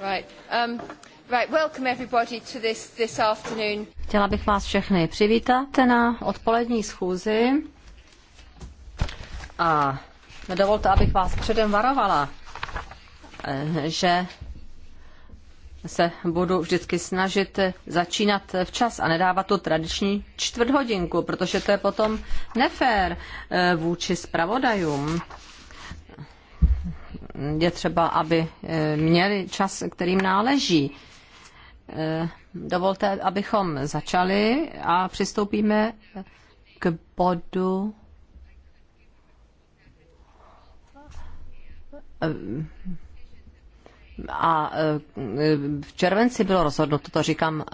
Right. Um, right. Welcome everybody to this, this afternoon. Chtěla bych vás všechny přivítat na odpolední schůzi. A dovolte, abych vás předem varovala, eh, že se budu vždycky snažit začínat včas a nedávat tu tradiční čtvrthodinku, protože to je potom nefér eh, vůči zpravodajům je třeba, aby eh, měli čas, kterým náleží. Eh, dovolte, abychom začali a přistoupíme k bodu eh, a v červenci bylo rozhodnuto, to říkám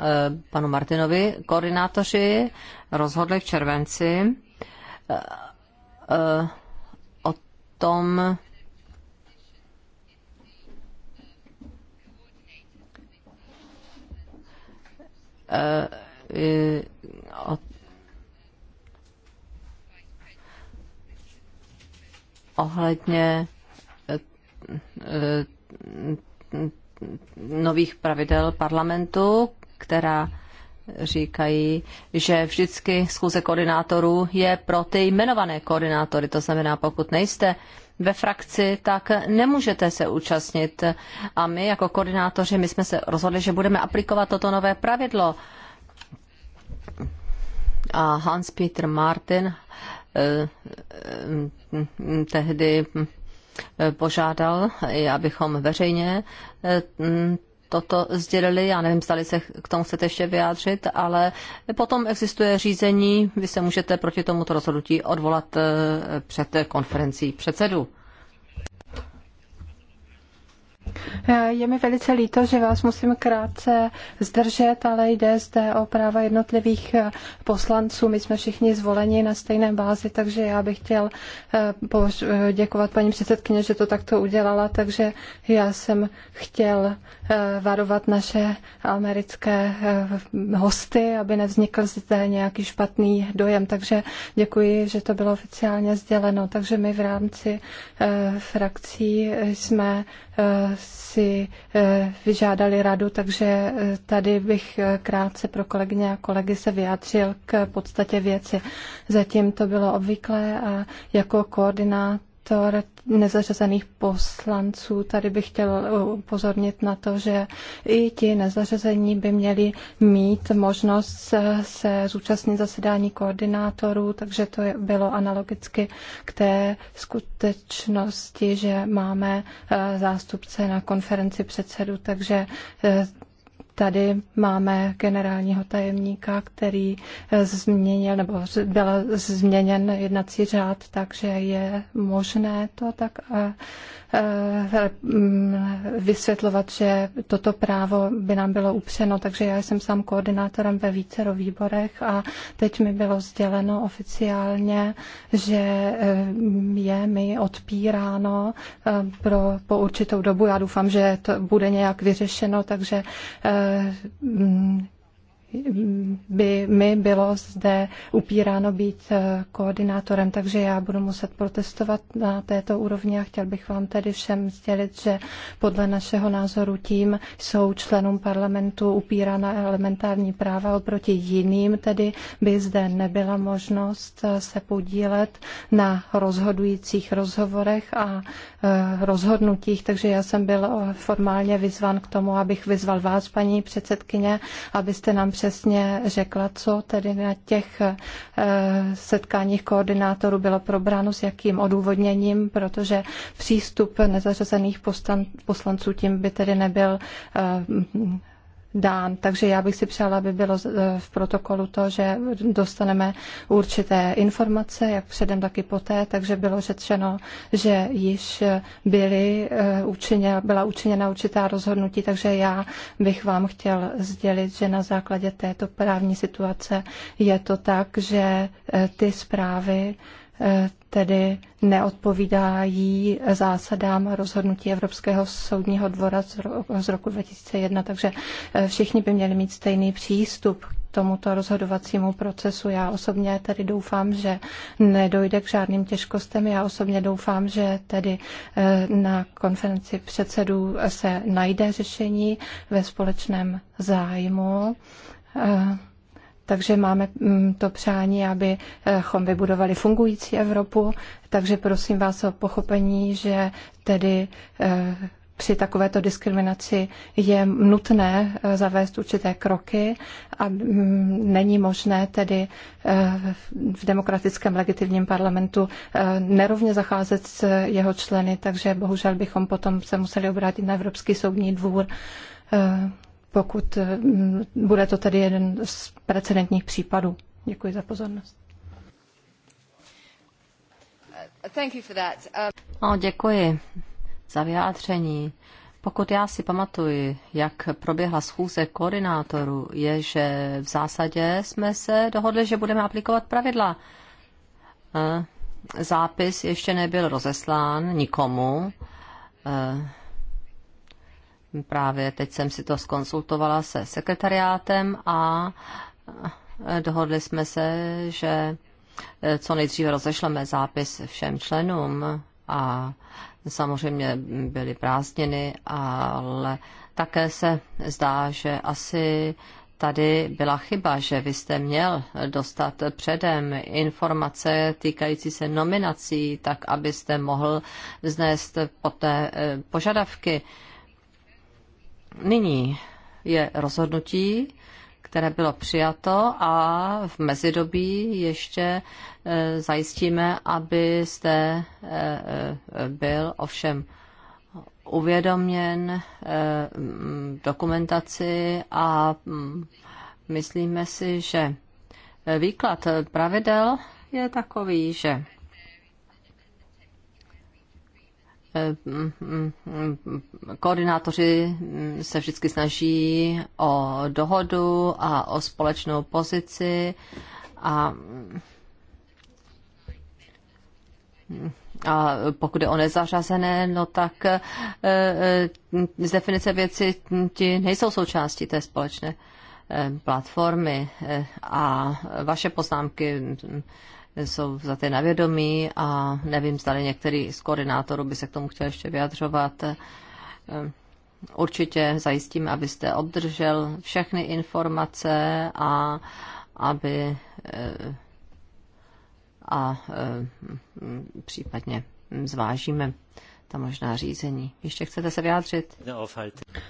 panu Martinovi, koordinátoři rozhodli v červenci o tom, Eh, o ohledně eh, nových pravidel parlamentu, která říkají, že vždycky schůze koordinátorů je pro ty jmenované koordinátory. To znamená, pokud nejste uh, ve frakci, tak nemůžete se účastnit. A my jako koordinátoři, my jsme se rozhodli, že budeme aplikovat toto nové pravidlo. A Hans-Peter Martin eh, eh, tehdy hm, požádal, eh, abychom veřejně hm, toto sdělili. Já nevím, zdali se k tomu chcete ještě vyjádřit, ale potom existuje řízení, vy se můžete proti tomuto rozhodnutí odvolat eh, před konferencí předsedů. Eh, je mi velice líto, že vás musím krátce zdržet, ale jde zde o práva jednotlivých eh, poslanců. My jsme všichni zvoleni na stejné bázi, takže já bych chtěl děkovat paní předsedkyně, že to takto udělala, takže já jsem chtěl Eh, varovat naše americké eh, hosty, aby nevznikl zde nějaký špatný dojem. Takže děkuji, že to bylo oficiálně sděleno. Takže my v rámci eh, frakcí jsme si vyžádali radu, takže tady bych krátce pro kolegyně a kolegy se vyjádřil k podstatě věci. Zatím to bylo obvyklé a jako koordinátor sektor nezařazených poslanců. Tady bych chtěl uh, upozornit na to, že i ti nezařazení by měli mít možnost se zúčastnit zasedání koordinátorů, takže to bylo analogicky k té skutečnosti, že máme eh, zástupce na konferenci předsedu, takže eh, Tady máme generálního tajemníka, který eh, změnil nebo byl změněn jednací řád, takže je možné to tak eh, Eh, eh, mm, vysvětlovat, že toto právo by nám bylo upřeno, takže já jsem sám koordinátorem ve vícero výborech a teď mi bylo sděleno oficiálně, že eh, je mi odpíráno pro, po určitou dobu. Já doufám, že to bude nějak vyřešeno, takže mm, by mi bylo zde upíráno být eh, koordinátorem, takže já budu muset protestovat na této úrovni a chtěl bych vám tedy všem sdělit, že podle našeho názoru tím jsou členům parlamentu upírána elementární práva oproti jiným, tedy by zde nebyla možnost eh, se podílet na rozhodujících rozhovorech a eh, rozhodnutích, takže já jsem byl formálně vyzvan k tomu, abych vyzval vás, paní předsedkyně, abyste nám přesně řekla, co tedy na těch eh, setkáních koordinátorů bylo probráno, s jakým odůvodněním, protože přístup nezařazených poslanců tím by tedy nebyl eh, dán. Takže já bych si přála, aby bylo eh, v protokolu to, že dostaneme určité informace, jak předem, tak i poté. Takže bylo řečeno, že již byly, eh, byla učiněna určitá rozhodnutí, takže já bych vám chtěl sdělit, že na základě této právní situace je to tak, že eh, ty zprávy, Eh, tedy neodpovídají zásadám rozhodnutí Evropského soudního dvora z roku 2001, takže eh, všichni by měli mít stejný přístup k tomuto rozhodovacímu procesu. Já osobně tedy doufám, že nedojde k žádným těžkostem. Já osobně doufám, že tedy eh, na konferenci předsedů se najde řešení ve společném zájmu. Takže máme mm, to přání, abychom eh, vybudovali fungující Evropu, takže prosím vás o pochopení, že tedy eh, při takovéto diskriminaci je nutné eh, zavést určité kroky a mm, není možné tedy v demokratickém legitimním parlamentu nerovně zacházet s jeho členy, takže bohužel bychom potom se museli obrátit na Evropský soudní dvůr pokud mm, bude to tedy jeden z precedentních případů. Děkuji za pozornost. Thank you for that. No, děkuji za vyjádření. Pokud já si pamatuji, jak proběhla schůze koordinátorů, je, že v zásadě jsme se dohodli, že budeme aplikovat pravidla. Eh, zápis ještě nebyl rozeslán nikomu. Eh, Právě teď jsem si to skonsultovala se sekretariátem a eh, dohodli jsme se, že eh, co nejdříve rozešleme zápis všem členům a samozřejmě byly prázdniny, ale také se zdá, že asi tady byla chyba, že vy jste měl dostat předem informace týkající se nominací, tak abyste mohl vznést poté eh, požadavky nyní je rozhodnutí, které bylo přijato a v mezidobí ještě e, zajistíme, abyste e, e, byl ovšem uvědoměn dokumentaci a myslíme si, že výklad pravidel je takový, že koordinátoři se vždycky snaží o dohodu a o společnou pozici a a pokud je o nezařazené, no tak e, e, z definice věci ti nejsou součástí té společné e, platformy a vaše poznámky jsou vzaty na vědomí a nevím, zda některý z koordinátorů by se k tomu chtěl ještě vyjadřovat. Eh, určitě zajistím, abyste obdržel všechny informace a aby eh, a eh, případně zvážíme ta možná řízení. Ještě chcete se vyjádřit?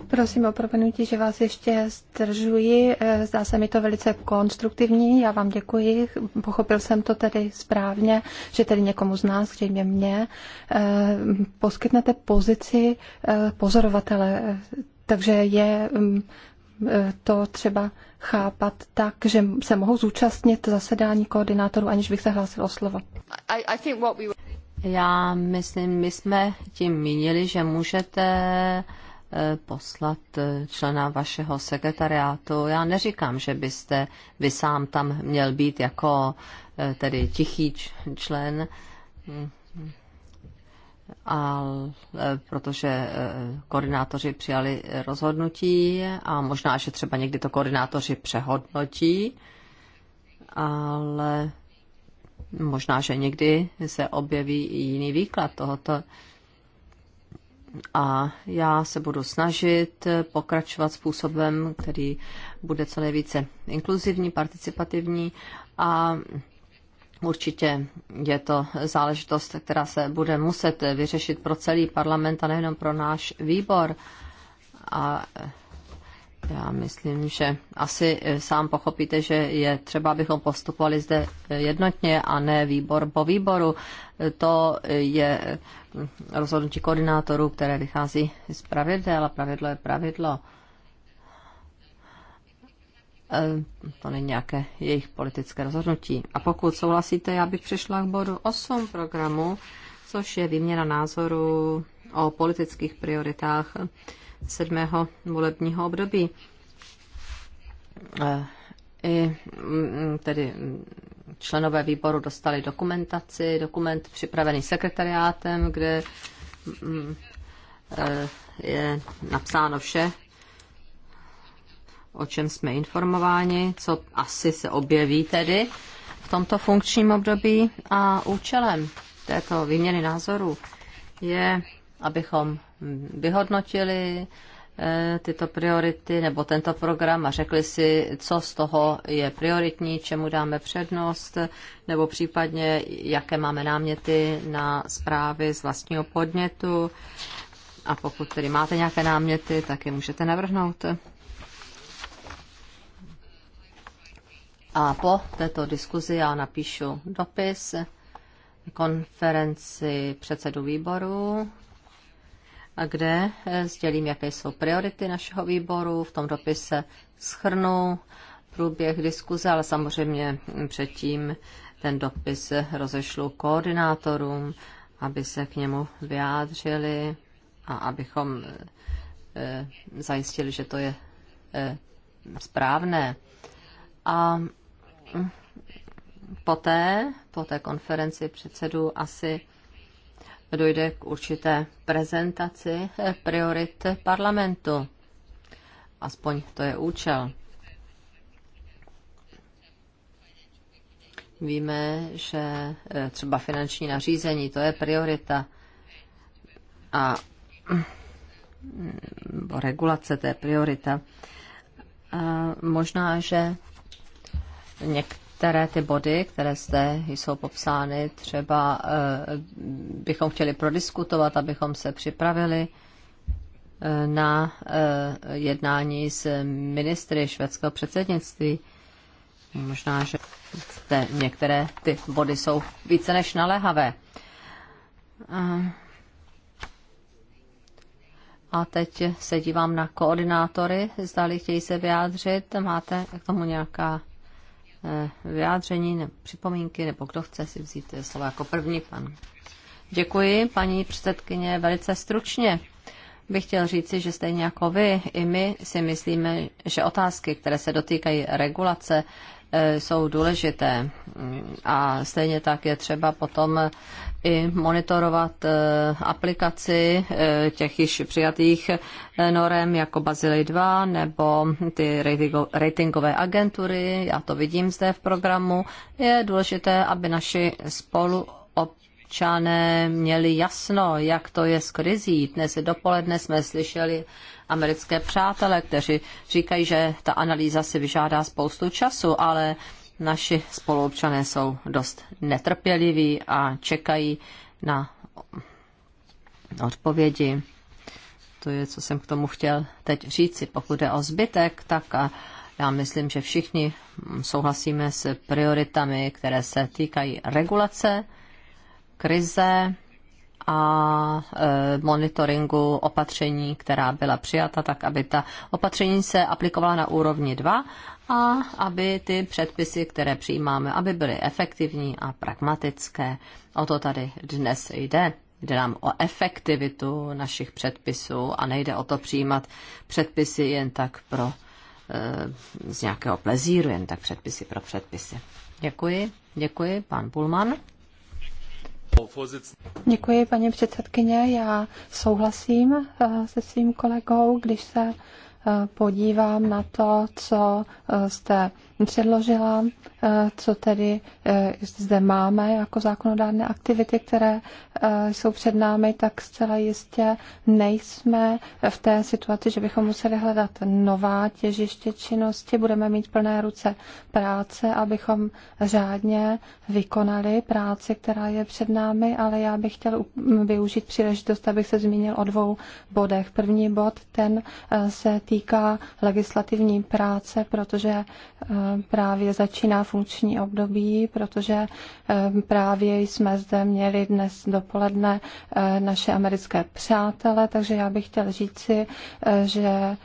Prosím o propenutí, že vás ještě zdržuji. Eh, zdá se mi to velice konstruktivní. Já vám děkuji. Pochopil jsem to tedy správně, že tedy někomu z nás, zřejmě mě, eh, poskytnete pozici eh, pozorovatele. Takže je mm, to třeba chápat tak, že se mohou zúčastnit zasedání koordinátorů, aniž bych se hlásil o slovo. Já myslím, my jsme tím mínili, že můžete eh, poslat eh, člena vašeho sekretariátu. Já neříkám, že byste vy sám tam měl být jako eh, tedy tichý člen, mm-hmm, a, protože koordinátoři přijali rozhodnutí a možná, že třeba někdy to koordinátoři přehodnotí, ale Možná, že někdy se objeví i jiný výklad tohoto. A já se budu snažit pokračovat způsobem, který bude co nejvíce inkluzivní, participativní a Určitě je to záležitost, která se bude muset vyřešit pro celý parlament a nejenom pro náš výbor. A já myslím, že asi eh, sám pochopíte, že je třeba, abychom postupovali zde eh, jednotně a ne výbor po výboru. Eh, to je hm, rozhodnutí koordinátorů, které vychází z pravidel a pravidlo je pravidlo. To není nějaké jejich politické rozhodnutí. A pokud souhlasíte, já bych přešla k bodu 8 programu, což je výměna názoru o politických prioritách sedmého volebního období. Eh, I mm, tedy mm, členové výboru dostali dokumentaci, dokument připravený sekretariátem, kde mm, eh, je napsáno vše, o čem jsme informováni, co asi se objeví tedy v tomto funkčním období a účelem této výměny názorů je abychom vyhodnotili eh, tyto priority nebo tento program a řekli si, co z toho je prioritní, čemu dáme přednost, nebo případně jaké máme náměty na zprávy z vlastního podnětu. A pokud tedy máte nějaké náměty, tak je můžete navrhnout. A po této diskuzi já napíšu dopis konferenci předsedu výboru kde eh, sdělím, jaké jsou priority našeho výboru. V tom dopise schrnu průběh diskuze, ale samozřejmě předtím ten dopis rozešlu koordinátorům, aby se k němu vyjádřili a abychom eh, eh, zajistili, že to je správné. A mm, poté, po té konferenci předsedu asi dojde k určité prezentaci priorit parlamentu. Aspoň to je účel. Víme, že e, třeba finanční nařízení, to je priorita. A regulace, to je priorita. A možná, že něk- které ty body, které zde jsou popsány, třeba eh, bychom chtěli prodiskutovat, abychom se připravili eh, na eh, jednání s ministry švédského předsednictví. Možná, že zde některé ty body jsou více než naléhavé. A teď se dívám na koordinátory, zdali chtějí se vyjádřit. Máte k tomu nějaká Eh, vyjádření ne připomínky, nebo kdo chce si vzít slovo jako první pan. Děkuji, paní předsedkyně, velice stručně bych chtěl říci, že stejně jako vy, i my si myslíme, že otázky, které se dotýkají regulace, eh, jsou důležité. Mm, a stejně tak je třeba potom i monitorovat eh, aplikaci eh, těch již přijatých eh, norem jako Bazily 2 nebo ty ratingové agentury, já to vidím zde v programu, je důležité, aby naši spolu občané měli jasno, jak to je s krizí. Dnes dopoledne jsme slyšeli americké přátelé, kteří říkají, že ta analýza si vyžádá spoustu času, ale naši spoluobčané jsou dost netrpěliví a čekají na odpovědi. To je, co jsem k tomu chtěl teď říci. Pokud jde o zbytek, tak a já myslím, že všichni souhlasíme s prioritami, které se týkají regulace, krize, a e, monitoringu opatření, která byla přijata, tak aby ta opatření se aplikovala na úrovni 2 a aby ty předpisy, které přijímáme, aby byly efektivní a pragmatické. O to tady dnes jde. Jde nám o efektivitu našich předpisů a nejde o to přijímat předpisy jen tak pro e, z nějakého plezíru, jen tak předpisy pro předpisy. Děkuji, děkuji, pan Pulman. Děkuji, paní předsedkyně. Já souhlasím eh, se svým kolegou, když se eh, podívám na to, co eh, jste předložila, eh, co tedy eh, zde máme jako zákonodárné aktivity, které eh, jsou před námi, tak zcela jistě nejsme v té situaci, že bychom museli hledat nová těžiště činnosti. Budeme mít plné ruce práce, abychom řádně vykonali práci, která je před námi, ale já bych chtěl využít příležitost, abych se zmínil o dvou bodech. První bod, ten se týká legislativní práce, protože právě začíná funkční období, protože eh, právě jsme zde měli dnes dopoledne eh, naše americké přátele, takže já bych chtěl říci, eh, že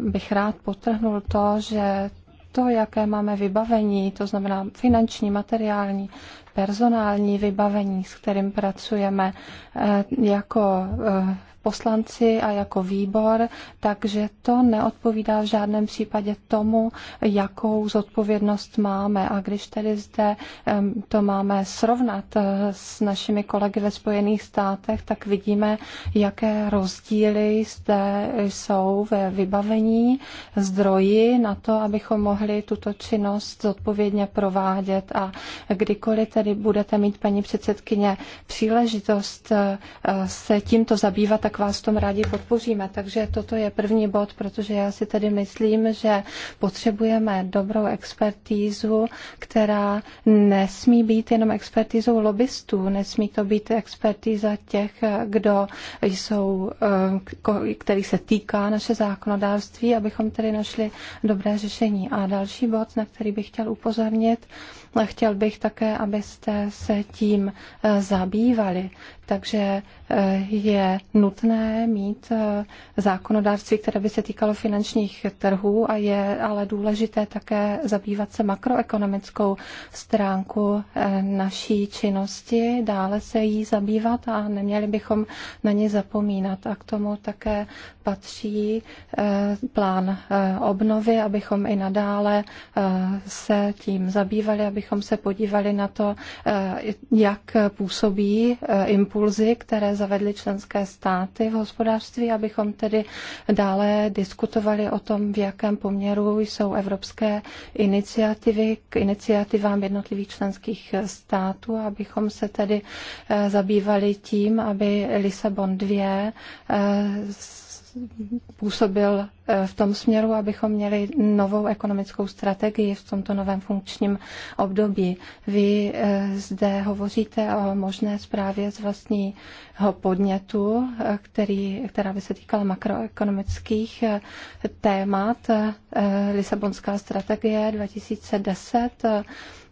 bych rád potrhnul to, že to, jaké máme vybavení, to znamená finanční, materiální, personální vybavení, s kterým pracujeme jako poslanci a jako výbor, takže to neodpovídá v žádném případě tomu, jakou zodpovědnost máme. A když tedy zde to máme srovnat eh, s našimi kolegy ve Spojených státech, tak vidíme, jaké rozdíly zde jsou ve vybavení zdroji na to, abychom mohli tuto činnost zodpovědně provádět. A kdykoliv tedy budete mít, paní předsedkyně, příležitost eh, se tímto zabývat, tak tak vás v tom rádi podpoříme. Takže toto je první bod, protože já si tedy myslím, že potřebujeme dobrou expertízu, která nesmí být jenom expertízou lobbystů, nesmí to být expertíza těch, kdo jsou, eh, který se týká naše zákonodárství, abychom tedy našli dobré řešení. A další bod, na který bych chtěl upozornit, chtěl bych také, abyste se tím eh, zabývali. Takže eh, je nutné mít eh, zákonodárství, které by se týkalo finančních trhů a je ale důležité také zabývat se makroekonomickou stránku eh, naší činnosti, dále se jí zabývat a neměli bychom na ně zapomínat. A k tomu také patří plán obnovy, abychom i nadále se tím zabývali, abychom se podívali na to, jak působí impuls impulzy, které zavedly členské státy v hospodářství, abychom tedy dále diskutovali o tom, v jakém poměru jsou evropské iniciativy k iniciativám jednotlivých členských států, abychom se tedy eh, zabývali tím, aby Lisabon 2 působil eh, v tom směru, abychom měli novou ekonomickou strategii v tomto novém funkčním období. Vy eh, zde hovoříte o možné zprávě z vlastního podnětu, eh, který, která by se týkala makroekonomických témat. Lisabonská strategie 2010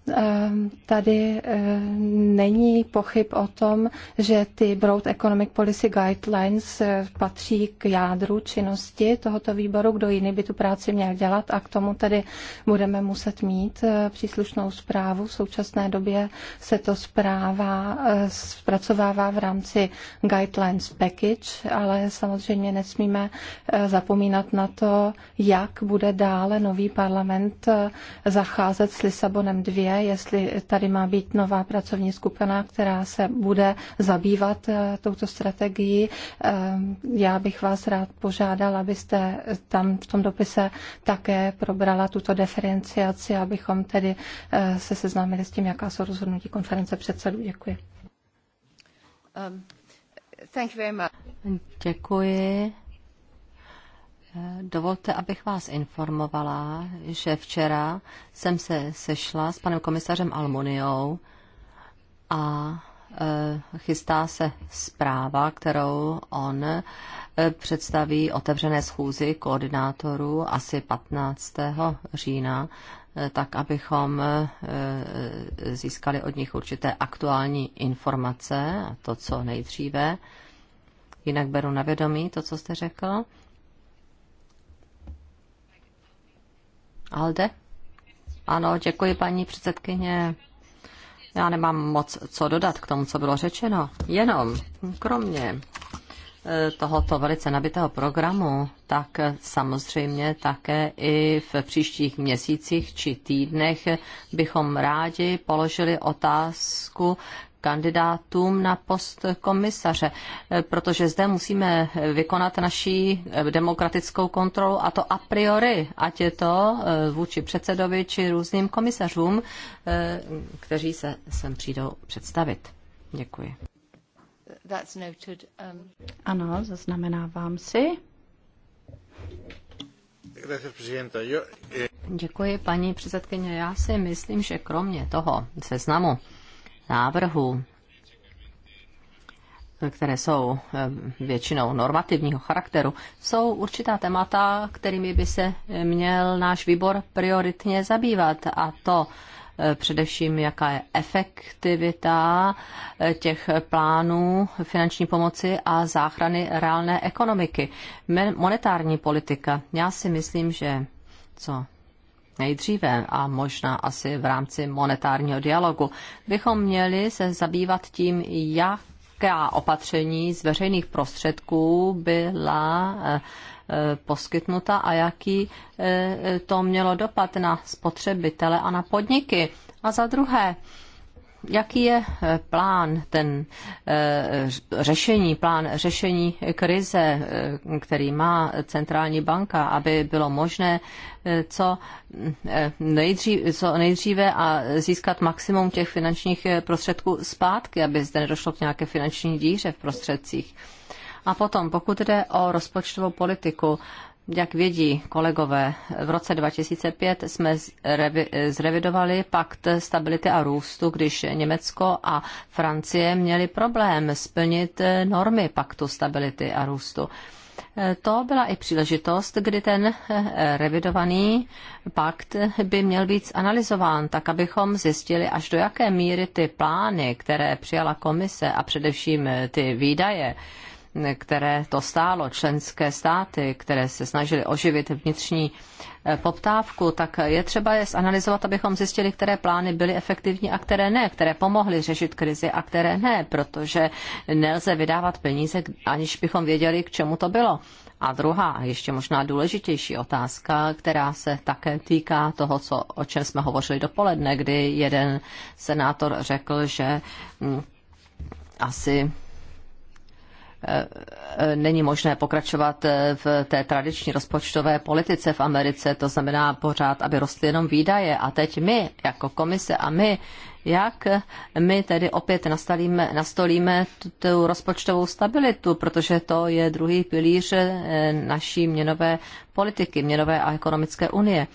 Ehm, tady eh, není pochyb o tom, že ty Broad Economic Policy Guidelines eh, patří k jádru činnosti tohoto výboru, kdo jiný by tu práci měl dělat a k tomu tedy budeme muset mít eh, příslušnou zprávu. V současné době se to zpráva zpracovává v rámci Guidelines Package, ale samozřejmě nesmíme zapomínat na to, jak bude dále nový parlament zacházet s Lisabonem 2 jestli tady má být nová pracovní skupina, která se bude zabývat eh, touto strategií. Eh, já bych vás rád požádal, abyste tam v tom dopise také probrala tuto diferenciaci, abychom tedy eh, se seznámili s tím, jaká jsou rozhodnutí konference předsedů. Děkuji. Um, thank you very much. Děkuji. Dovolte, abych vás informovala, že včera jsem se sešla s panem komisařem Almoniou a e, chystá se zpráva, kterou on e, představí otevřené schůzi koordinátorů asi 15. října, e, tak abychom získali od nich určité aktuální informace a to, co nejdříve. Jinak beru na vědomí to, co jste řekl. Alde? Ano, děkuji paní předsedkyně. Já nemám moc co dodat k tomu, co bylo řečeno. Jenom, kromě e, tohoto velice nabitého programu, tak samozřejmě také i v příštích měsících či týdnech bychom rádi položili otázku, kandidátům na post komisaře, eh, protože zde musíme vykonat naší eh, demokratickou kontrolu a to a priori, ať je to eh, vůči předsedovi či různým komisařům, kteří se sem přijdou představit. Děkuji. That's noted. Um... Ano, zaznamenávám si. Děkuji, paní předsedkyně. Já si myslím, že kromě toho seznamu návrhů, které jsou eh, většinou normativního charakteru, jsou určitá témata, kterými by se měl náš výbor prioritně zabývat, a to eh, především jaká je efektivita eh, těch plánů finanční pomoci a záchrany reálné ekonomiky. Monetární politika. Já si myslím, že co nejdříve a možná asi v rámci monetárního dialogu bychom měli se zabývat tím, jaká opatření z veřejných prostředků byla eh, eh, poskytnuta a jaký eh, to mělo dopad na spotřebitele a na podniky. A za druhé, jaký je eh, plán, ten eh, řešení, plán řešení krize, eh, který má centrální banka, aby bylo možné co nejdříve, co nejdříve a získat maximum těch finančních prostředků zpátky, aby zde nedošlo k nějaké finanční díře v prostředcích. A potom, pokud jde o rozpočtovou politiku, jak vědí kolegové, v roce 2005 jsme zrevidovali pakt stability a růstu, když Německo a Francie měli problém splnit normy paktu stability a růstu. To byla i příležitost, kdy ten revidovaný pakt by měl být analyzován, tak abychom zjistili, až do jaké míry ty plány, které přijala komise a především ty výdaje, které to stálo, členské státy, které se snažily oživit vnitřní eh, poptávku, tak je třeba je zanalizovat, abychom zjistili, které plány byly efektivní a které ne, které pomohly řešit krizi a které ne, protože nelze vydávat peníze, aniž bychom věděli, k čemu to bylo. A druhá, ještě možná důležitější otázka, která se také týká toho, co, o čem jsme hovořili dopoledne, kdy jeden senátor řekl, že mm, asi Eh, eh, není možné pokračovat eh, v té tradiční rozpočtové politice v Americe, to znamená pořád, aby rostly jenom výdaje. A teď my, jako komise a my, jak my tedy opět nastalíme, nastolíme tu, rozpočtovou stabilitu, protože to je druhý pilíř naší měnové politiky, měnové a ekonomické unie.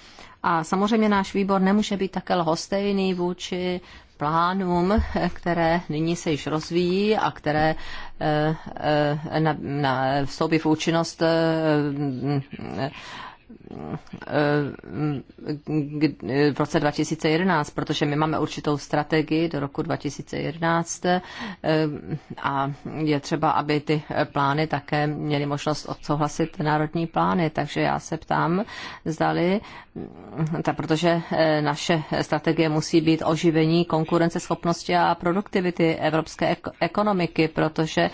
A samozřejmě náš výbor nemůže být také lhostejný vůči plánům, které nyní se již rozvíjí a které Eh, eh, na, na, vstoupí v účinnost eh, Eh, eh, v roce 2011, protože my máme určitou strategii do roku 2011 eh, a je třeba, aby ty plány také měly možnost odsouhlasit národní plány. Takže já se ptám, zdali, ta, protože naše strategie musí být oživení konkurenceschopnosti a produktivity evropské ekonomiky, protože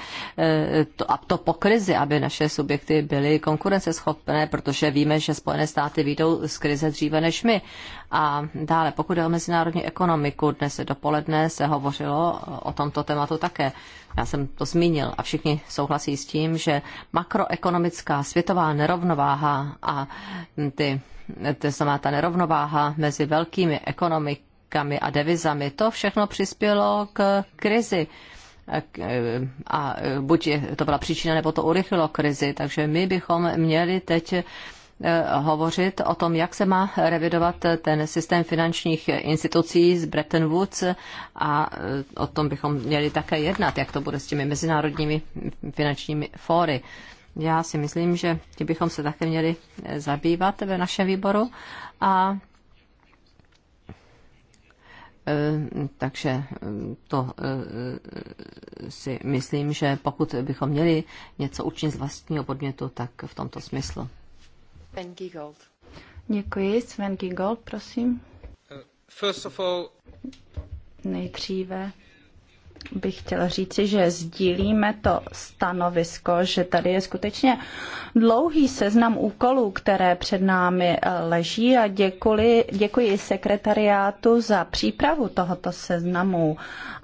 to, a to po krizi, aby naše subjekty byly konkurenceschopné, protože víme, že Spojené státy výjdou z krize dříve než my. A dále, pokud je o mezinárodní ekonomiku, dnes dopoledne se hovořilo o tomto tématu také. Já jsem to zmínil a všichni souhlasí s tím, že makroekonomická světová nerovnováha a ty, to znamená ta nerovnováha mezi velkými ekonomikami a devizami, to všechno přispělo k krizi a buď to byla příčina, nebo to urychlilo krizi, takže my bychom měli teď Eh, hovořit o tom, jak se má revidovat ten systém finančních institucí z Bretton Woods a eh, o tom bychom měli také jednat, jak to bude s těmi mezinárodními finančními fóry. Já si myslím, že ti bychom se také měli eh, zabývat ve našem výboru a takže to si myslím, že pokud bychom měli něco učinit z vlastního podmětu, tak v tomto smyslu. Sven Giegold. Děkuji. Sven Giegold, prosím. Uh, first of all... Nejdříve bych chtěla říci, že sdílíme to stanovisko, že tady je skutečně dlouhý seznam úkolů, které před námi eh, leží a děkuji, děkuji sekretariátu za přípravu tohoto seznamu.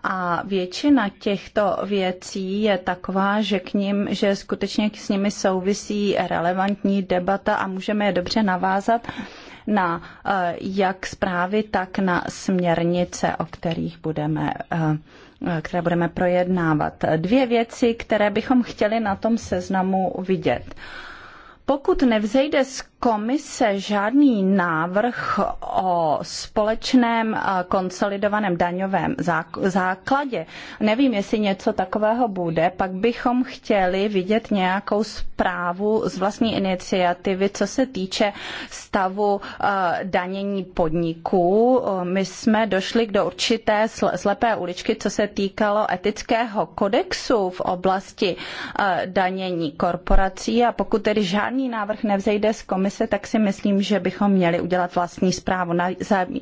A většina těchto věcí je taková, že k ním, že skutečně s nimi souvisí relevantní debata a můžeme je dobře navázat na eh, jak zprávy, tak na směrnice, o kterých budeme eh, které budeme projednávat. Dvě věci, které bychom chtěli na tom seznamu vidět. Pokud nevzejde z komise žádný návrh o společném eh, konsolidovaném daňovém základě, nevím, jestli něco takového bude, pak bychom chtěli vidět nějakou zprávu z vlastní iniciativy, co se týče stavu eh, danění podniků. Eh, my jsme došli do určité slepé uličky, co se týkalo etického kodexu v oblasti danění korporací a pokud tedy žádný návrh nevzejde z komise, komise, tak si myslím, že bychom měli udělat vlastní zprávu.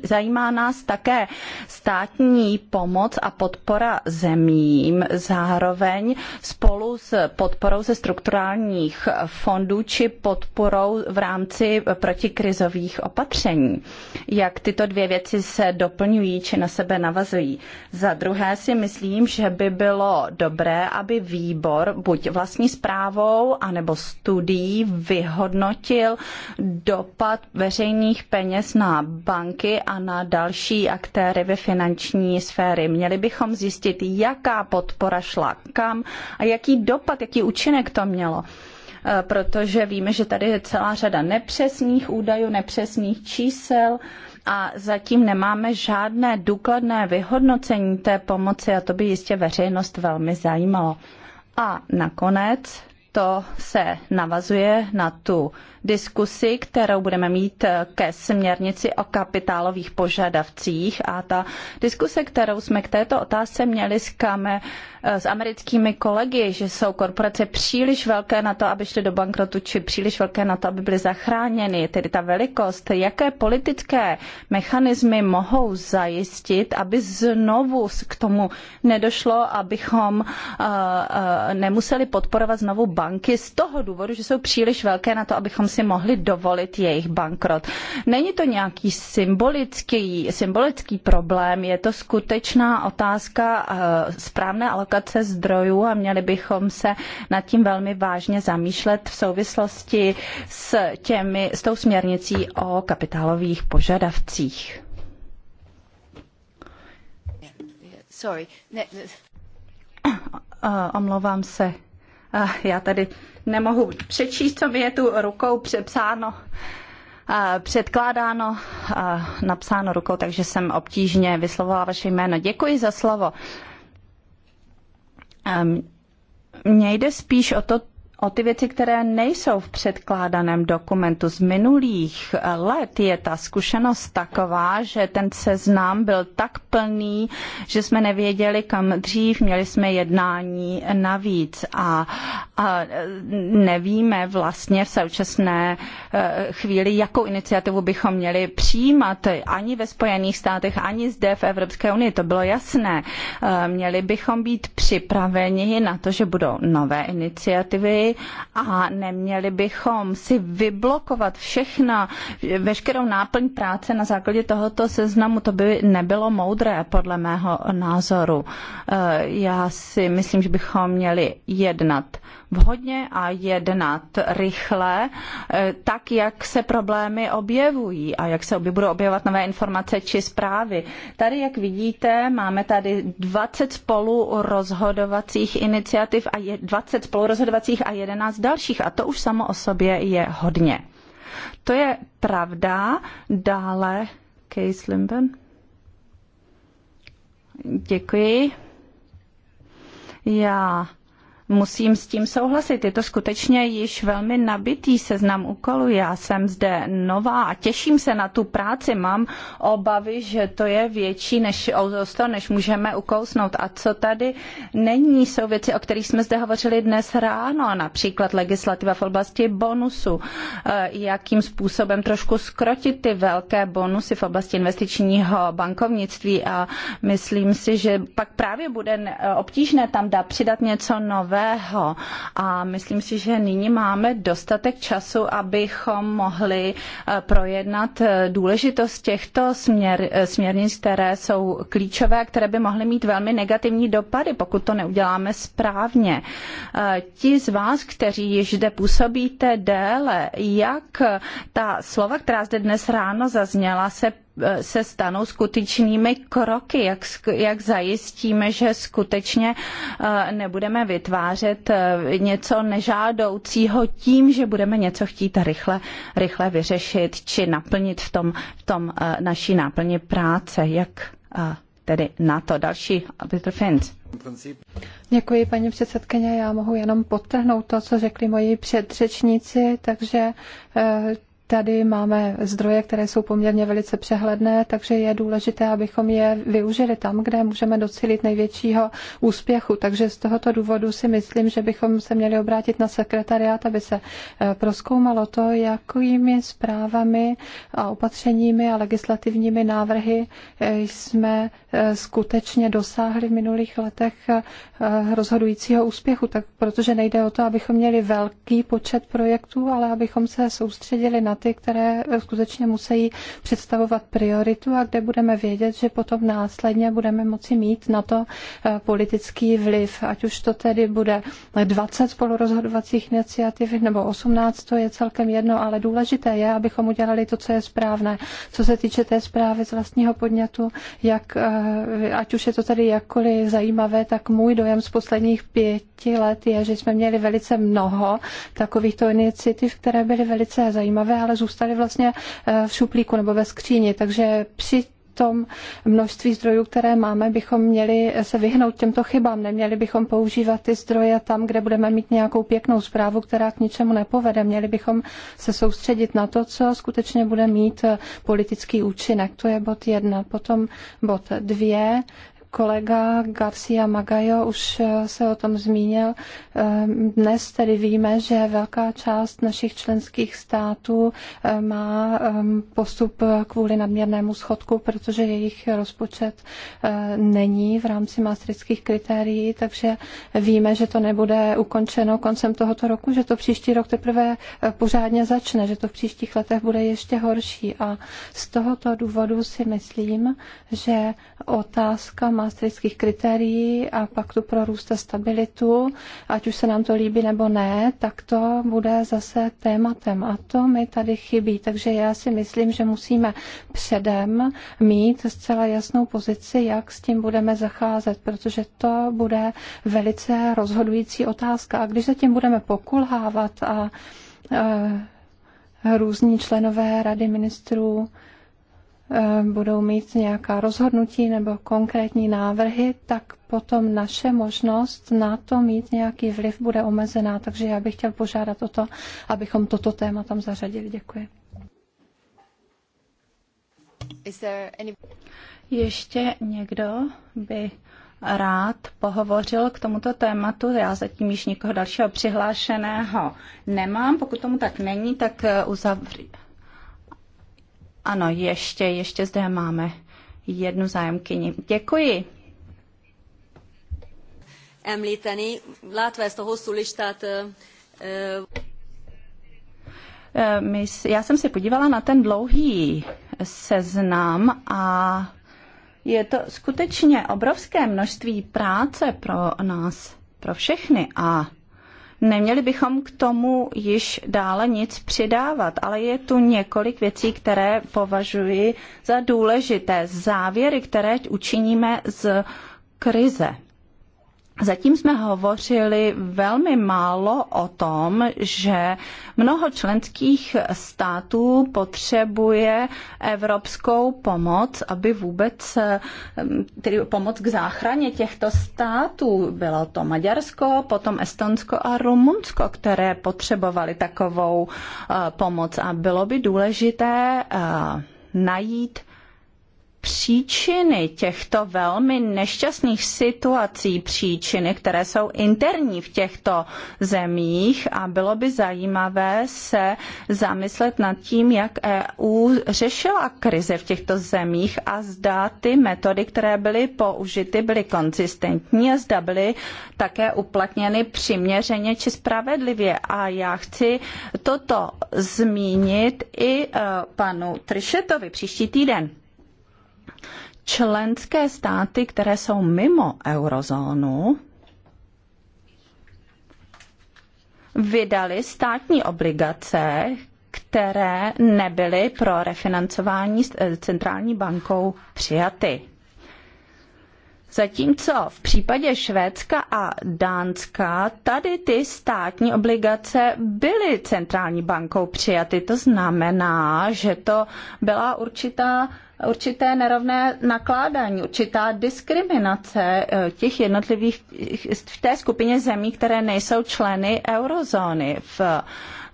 Zajímá nás také státní pomoc a podpora zemím, zároveň spolu s podporou ze strukturálních fondů či podporou v rámci protikrizových opatření. Jak tyto dvě věci se doplňují či na sebe navazují. Za druhé si myslím, že by bylo dobré, aby výbor buď vlastní zprávou anebo studií vyhodnotil dopad veřejných peněz na banky a na další aktéry ve finanční sféry. Měli bychom zjistit, jaká podpora šla kam a jaký dopad, jaký účinek to mělo e, protože víme, že tady je celá řada nepřesných údajů, nepřesných čísel a zatím nemáme žádné důkladné vyhodnocení té pomoci a to by jistě veřejnost velmi zajímalo. A nakonec to se navazuje na tu diskusi, kterou budeme mít eh, ke směrnici o kapitálových požadavcích a ta diskuse, kterou jsme k této otázce měli s, Kame, Eh, s americkými kolegy, že jsou korporace příliš velké na to, aby šly do bankrotu, či příliš velké na to, aby byly zachráněny, tedy ta velikost, jaké politické mechanismy mohou zajistit, aby znovu k tomu nedošlo, abychom eh, eh, nemuseli podporovat znovu banky z toho důvodu, že jsou příliš velké na to, abychom si mohli dovolit jejich bankrot. Není to nějaký symbolický, symbolický problém, je to skutečná otázka správné ale alokace zdrojů a měli bychom se nad tím velmi vážně zamýšlet v souvislosti s, těmi, s tou směrnicí o kapitálových požadavcích. Sorry. Ne, ne. Omlouvám se. Já tady nemohu přečíst, co mi je tu rukou přepsáno předkládáno, napsáno rukou, takže jsem obtížně vyslovovala vaše jméno. Děkuji za slovo. Mně jde spíš o to, o ty věci, které nejsou v předkládaném dokumentu z minulých eh, let, je ta zkušenost taková, že ten seznam byl tak plný, že jsme nevěděli, kam dřív, měli jsme jednání navíc a, a eh, nevíme vlastně v současné eh, chvíli, jakou iniciativu bychom měli přijímat ani ve Spojených státech, ani zde v Evropské unii. To bylo jasné. Měli bychom být připraveni na to, že budou nové iniciativy, a neměli bychom si vyblokovat všechna, veškerou náplň práce na základě tohoto seznamu. To by nebylo moudré, podle mého názoru. Eh, já si myslím, že bychom měli jednat vhodně a jednat rychle, e, tak jak se problémy objevují a jak se budou objevovat nové informace či zprávy. Tady, jak vidíte, máme tady 20 spolu rozhodovacích iniciativ a je 20 spolu rozhodovacích a 11 dalších a to už samo o sobě je hodně. To je pravda. Dále Case Limben. Děkuji. Já musím s tím souhlasit. Je to skutečně již velmi nabitý seznam úkolů. Já jsem zde nová a těším se na tu práci. Mám obavy, že to je větší než, to, než můžeme ukousnout. A co tady není, jsou věci, o kterých jsme zde hovořili dnes ráno, například legislativa v oblasti bonusu, eh, jakým způsobem trošku skrotit ty velké bonusy v oblasti investičního bankovnictví a myslím si, že pak právě bude eh, obtížné tam dá přidat něco nového nového. A myslím si, že nyní máme dostatek času, abychom mohli eh, projednat eh, důležitost těchto směr, eh, směrnic, které jsou klíčové, které by mohly mít velmi negativní dopady, pokud to neuděláme správně. Ti z vás, kteří již zde působíte déle, jak ta slova, která zde dnes ráno zazněla, se se stanou skutečnými kroky, jak, jak zajistíme, že skutečně eh, nebudeme vytvářet eh, něco nežádoucího tím, že budeme něco chtít rychle, rychle vyřešit či naplnit v tom, v tom eh, naší náplni práce. Jak tedy na to další Peter Finch. Děkuji, paní předsedkyně. Já mohu jenom podtrhnout to, co řekli moji předřečníci, takže Tady máme zdroje, které jsou poměrně velice přehledné, takže je důležité, abychom je využili tam, kde můžeme docílit největšího úspěchu. Takže z tohoto důvodu si myslím, že bychom se měli obrátit na sekretariát, aby se eh, proskoumalo to, jakými zprávami a opatřeními a legislativními návrhy eh, jsme eh, skutečně dosáhli v minulých letech rozhodujícího úspěchu, tak protože nejde o to, abychom měli velký počet projektů, ale abychom se soustředili na tématy, které eh, skutečně musí představovat prioritu a kde budeme vědět, že potom následně budeme moci mít na to eh, politický vliv. Ať už to tedy bude 20 spolurozhodovacích iniciativ nebo 18, to je celkem jedno, ale důležité je, abychom udělali to, co je správné. Co se týče té zprávy z vlastního podnětu, jak, eh, ať už je to tady jakkoliv zajímavé, tak můj dojem z posledních pěti let je, že jsme měli velice mnoho takovýchto iniciativ, které byly velice zajímavé, ale ale zůstaly vlastně eh, v šuplíku nebo ve skříni. Takže při tom množství zdrojů, které máme, bychom měli se vyhnout těmto chybám. Neměli bychom používat ty zdroje tam, kde budeme mít nějakou pěknou zprávu, která k ničemu nepovede. Měli bychom se soustředit na to, co skutečně bude mít eh, politický účinek. To je bod jedna. Potom bod dvě. Kolega Garcia Magajo už eh, se o tom zmínil. Eh, dnes tedy víme, že velká část našich členských států eh, má ehm, postup kvůli nadměrnému schodku, protože jejich rozpočet není v rámci maastrichtských kritérií, takže víme, že to nebude ukončeno koncem tohoto roku, že to příští rok teprve pořádně začne, že to v příštích letech bude ještě horší. A z tohoto důvodu si myslím, že otázka maastrichtských kritérií a paktu pro růst a stabilitu, ať už se nám to líbí nebo ne, tak to bude zase tématem. A to mi tady chybí. Takže já si myslím, že musíme předem mít zcela jasnou pozici, jak s tím budeme zacházet, protože to bude velice rozhodující otázka. A když zatím budeme pokulhávat a eh, různí členové rady ministrů Eh, budou mít nějaká rozhodnutí nebo konkrétní návrhy, tak potom naše možnost na to mít nějaký vliv bude omezená. Takže já bych chtěl požádat o to, abychom toto téma tam zařadili. Děkuji. Ještě někdo by rád pohovořil k tomuto tématu. Já zatím již nikoho dalšího přihlášeného nemám. Pokud tomu tak není, tak eh, uzavřu ano, ještě, ještě zde máme jednu zájemkyni. Děkuji. Említený, látve z toho sulištát... Eh, eh, já jsem se podívala na ten dlouhý seznam a je to skutečně obrovské množství práce pro nás, pro všechny a Neměli bychom k tomu již dále nic přidávat, ale je tu několik věcí, které považuji za důležité. Závěry, které učiníme z krize. Zatím jsme hovořili velmi málo o tom, že mnoho členských států potřebuje evropskou pomoc, aby vůbec, tedy pomoc k záchraně těchto států. Bylo to Maďarsko, potom Estonsko a Rumunsko, které potřebovali takovou eh, pomoc. A bylo by důležité eh, najít příčiny těchto velmi nešťastných situací, příčiny, které jsou interní v těchto zemích a bylo by zajímavé se zamyslet nad tím, jak EU řešila krize v těchto zemích a zda ty metody, které byly použity, byly konzistentní a zda byly také uplatněny přiměřeně či spravedlivě. A já chci toto zmínit i e, panu Trišetovi příští týden členské státy, které jsou mimo eurozónu, vydali státní obligace, které nebyly pro refinancování eh, centrální bankou přijaty. Zatímco v případě Švédska a Dánska tady ty státní obligace byly centrální bankou přijaty. To znamená, že to byla určitá určité nerovné nakládání, určitá diskriminace eh, těch jednotlivých v té skupině zemí, které nejsou členy eurozóny. V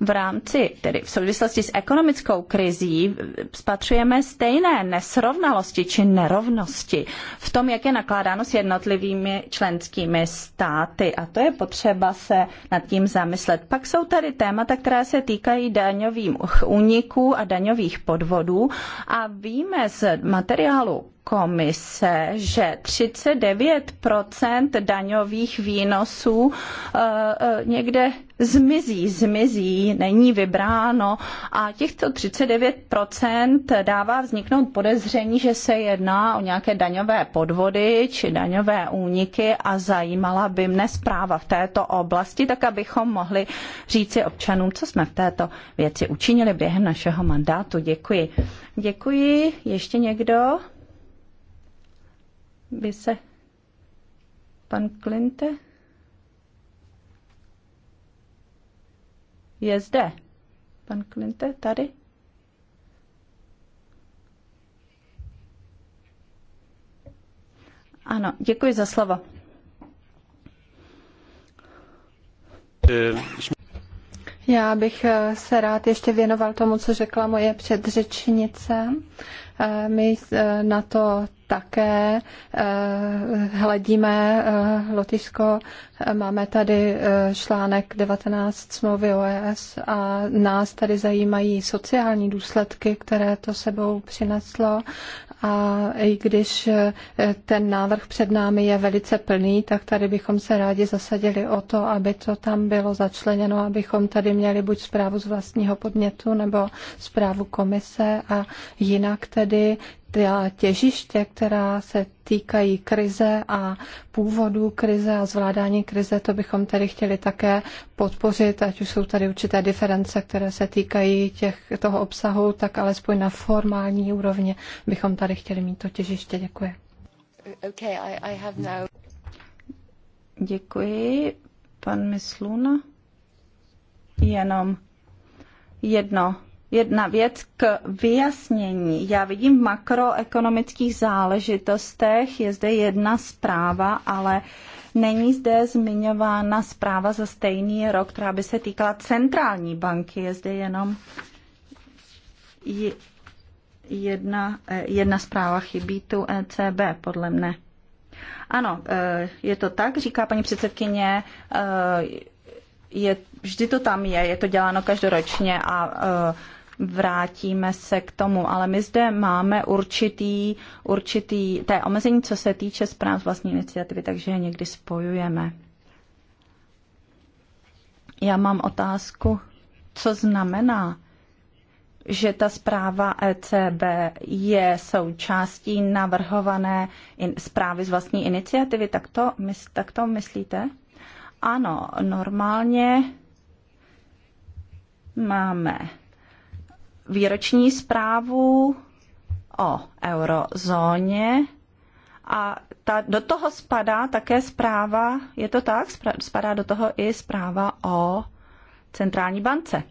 v rámci, tedy v souvislosti s ekonomickou krizí, spatřujeme stejné nesrovnalosti či nerovnosti v tom, jak je nakládáno s jednotlivými členskými státy. A to je potřeba se nad tím zamyslet. Pak jsou tady témata, která se týkají daňových úniků a daňových podvodů a víme z materiálu komise, že 39 daňových výnosů eh, eh, někde zmizí, zmizí, není vybráno a těchto 39 dává vzniknout podezření, že se jedná o nějaké daňové podvody či daňové úniky a zajímala by mne zpráva v této oblasti, tak abychom mohli říci občanům, co jsme v této věci učinili během našeho mandátu. Děkuji. Děkuji. Ještě někdo? by se pan Klinte je zde. Pan Klinte tady? Ano, děkuji za slovo. Já bych se rád ještě věnoval tomu, co řekla moje předřečnice. Eh, my eh, na to také eh, hledíme Lotyšsko. Máme tady článek 19 smlouvy OES a nás tady zajímají sociální důsledky, které to sebou přineslo a i když eh, ten návrh před námi je velice plný, tak tady bychom se rádi zasadili o to, aby to tam bylo začleněno, abychom tady měli buď zprávu z vlastního podnětu nebo zprávu komise a jinak tedy ta těžiště, která se týkají krize a původu krize a zvládání krize, to bychom tedy chtěli také podpořit, ať už jsou tady určité diference, které se týkají těch, toho obsahu, tak alespoň na formální úrovni bychom tady chtěli mít to těžiště. Děkuji. Okay, I, I have now... Děkuji. Pan Misluna? Jenom jedno jedna věc k vyjasnění. Já vidím v makroekonomických záležitostech, je zde jedna zpráva, ale není zde zmiňována zpráva za stejný rok, která by se týkala centrální banky. Je zde jenom jedna, eh, jedna zpráva chybí tu ECB, podle mne. Ano, eh, je to tak, říká paní předsedkyně, eh, je, vždy to tam je, je to děláno každoročně a vrátíme se k tomu. Ale my zde máme určitý, určitý té omezení, co se týče zpráv z vlastní iniciativy, takže je někdy spojujeme. Já mám otázku, co znamená že ta zpráva ECB je součástí navrhované in, zprávy z vlastní iniciativy. Tak to, mys, tak to myslíte? Ano, normálně máme výroční zprávu o eurozóně a ta, do toho spadá také zpráva, je to tak, spadá do toho i zpráva o centrální bance.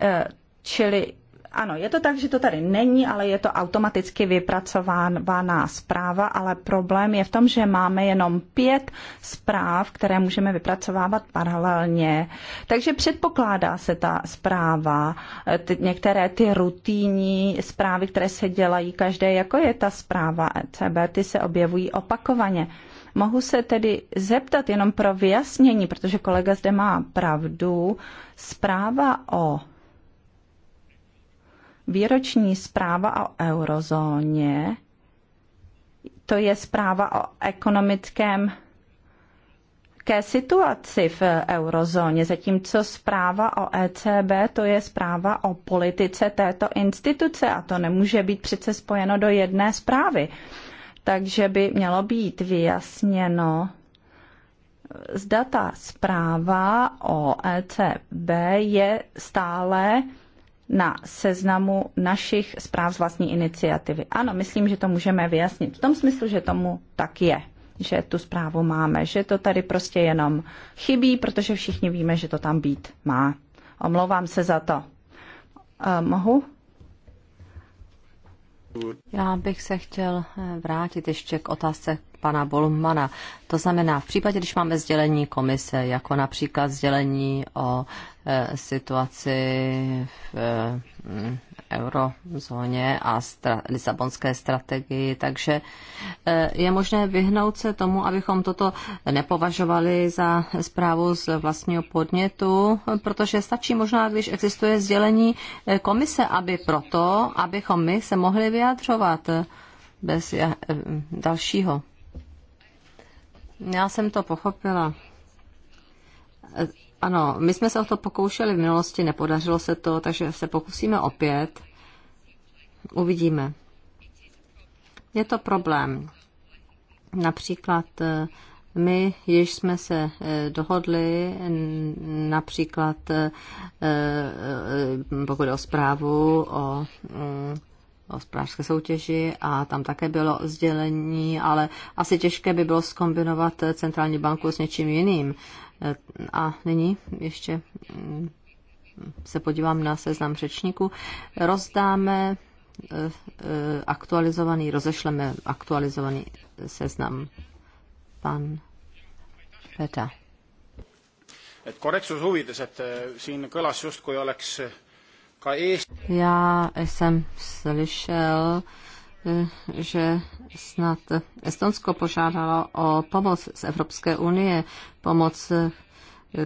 E, čili ano, je to tak, že to tady není, ale je to automaticky vypracovaná zpráva, ale problém je v tom, že máme jenom pět zpráv, které můžeme vypracovávat paralelně. Takže předpokládá se ta zpráva, ty, některé ty rutinní zprávy, které se dělají každé, jako je ta zpráva ECB, ty se objevují opakovaně. Mohu se tedy zeptat jenom pro vyjasnění, protože kolega zde má pravdu, zpráva o Výroční zpráva o eurozóně, to je zpráva o ekonomickém ke situaci v eurozóně, zatímco zpráva o ECB to je zpráva o politice této instituce a to nemůže být přece spojeno do jedné zprávy. Takže by mělo být vyjasněno, zda ta zpráva o ECB je stále na seznamu našich zpráv z vlastní iniciativy. Ano, myslím, že to můžeme vyjasnit v tom smyslu, že tomu tak je že tu zprávu máme, že to tady prostě jenom chybí, protože všichni víme, že to tam být má. Omlouvám se za to. Uh, mohu? Já bych se chtěl eh, vrátit ještě k otázce pana Bolmana. To znamená, v případě, když máme sdělení komise, jako například sdělení o e, situaci v e, eurozóně a stra- Lisabonské strategii, takže e, je možné vyhnout se tomu, abychom toto nepovažovali za zprávu z vlastního podnětu, protože stačí možná, když existuje sdělení e, komise, aby proto, abychom my se mohli vyjadřovat bez e, dalšího. Já jsem to pochopila. Eh, ano, my jsme se o to pokoušeli v minulosti, nepodařilo se to, takže se pokusíme opět. Uvidíme. Je to problém. Například eh, my již jsme se eh, dohodli, například pokud o zprávu o mm, hospodářské soutěži a tam také bylo sdělení, ale asi těžké by bylo skombinovat centrální banku s něčím jiným. A nyní ještě mm, se podívám na seznam řečníků. Rozdáme eh, eh, aktualizovaný, rozešleme aktualizovaný seznam. Pan Peta. et korrektsuse huvides, et eh, siin kõlas kui oleks já jsem slyšel, eh, že snad Estonsko požádalo o pomoc z Evropské unie, pomoc eh,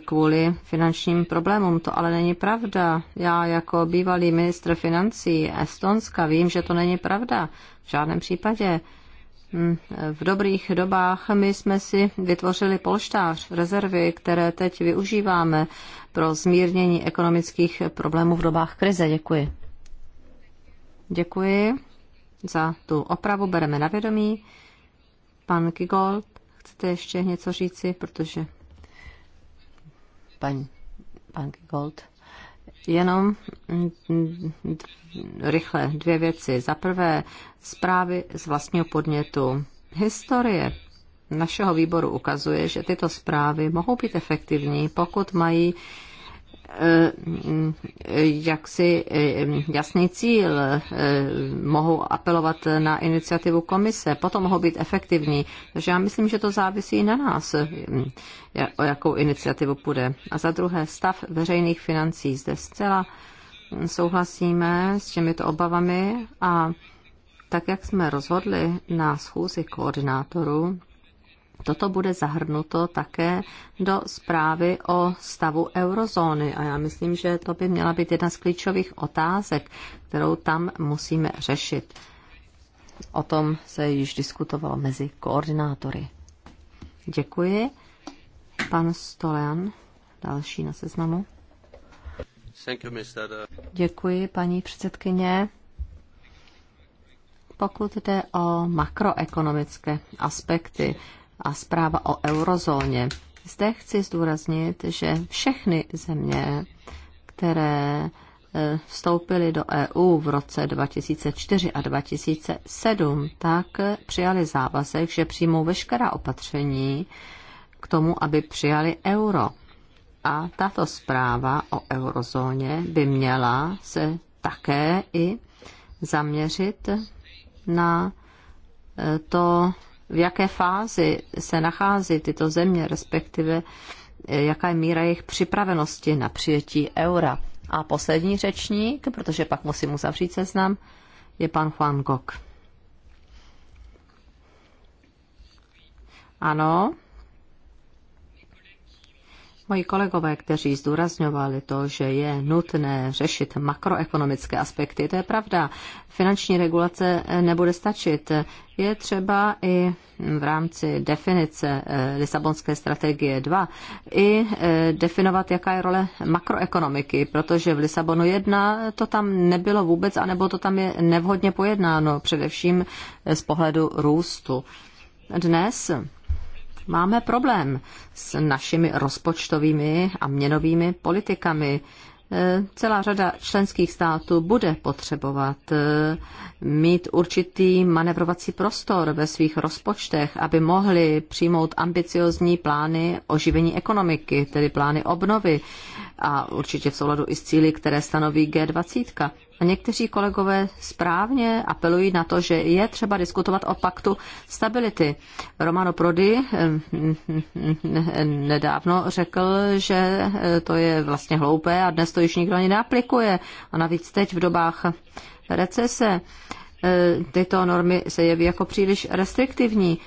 kvůli finančním problémům. To ale není pravda. Já jako bývalý ministr financí Estonska vím, že to není pravda. V žádném případě. Hm, v dobrých dobách my jsme si vytvořili polštář rezervy, které teď využíváme pro zmírnění ekonomických problémů v dobách krize. Děkuji. Děkuji za tu opravu, bereme na vědomí. Pan Kigol, chcete ještě něco říci, protože pan, pan Kigold. Jenom mm, mm, rychle dvě věci. Za prvé, zprávy z vlastního podnětu. Historie našeho výboru ukazuje, že tyto zprávy mohou být efektivní, pokud mají Eh, jaksi eh, jasný cíl, eh, mohou apelovat na iniciativu komise, potom mohou být efektivní. Takže já myslím, že to závisí na nás, o jakou iniciativu půjde. A za druhé, stav veřejných financí. Zde zcela souhlasíme s těmito obavami a tak, jak jsme rozhodli na schůzi koordinátorů, Toto bude zahrnuto také do zprávy o stavu eurozóny a já myslím, že to by měla být jedna z klíčových otázek, kterou tam musíme řešit. O tom se již diskutovalo mezi koordinátory. Děkuji. Pan Stolean, další na seznamu. Děkuji, paní předsedkyně. Pokud jde o makroekonomické aspekty, a zpráva o eurozóně. Zde chci zdůraznit, že všechny země, které eh, vstoupily do EU v roce 2004 a 2007, tak přijali závazek, že přijmou veškerá opatření k tomu, aby přijali euro. A tato zpráva o eurozóně by měla se také i zaměřit na eh, to, v jaké fázi se nachází tyto země, respektive eh, jaká je míra jejich připravenosti na přijetí eura. A poslední řečník, protože pak musím uzavřít seznam, je pan Juan Gok. Ano, Moji kolegové, kteří zdůrazňovali to, že je nutné řešit makroekonomické aspekty, to je pravda. Finanční regulace eh, nebude stačit. Je třeba i v rámci definice eh, Lisabonské strategie 2 i eh, definovat, jaká je role makroekonomiky, protože v Lisabonu 1 to tam nebylo vůbec, anebo to tam je nevhodně pojednáno, především z pohledu růstu. Dnes máme problém s našimi rozpočtovými a měnovými politikami. E, celá řada členských států bude potřebovat e, mít určitý manevrovací prostor ve svých rozpočtech, aby mohli přijmout ambiciozní plány oživení ekonomiky, tedy plány obnovy a určitě v souladu i s cíly, které stanoví G20 někteří kolegové správně apelují na to, že je třeba diskutovat o paktu stability. Romano Prodi eh, nedávno řekl, že eh, to je vlastně hloupé a dnes to již nikdo ani neaplikuje. A navíc teď v dobách recese eh, tyto normy se jeví jako příliš restriktivní.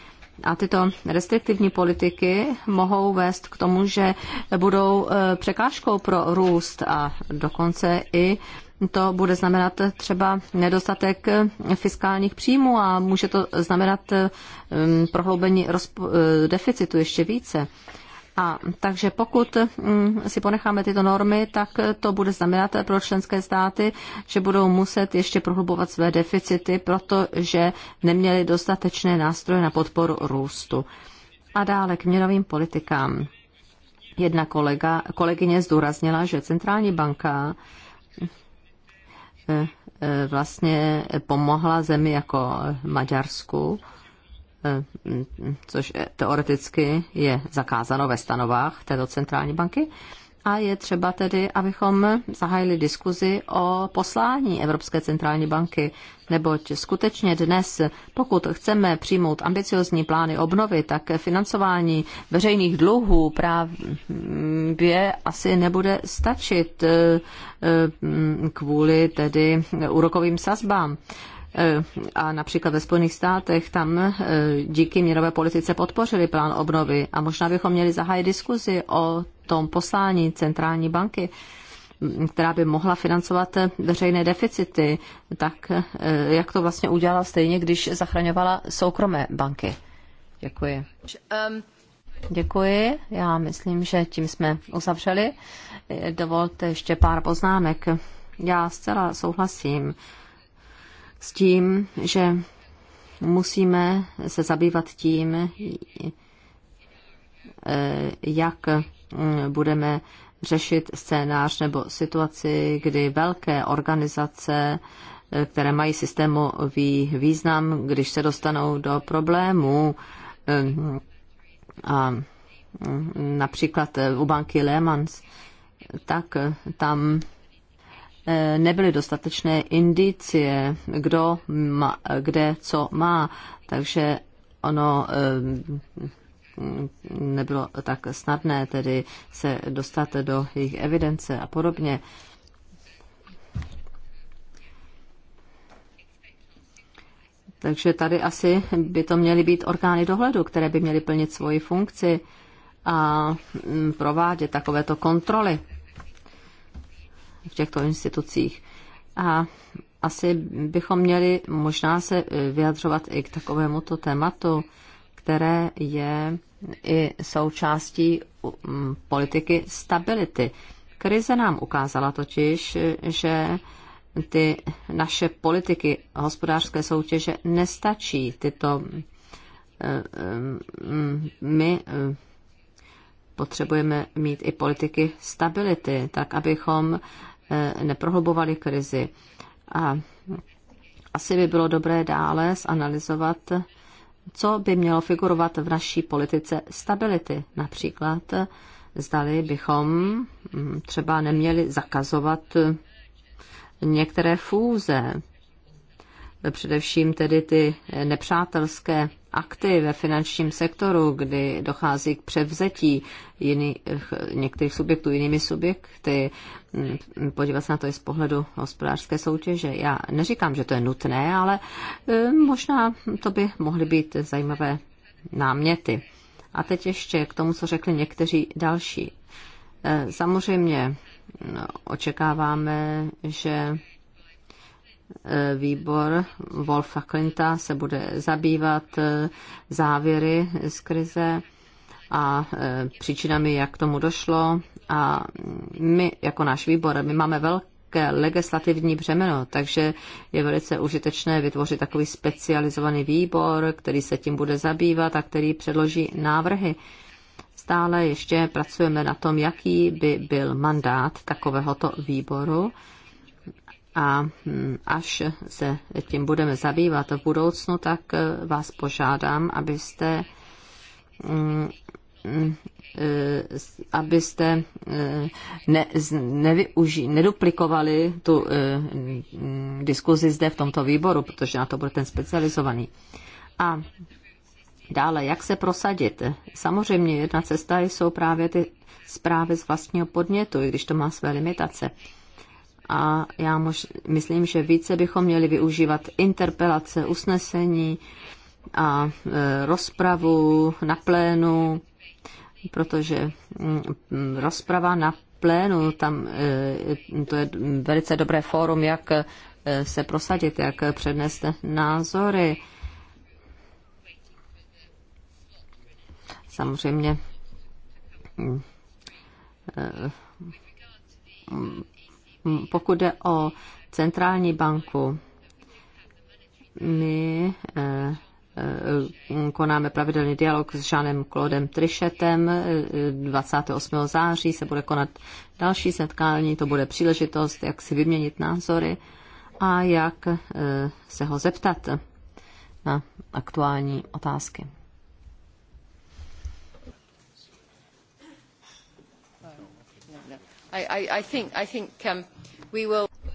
A tyto restriktivní politiky mohou vést k tomu, že budou překážkou pro růst a dokonce i to bude znamenat třeba nedostatek fiskálních příjmů a může to znamenat um, prohloubení uh, deficitu ještě více. A takže pokud um, si ponecháme tyto normy, tak to bude znamenat pro členské státy, že budou muset ještě prohlubovat své deficity, protože neměli dostatečné nástroje na podporu růstu. A dále k měnovým politikám. Jedna kolega, kolegyně zdůraznila, že centrální banka E, vlastně pomohla zemi jako Maďarsku, e, což teoreticky je zakázáno ve stanovách této centrální banky, a je třeba tedy, abychom zahájili diskuzi o poslání Evropské centrální banky, neboť skutečně dnes, pokud chceme přijmout ambiciozní plány obnovy, tak financování veřejných dluhů právě asi nebude stačit eh, eh, kvůli tedy úrokovým sazbám. Eh, a například ve Spojených státech tam eh, díky měrové politice podpořili plán obnovy a možná bychom měli zahájit diskuzi o tom poslání centrální banky, mm, která by mohla financovat eh, veřejné deficity, tak jak to vlastně udělala stejně, když zachraňovala soukromé banky. Děkuji. Um, Děkuji. Já myslím, že tím jsme uzavřeli. Dovolte ještě pár poznámek. Já zcela souhlasím s tím, že musíme se zabývat tím, eh, jak mm, budeme řešit scénář nebo situaci, kdy velké organizace, eh, které mají systémový význam, když se dostanou do problémů, eh, a mm, například u banky Lehmanns, tak tam Eh, nebyly dostatečné indicie, kdo ma, kde co má, takže ono eh, nebylo tak snadné tedy se dostat do jejich evidence a podobně. Takže tady asi by to měly být orgány dohledu, které by měly plnit svoji funkci a mm, provádět takovéto kontroly v těchto institucích. A asi bychom měli možná se e, vyjadřovat i k takovémuto tématu, které je i součástí politiky stability. Krize nám ukázala totiž, e, že ty naše politiky hospodářské soutěže nestačí. Tyto e, my potřebujeme mít i politiky stability, tak abychom Eh, neprohlubovali krizi. A asi by bylo dobré dále zanalizovat, co by mělo figurovat v naší politice stability. Například, zdali bychom mm, třeba neměli zakazovat některé fúze, především tedy ty nepřátelské akty ve finančním sektoru, kdy dochází k převzetí jiných, některých subjektů jinými subjekty, mm, podívat se na to i z pohledu hospodářské soutěže. Já neříkám, že to je nutné, ale e, možná to by mohly být zajímavé náměty. A teď ještě k tomu, co řekli někteří další. E, samozřejmě mm, očekáváme, že E, výbor Wolfa Klinta se bude zabývat e, závěry z krize a e, příčinami, jak k tomu došlo. A my, jako náš výbor, my máme velké legislativní břemeno, takže je velice užitečné vytvořit takový specializovaný výbor, který se tím bude zabývat a který předloží návrhy. Stále ještě pracujeme na tom, jaký by byl mandát takovéhoto výboru a hm, až se tím budeme zabývat v budoucnu, tak eh, vás požádám, abyste hm, hm, eh, abyste eh, ne, nevyuží, neduplikovali tu diskuzi zde v tomto výboru, protože na to bude ten specializovaný. A dále, jak se prosadit? Samozřejmě jedna cesta jsou právě ty zprávy z vlastního podnětu, i když to má své limitace a já mož, myslím, že více bychom měli využívat interpelace, usnesení a e, rozpravu na plénu, protože mm, mm, rozprava na plénu, tam e, to je velice dobré fórum, jak e, se prosadit, jak přednést názory. Samozřejmě. Mm, e, Mm, pokud jde o centrální banku, my eh, eh, mm, konáme pravidelný dialog s Žánem Klodem Trišetem. 28. září se bude konat další setkání, to bude příležitost, jak si vyměnit názory a jak eh, se ho zeptat na aktuální otázky. Um,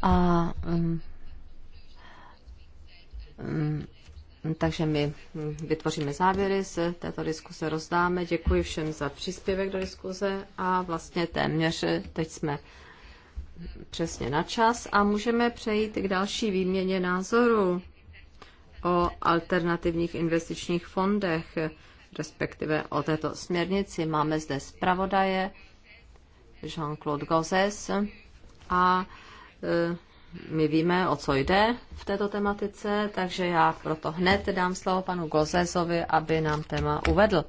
a, um, um, takže my vytvoříme závěry z této diskuse, rozdáme. Děkuji všem za příspěvek do diskuze a vlastně téměř teď jsme přesně na čas a můžeme přejít k další výměně názoru o alternativních investičních fondech, respektive o této směrnici. Máme zde zpravodaje Jean-Claude Gauzès. a e, my víme, o co jde v této tematice, takže já proto hned dám slovo panu Gozesovi, aby nám téma uvedl.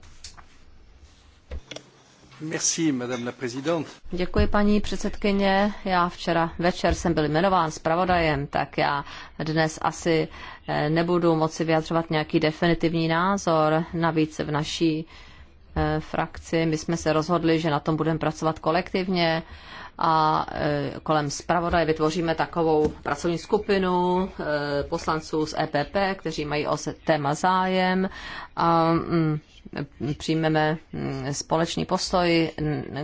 Merci, madame la présidente. Děkuji, paní předsedkyně. Já včera večer jsem byl jmenován zpravodajem, tak já dnes asi e, nebudu moci vyjadřovat nějaký definitivní názor. Navíc v naší Eh, frakci. My jsme se rozhodli, že na tom budeme pracovat kolektivně a eh, kolem zpravodaje vytvoříme takovou pracovní skupinu eh, poslanců z EPP, kteří mají o téma zájem a mm, přijmeme mm, společný postoj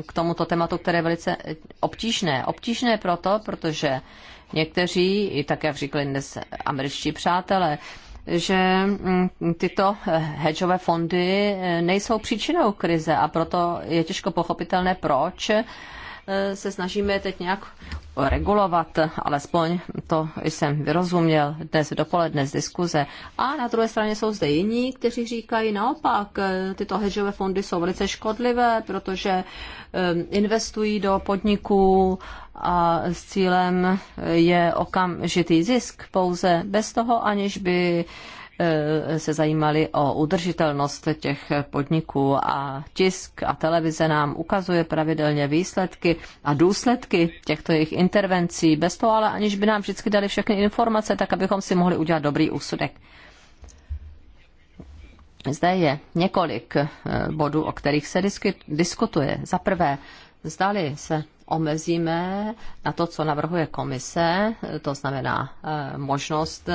k tomuto tématu, které je velice obtížné. Obtížné proto, protože někteří, i tak jak říkali dnes američtí přátelé, že mm, tyto eh, hedžové fondy eh, nejsou příčinou krize a proto je těžko pochopitelné, proč se snažíme teď nějak regulovat, alespoň to jsem vyrozuměl dnes dopoledne z diskuze. A na druhé straně jsou zde jiní, kteří říkají naopak, eh, tyto hedžové fondy jsou velice škodlivé, protože eh, investují do podniků a s cílem je okamžitý zisk pouze bez toho, aniž by Eh, se zajímali o udržitelnost těch podniků a tisk a televize nám ukazuje pravidelně výsledky a důsledky těchto jejich intervencí, bez toho ale aniž by nám vždycky dali všechny informace, tak abychom si mohli udělat dobrý úsudek. Zde je několik eh, bodů, o kterých se diskutuje. Za prvé, zdali se omezíme na to, co navrhuje komise, eh, to znamená možnost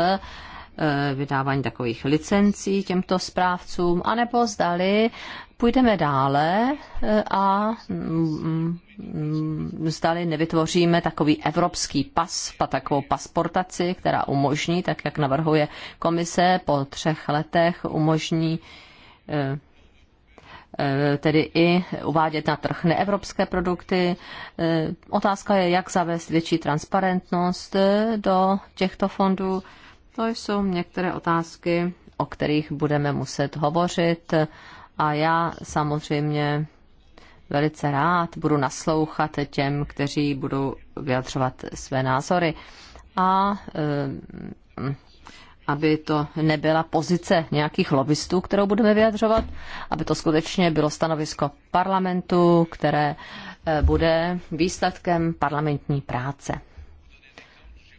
Eh, vydávání takových licencí těmto správcům, anebo zdali půjdeme dále eh, a mm, mm, zdali nevytvoříme takový evropský pas, takovou pasportaci, která umožní, tak jak navrhuje komise, po třech letech umožní eh, tedy i uvádět na trh neevropské produkty. Otázka je, jak zavést větší transparentnost do těchto fondů to jsou některé otázky, o kterých budeme muset hovořit a já samozřejmě velice rád budu naslouchat těm, kteří budou vyjadřovat své názory. A eh, aby to nebyla pozice nějakých lobbystů, kterou budeme vyjadřovat, aby to skutečně bylo stanovisko parlamentu, které eh, bude výsledkem parlamentní práce.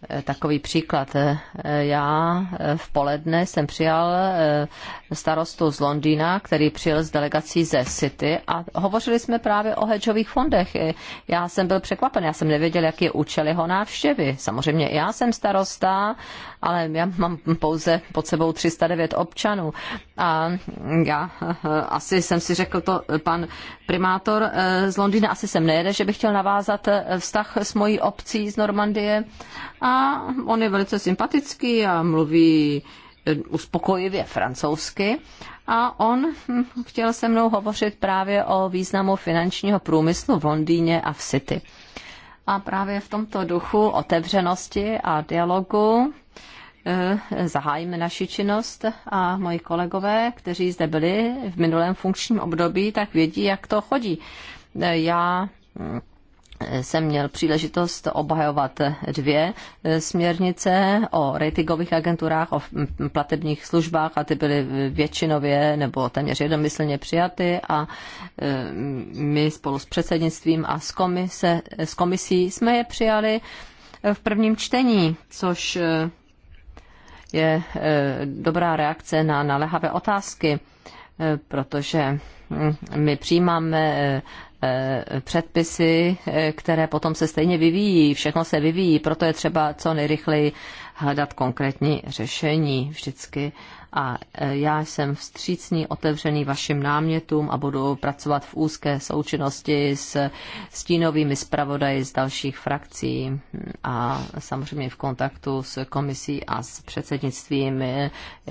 Eh, takový příklad. Eh, já eh, v poledne jsem přijal starostu z Londýna, který přijel s delegací ze City a hovořili jsme právě o hedžových fondech. Já jsem byl překvapen, já jsem nevěděl, jak je účel jeho návštěvy. Samozřejmě já jsem starosta, ale já mám pouze pod sebou 309 občanů. A já asi jsem si řekl to, pan primátor z Londýna asi sem nejede, že bych chtěl navázat vztah s mojí obcí z Normandie. A on je velice sympatický a mluví eh, uspokojivě francouzsky. A on hm, chtěl se mnou hovořit právě o významu finančního průmyslu v Londýně a v City. A právě v tomto duchu otevřenosti a dialogu eh, zahájíme naši činnost a moji kolegové, kteří zde byli v minulém funkčním období, tak vědí, jak to chodí. Eh, já hm, jsem měl příležitost obhajovat dvě e, směrnice o ratingových agenturách, o platebních službách a ty byly většinově nebo téměř jednomyslně přijaty a e, my spolu s předsednictvím a s, komise, s komisí jsme je přijali v prvním čtení, což e, je dobrá reakce na nalehavé otázky, protože my přijímáme Eh, předpisy, eh, které potom se stejně vyvíjí, všechno se vyvíjí, proto je třeba co nejrychleji hledat konkrétní řešení vždycky. A eh, já jsem vstřícný, otevřený vašim námětům a budu pracovat v úzké součinnosti s stínovými zpravodaji z dalších frakcí a samozřejmě v kontaktu s komisí a s předsednictvím,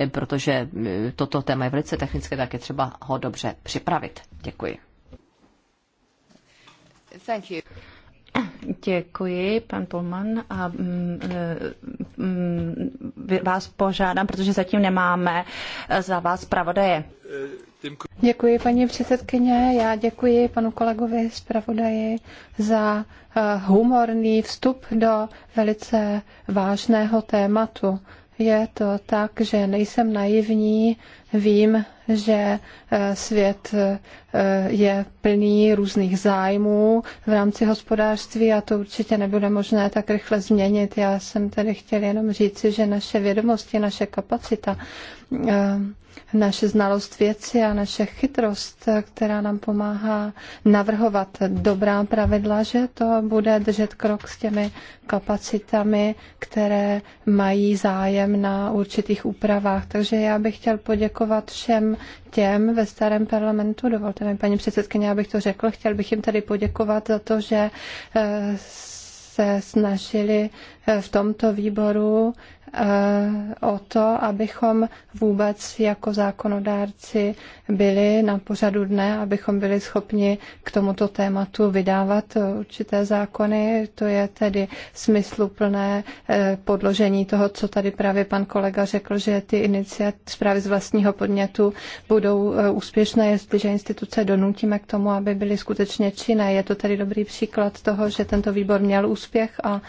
protože toto téma je velice technické, tak je třeba ho dobře připravit. Děkuji. Thank you. Děkuji, pan Polman. A, mm, mm, mm vás požádám, protože zatím nemáme eh, za vás pravodaje. Děkuji, paní předsedkyně. Já děkuji panu kolegovi pravodaji za eh, humorný vstup do velice vážného tématu. Je to tak, že nejsem naivní, Vím, že e, svět e, je plný různých zájmů v rámci hospodářství a to určitě nebude možné tak rychle změnit. Já jsem tedy chtěl jenom říci, že naše vědomosti, naše kapacita, e, naše znalost věci a naše chytrost, která nám pomáhá navrhovat dobrá pravidla, že to bude držet krok s těmi kapacitami, které mají zájem na určitých úpravách. Takže já bych chtěl poděkovat poděkovat všem těm ve starém parlamentu. Dovolte mi, paní předsedkyně, abych to řekl. Chtěl bych jim tady poděkovat za to, že eh, se snažili eh, v tomto výboru Eh, o to, abychom vůbec jako zákonodárci byli na pořadu dne, abychom byli schopni k tomuto tématu vydávat určité zákony. To je tedy smysluplné eh, podložení toho, co tady právě pan kolega řekl, že ty iniciat, zprávy z vlastního podnětu budou eh, úspěšné, jestliže instituce donutíme k tomu, aby byly skutečně činné. Je to tedy dobrý příklad toho, že tento výbor měl úspěch a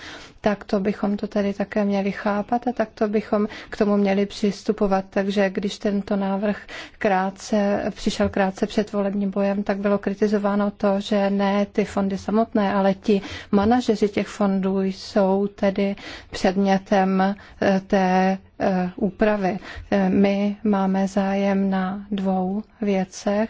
tak to bychom to tedy také měli chápat a tak to bychom k tomu měli přistupovat. Takže když tento návrh krátce, přišel krátce před volebním bojem, tak bylo kritizováno to, že ne ty fondy samotné, ale ti manažeři těch fondů jsou tedy předmětem eh, té eh, úpravy. Eh, my máme zájem na dvou věcech.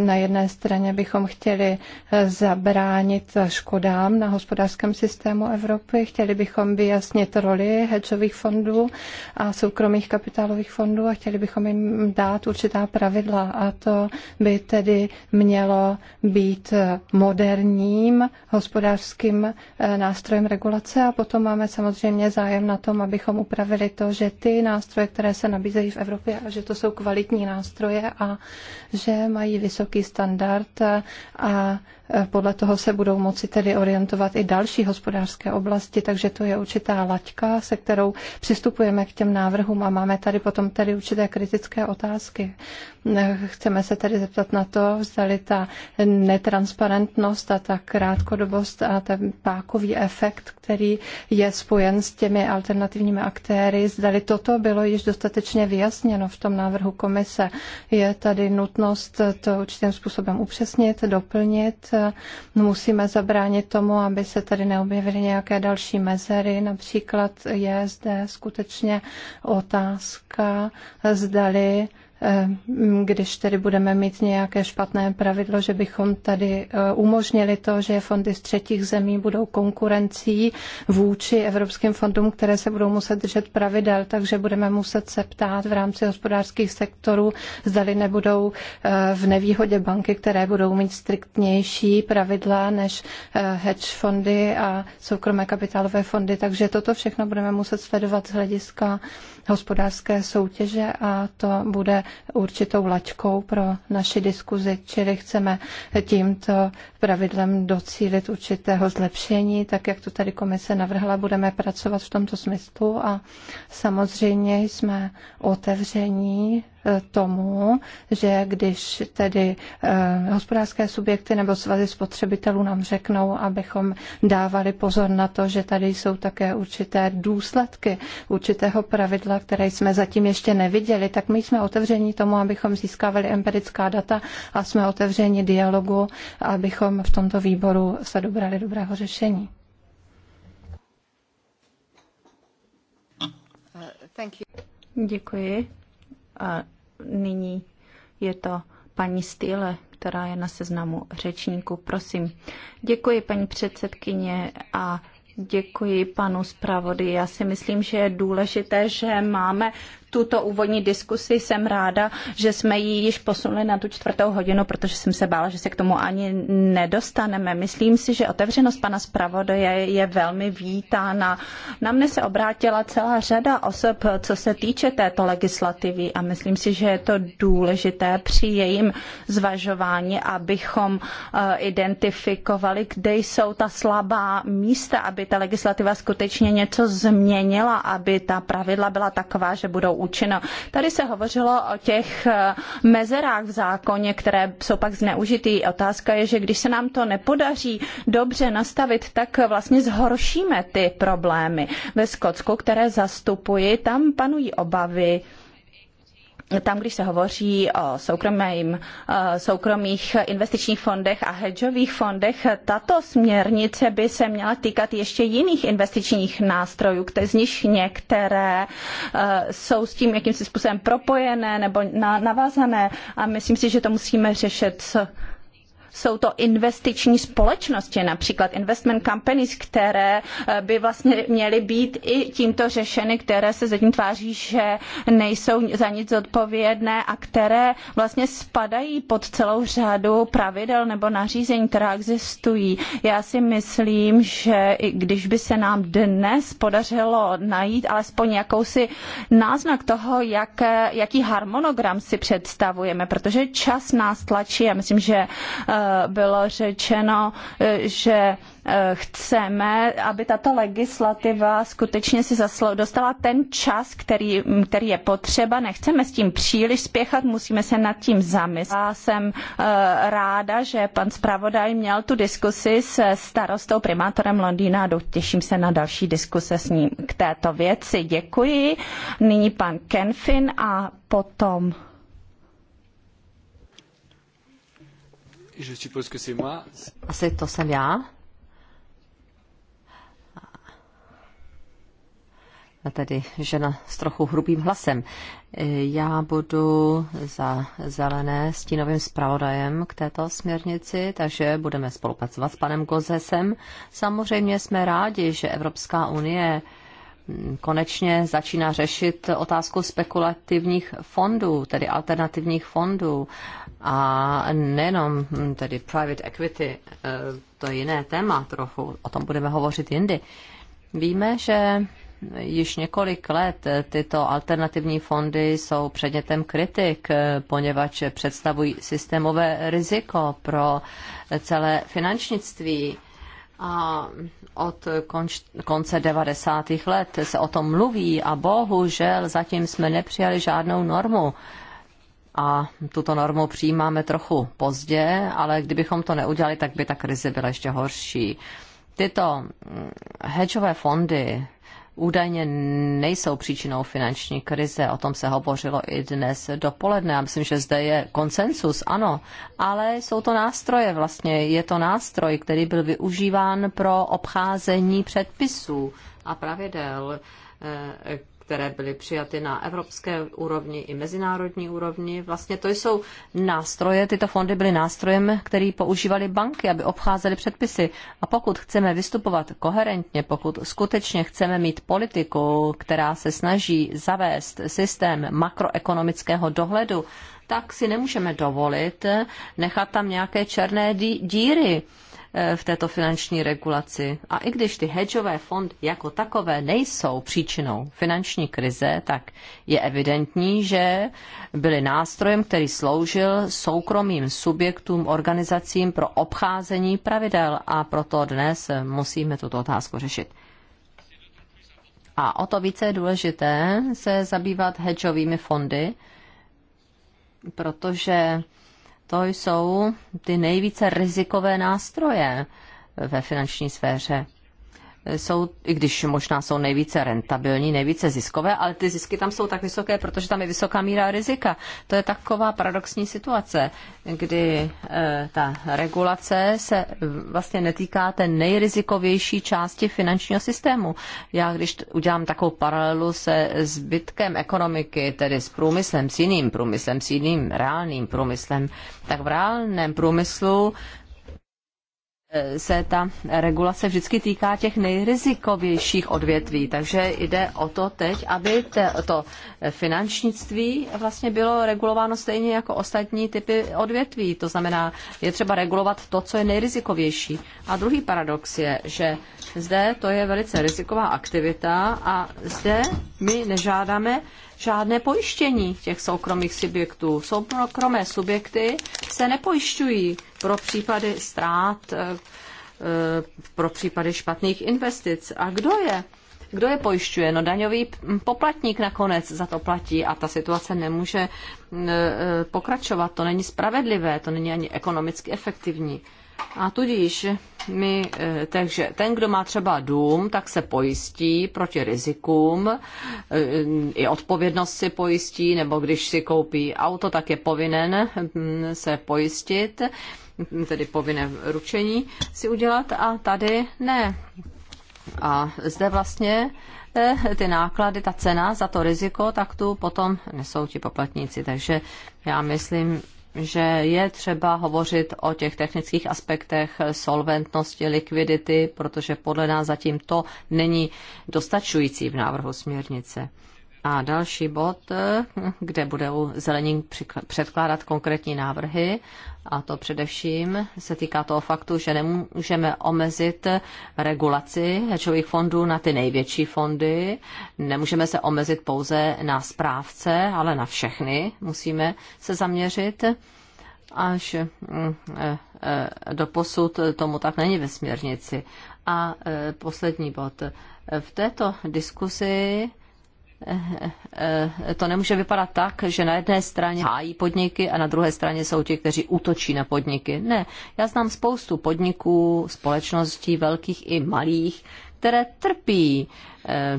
Na jedné straně bychom chtěli eh, zabránit škodám na hospodářském systému Evropy, chtěli bychom vyjasnit roli hedžových fondů a soukromých kapitálových fondů a chtěli bychom jim dát určitá pravidla a to by tedy mělo být eh, moderním hospodářským eh, nástrojem regulace a potom máme samozřejmě zájem na tom, abychom upravili to, že ty nástroje, které se nabízejí v Evropě a že to jsou kvalitní nástroje a že mají mají vysoký standard a podle toho se budou moci tedy orientovat i další hospodářské oblasti, takže to je určitá laťka, se kterou přistupujeme k těm návrhům a máme tady potom tady určité kritické otázky. Chceme se tedy zeptat na to, zdali ta netransparentnost a ta krátkodobost a ten pákový efekt, který je spojen s těmi alternativními aktéry, zdali toto bylo již dostatečně vyjasněno v tom návrhu komise. Je tady nutnost to určitým způsobem upřesnit, doplnit, musíme zabránit tomu, aby se tady neobjevily nějaké další mezery. Například je zde skutečně otázka, zdali Eh, když tedy budeme mít nějaké špatné pravidlo, že bychom tady eh, umožnili to, že fondy z třetích zemí budou konkurencí vůči evropským fondům, které se budou muset držet pravidel, takže budeme muset se ptát v rámci hospodářských sektorů, zdali nebudou eh, v nevýhodě banky, které budou mít striktnější pravidla než hedge fondy a soukromé kapitálové fondy, takže toto všechno budeme muset sledovat z hlediska hospodářské soutěže a to bude určitou lačkou pro naši diskuzi, čili chceme tímto pravidlem docílit určitého zlepšení, tak jak to tady komise navrhla, budeme pracovat v tomto smyslu a samozřejmě jsme otevření tomu, že když tedy eh, hospodářské subjekty nebo svazy spotřebitelů nám řeknou, abychom dávali pozor na to, že tady jsou také určité důsledky určitého pravidla, které jsme zatím ještě neviděli, tak my jsme otevření tomu, abychom získávali empirická data a jsme otevření dialogu, abychom v tomto výboru se dobrali dobrého řešení. Uh, Děkuji. A nyní je to paní Stýle, která je na seznamu řečníků. Prosím. Děkuji, paní předsedkyně, a Děkuji panu zpravodaji. Já si myslím, že je důležité, že máme tuto úvodní diskusi. Jsem ráda, že jsme ji již posunuli na tu čtvrtou hodinu, protože jsem se bála, že se k tomu ani nedostaneme. Myslím si, že otevřenost pana zpravodaje je velmi vítána. Na mne se obrátila celá řada osob, co se týče této legislativy a myslím si, že je to důležité při jejím zvažování, abychom eh, identifikovali, kde jsou ta slabá místa, aby ta legislativa skutečně něco změnila, aby ta pravidla byla taková, že budou účinná. Tady se hovořilo o těch eh, mezerách v zákoně, které jsou pak zneužitý. Otázka je, že když se nám to nepodaří dobře nastavit, tak vlastně zhoršíme ty problémy. Ve Skotsku, které zastupuji, tam panují obavy, tam, když se hovoří o soukromém, eh, soukromých investičních fondech a hedžových fondech, tato směrnice by se měla týkat ještě jiných investičních nástrojů, které z nich některé eh, jsou s tím jakýmsi způsobem propojené nebo navázané a myslím si, že to musíme řešit s jsou to investiční společnosti, například investment companies, které eh, by vlastně měly být i tímto řešeny, které se zatím tváří, že nejsou za nic odpovědné a které vlastně spadají pod celou řadu pravidel nebo nařízení, která existují. Já si myslím, že i když by se nám dnes podařilo najít alespoň jakousi náznak toho, jak, eh, jaký harmonogram si představujeme, protože čas nás tlačí. Já myslím, že eh, Eh, bylo řečeno, eh, že eh, chceme, aby tato legislativa skutečně si zaslo- dostala ten čas, který, který je potřeba. Nechceme s tím příliš spěchat, musíme se nad tím zamyslet. Já jsem ráda, že pan zpravodaj měl tu diskusi s starostou primátorem Londýna a těším se na další diskuse s ním k této věci. Děkuji. Nyní pan Kenfin a potom Je suppose que c'est moi. Asi to jsem já. A tady žena s trochu hrubým hlasem. Já budu za zelené stínovým zpravodajem k této směrnici, takže budeme spolupracovat s panem Gozesem. Samozřejmě jsme rádi, že Evropská unie konečně začíná řešit otázku spekulativních fondů, tedy alternativních fondů a nejenom hm, tedy private equity, eh, to je jiné téma trochu, o tom budeme hovořit jindy. Víme, že již několik let eh, tyto alternativní fondy jsou předmětem kritik, eh, poněvadž představují systémové riziko pro celé finančnictví. A od konce 90. let se o tom mluví a bohužel zatím jsme nepřijali žádnou normu a tuto normu přijímáme trochu pozdě, ale kdybychom to neudělali, tak by ta krize byla ještě horší. Tyto mm, hedžové fondy údajně nejsou příčinou finanční krize, o tom se hovořilo i dnes dopoledne. Já myslím, že zde je konsensus, ano, ale jsou to nástroje vlastně. Je to nástroj, který byl využíván pro obcházení předpisů a pravidel eh, které byly přijaty na evropské úrovni i mezinárodní úrovni. Vlastně to jsou nástroje, tyto fondy byly nástrojem, který používaly banky, aby obcházely předpisy. A pokud chceme vystupovat koherentně, pokud skutečně chceme mít politiku, která se snaží zavést systém makroekonomického dohledu, tak si nemůžeme dovolit nechat tam nějaké černé díry Eh, v této finanční regulaci. A i když ty hedžové fondy jako takové nejsou příčinou finanční krize, tak je evidentní, že byly nástrojem, který sloužil soukromým subjektům, organizacím pro obcházení pravidel a proto dnes musíme tuto otázku řešit. A o to více je důležité se zabývat hedžovými fondy, protože to jsou ty nejvíce rizikové nástroje ve finanční sféře jsou, i když možná jsou nejvíce rentabilní, nejvíce ziskové, ale ty zisky tam jsou tak vysoké, protože tam je vysoká míra rizika. To je taková paradoxní situace, kdy eh, ta regulace se eh, vlastně netýká té nejrizikovější části finančního systému. Já když udělám takovou paralelu se zbytkem ekonomiky, tedy s průmyslem, s jiným průmyslem, s jiným reálným průmyslem, tak v reálném průmyslu se ta regulace vždycky týká těch nejrizikovějších odvětví, takže jde o to teď, aby to finančnictví vlastně bylo regulováno stejně jako ostatní typy odvětví. To znamená, je třeba regulovat to, co je nejrizikovější. A druhý paradox je, že zde to je velice riziková aktivita a zde my nežádáme žádné pojištění těch soukromých subjektů. Soukromé subjekty se nepojišťují pro případy ztrát, eh, pro případy špatných investic. A kdo je? Kdo je pojišťuje? No daňový poplatník nakonec za to platí a ta situace nemůže eh, eh, pokračovat. To není spravedlivé, to není ani ekonomicky efektivní. A tudíž my, takže ten, kdo má třeba dům, tak se pojistí proti rizikům, i odpovědnost si pojistí, nebo když si koupí auto, tak je povinen hm, se pojistit tedy povinné ručení si udělat a tady ne. A zde vlastně eh, ty náklady, ta cena za to riziko, tak tu potom nesou ti poplatníci. Takže já myslím, že je třeba hovořit o těch technických aspektech solventnosti, likvidity, protože podle nás zatím to není dostačující v návrhu směrnice. A další bod, eh, kde budou zelení předkládat konkrétní návrhy a to především se týká toho faktu, že nemůžeme omezit regulaci hedžových fondů na ty největší fondy. Nemůžeme se omezit pouze na správce, ale na všechny musíme se zaměřit. Až mm, e, e, do posud tomu tak není ve směrnici. A e, poslední bod. V této diskusi Eh, eh, eh, to nemůže vypadat tak, že na jedné straně hájí podniky a na druhé straně jsou ti, kteří útočí na podniky. Ne, já znám spoustu podniků, společností velkých i malých, které trpí Eh,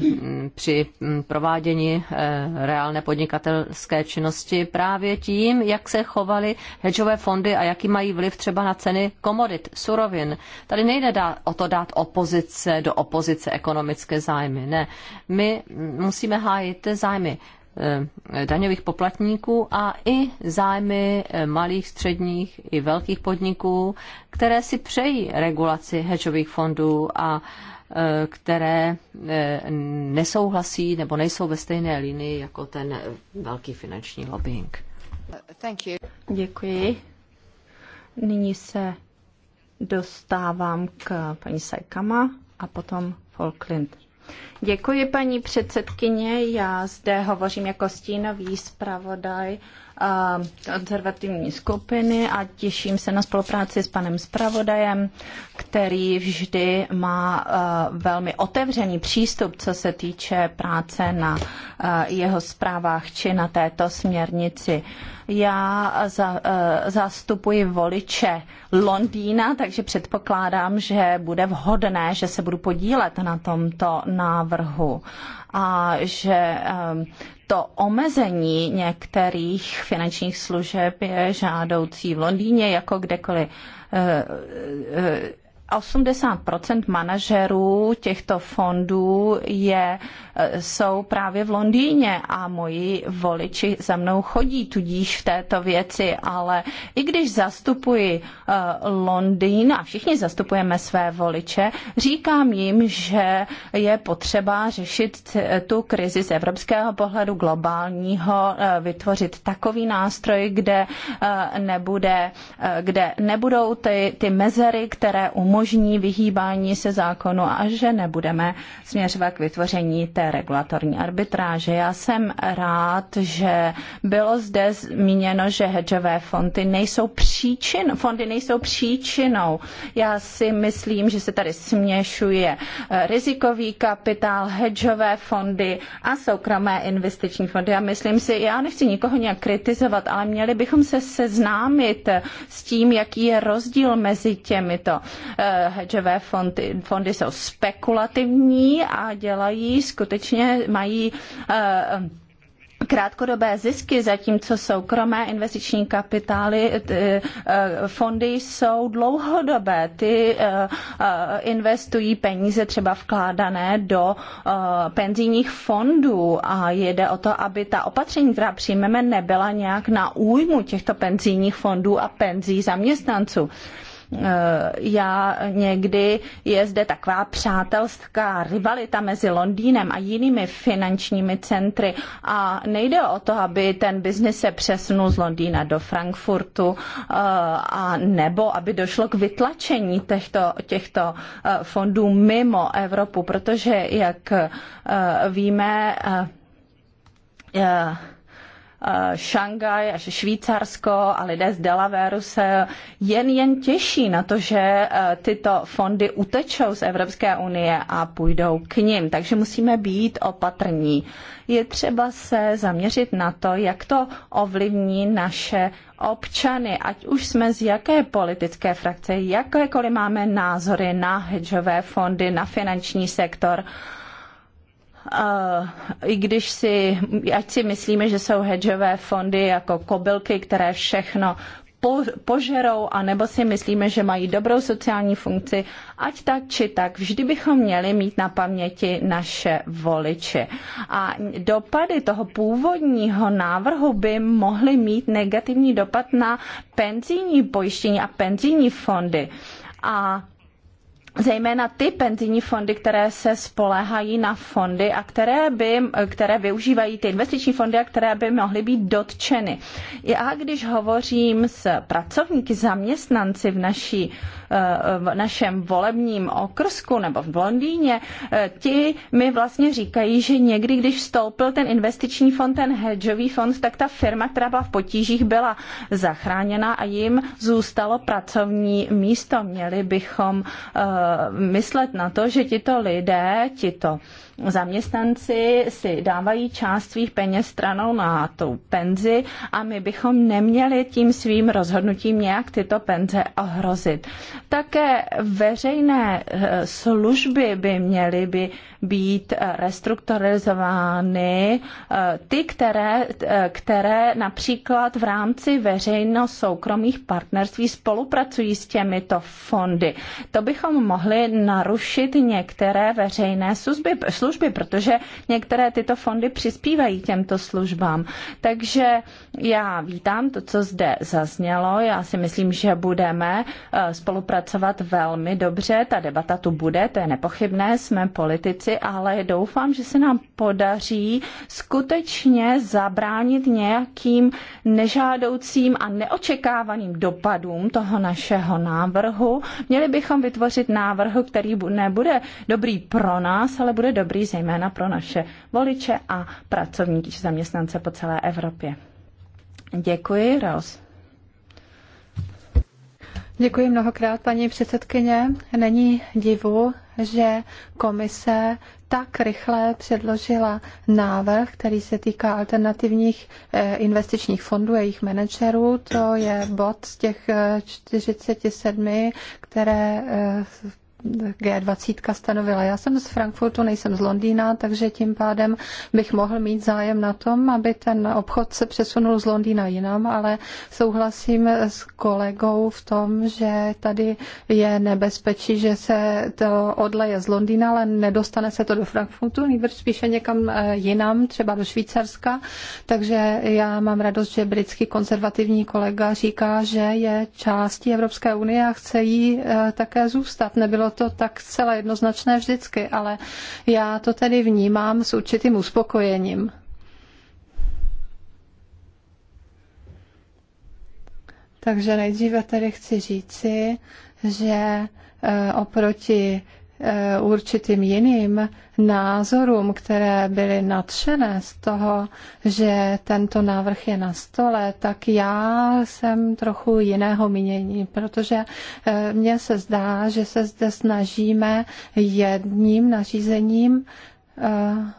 při provádění eh, reálné podnikatelské činnosti právě tím, jak se chovaly hedžové fondy a jaký mají vliv třeba na ceny komodit, surovin. Tady nejde dát, o to dát opozice do opozice ekonomické zájmy. Ne, my musíme hájit zájmy Eh, daňových poplatníků a i zájmy eh, malých, středních i velkých podniků, které si přejí regulaci hedžových fondů a eh, které nesouhlasí nebo nejsou ve stejné linii jako ten velký finanční lobbying. Thank you. Děkuji. Nyní se dostávám k paní Sajkama a potom Falkland. Děkuji, paní předsedkyně. Já zde hovořím jako stínový zpravodaj Eh, konzervativní skupiny a těším se na spolupráci s panem zpravodajem, který vždy má eh, velmi otevřený přístup, co se týče práce na eh, jeho zprávách či na této směrnici. Já za, zastupuji voliče Londýna, takže předpokládám, že bude vhodné, že se budu podílet na tomto návrhu a že to omezení některých finančních služeb je žádoucí v Londýně jako kdekoliv eh, eh, 80 manažerů těchto fondů je, eh, jsou právě v Londýně a moji voliči za mnou chodí, tudíž v této věci, ale i když zastupuji eh, Londýn a všichni zastupujeme své voliče, říkám jim, že je potřeba řešit tu krizi z evropského pohledu globálního, eh, vytvořit takový nástroj, kde, nebude, kde nebudou ty, ty mezery, které umožňují umožní vyhýbání se zákonu a že nebudeme směřovat k vytvoření té regulatorní arbitráže. Já jsem rád, že bylo zde zmíněno, že hedžové fondy nejsou příčin, fondy nejsou příčinou. Já si myslím, že se tady směšuje eh, rizikový kapitál, hedžové fondy a soukromé investiční fondy. Já myslím si, já nechci nikoho nějak kritizovat, ale měli bychom se seznámit s tím, jaký je rozdíl mezi těmito. Eh, hedžové fondy, fondy jsou spekulativní a dělají skutečně, mají eh, krátkodobé zisky, zatímco soukromé investiční kapitály, eh, fondy jsou dlouhodobé. Ty eh, investují peníze třeba vkládané do penzijních fondů a jde o to, aby ta opatření, která přijmeme, nebyla nějak na újmu těchto penzijních fondů a penzí zaměstnanců. Eh, já někdy je zde taková přátelská rivalita mezi Londýnem a jinými finančními centry a nejde o to, aby ten biznis se přesunul z Londýna do Frankfurtu eh, a nebo aby došlo k vytlačení těchto, těchto eh, fondů mimo Evropu, protože jak víme, Yeah Šangaj až Švýcarsko a lidé z Delaware se jen jen těší na to, že eh, tyto fondy utečou z Evropské unie a půjdou k nim. Takže musíme být opatrní. Je třeba se zaměřit na to, jak to ovlivní naše občany, ať už jsme z jaké politické frakce, jakékoliv máme názory na hedžové fondy, na finanční sektor. Eh, i když si, ať si myslíme, že jsou hedžové fondy jako kobylky, které všechno požerou, anebo si myslíme, že mají dobrou sociální funkci, ať tak či tak, vždy bychom měli mít na paměti naše voliče. A dopady toho původního návrhu by mohly mít negativní dopad na penzijní pojištění a penzijní fondy. A zejména ty penzijní fondy, které se spoléhají na fondy a které, by, které využívají ty investiční fondy a které by mohly být dotčeny. Já když hovořím s pracovníky, zaměstnanci v, naší, eh, v našem volebním okrsku nebo v Londýně, eh, ti mi vlastně říkají, že někdy, když vstoupil ten investiční fond, ten hedžový fond, tak ta firma, která byla v potížích, byla zachráněna a jim zůstalo pracovní místo. Měli bychom eh, myslet na to, že tito lidé, tito zaměstnanci si dávají část svých peněz stranou na tu penzi a my bychom neměli tím svým rozhodnutím nějak tyto penze ohrozit. Také veřejné eh, služby by měly by být restrukturalizovány eh, ty, které, eh, které například v rámci veřejno-soukromých partnerství spolupracují s těmito fondy. To bychom mohli narušit některé veřejné služby, služby protože některé tyto fondy přispívají k těmto službám. Takže já vítám to, co zde zaznělo. Já si myslím, že budeme eh, spolupracovat velmi dobře. Ta debata tu bude, to je nepochybné. Jsme politici, věci, ale doufám, že se nám podaří skutečně zabránit nějakým nežádoucím a neočekávaným dopadům toho našeho návrhu. Měli bychom vytvořit návrh, který nebude dobrý pro nás, ale bude dobrý zejména pro naše voliče a pracovníky či zaměstnance po celé Evropě. Děkuji, Ros. Děkuji mnohokrát, paní předsedkyně. Není divu, že komise tak rychle předložila návrh, který se týká alternativních eh, investičních fondů a jejich manažerů. To je bod z těch 47, eh, které eh, G20 stanovila. Já jsem z Frankfurtu, nejsem z Londýna, takže tím pádem bych mohl mít zájem na tom, aby ten obchod se přesunul z Londýna jinam, ale souhlasím s kolegou v tom, že tady je nebezpečí, že se to odleje z Londýna, ale nedostane se to do Frankfurtu, nejbrž spíše někam eh, jinam, třeba do Švýcarska. Takže já mám radost, že britský konzervativní kolega říká, že je částí Evropské unie a chce jí eh, také zůstat. Nebylo to tak celé jednoznačné vždycky, ale já to tedy vnímám s určitým uspokojením. Takže nejdříve tedy chci říci, že eh, oproti Eh, určitým jiným názorům, které byly nadšené z toho, že tento návrh je na stole, tak já jsem trochu jiného mínění, protože eh, mně se zdá, že se zde snažíme jedním nařízením eh,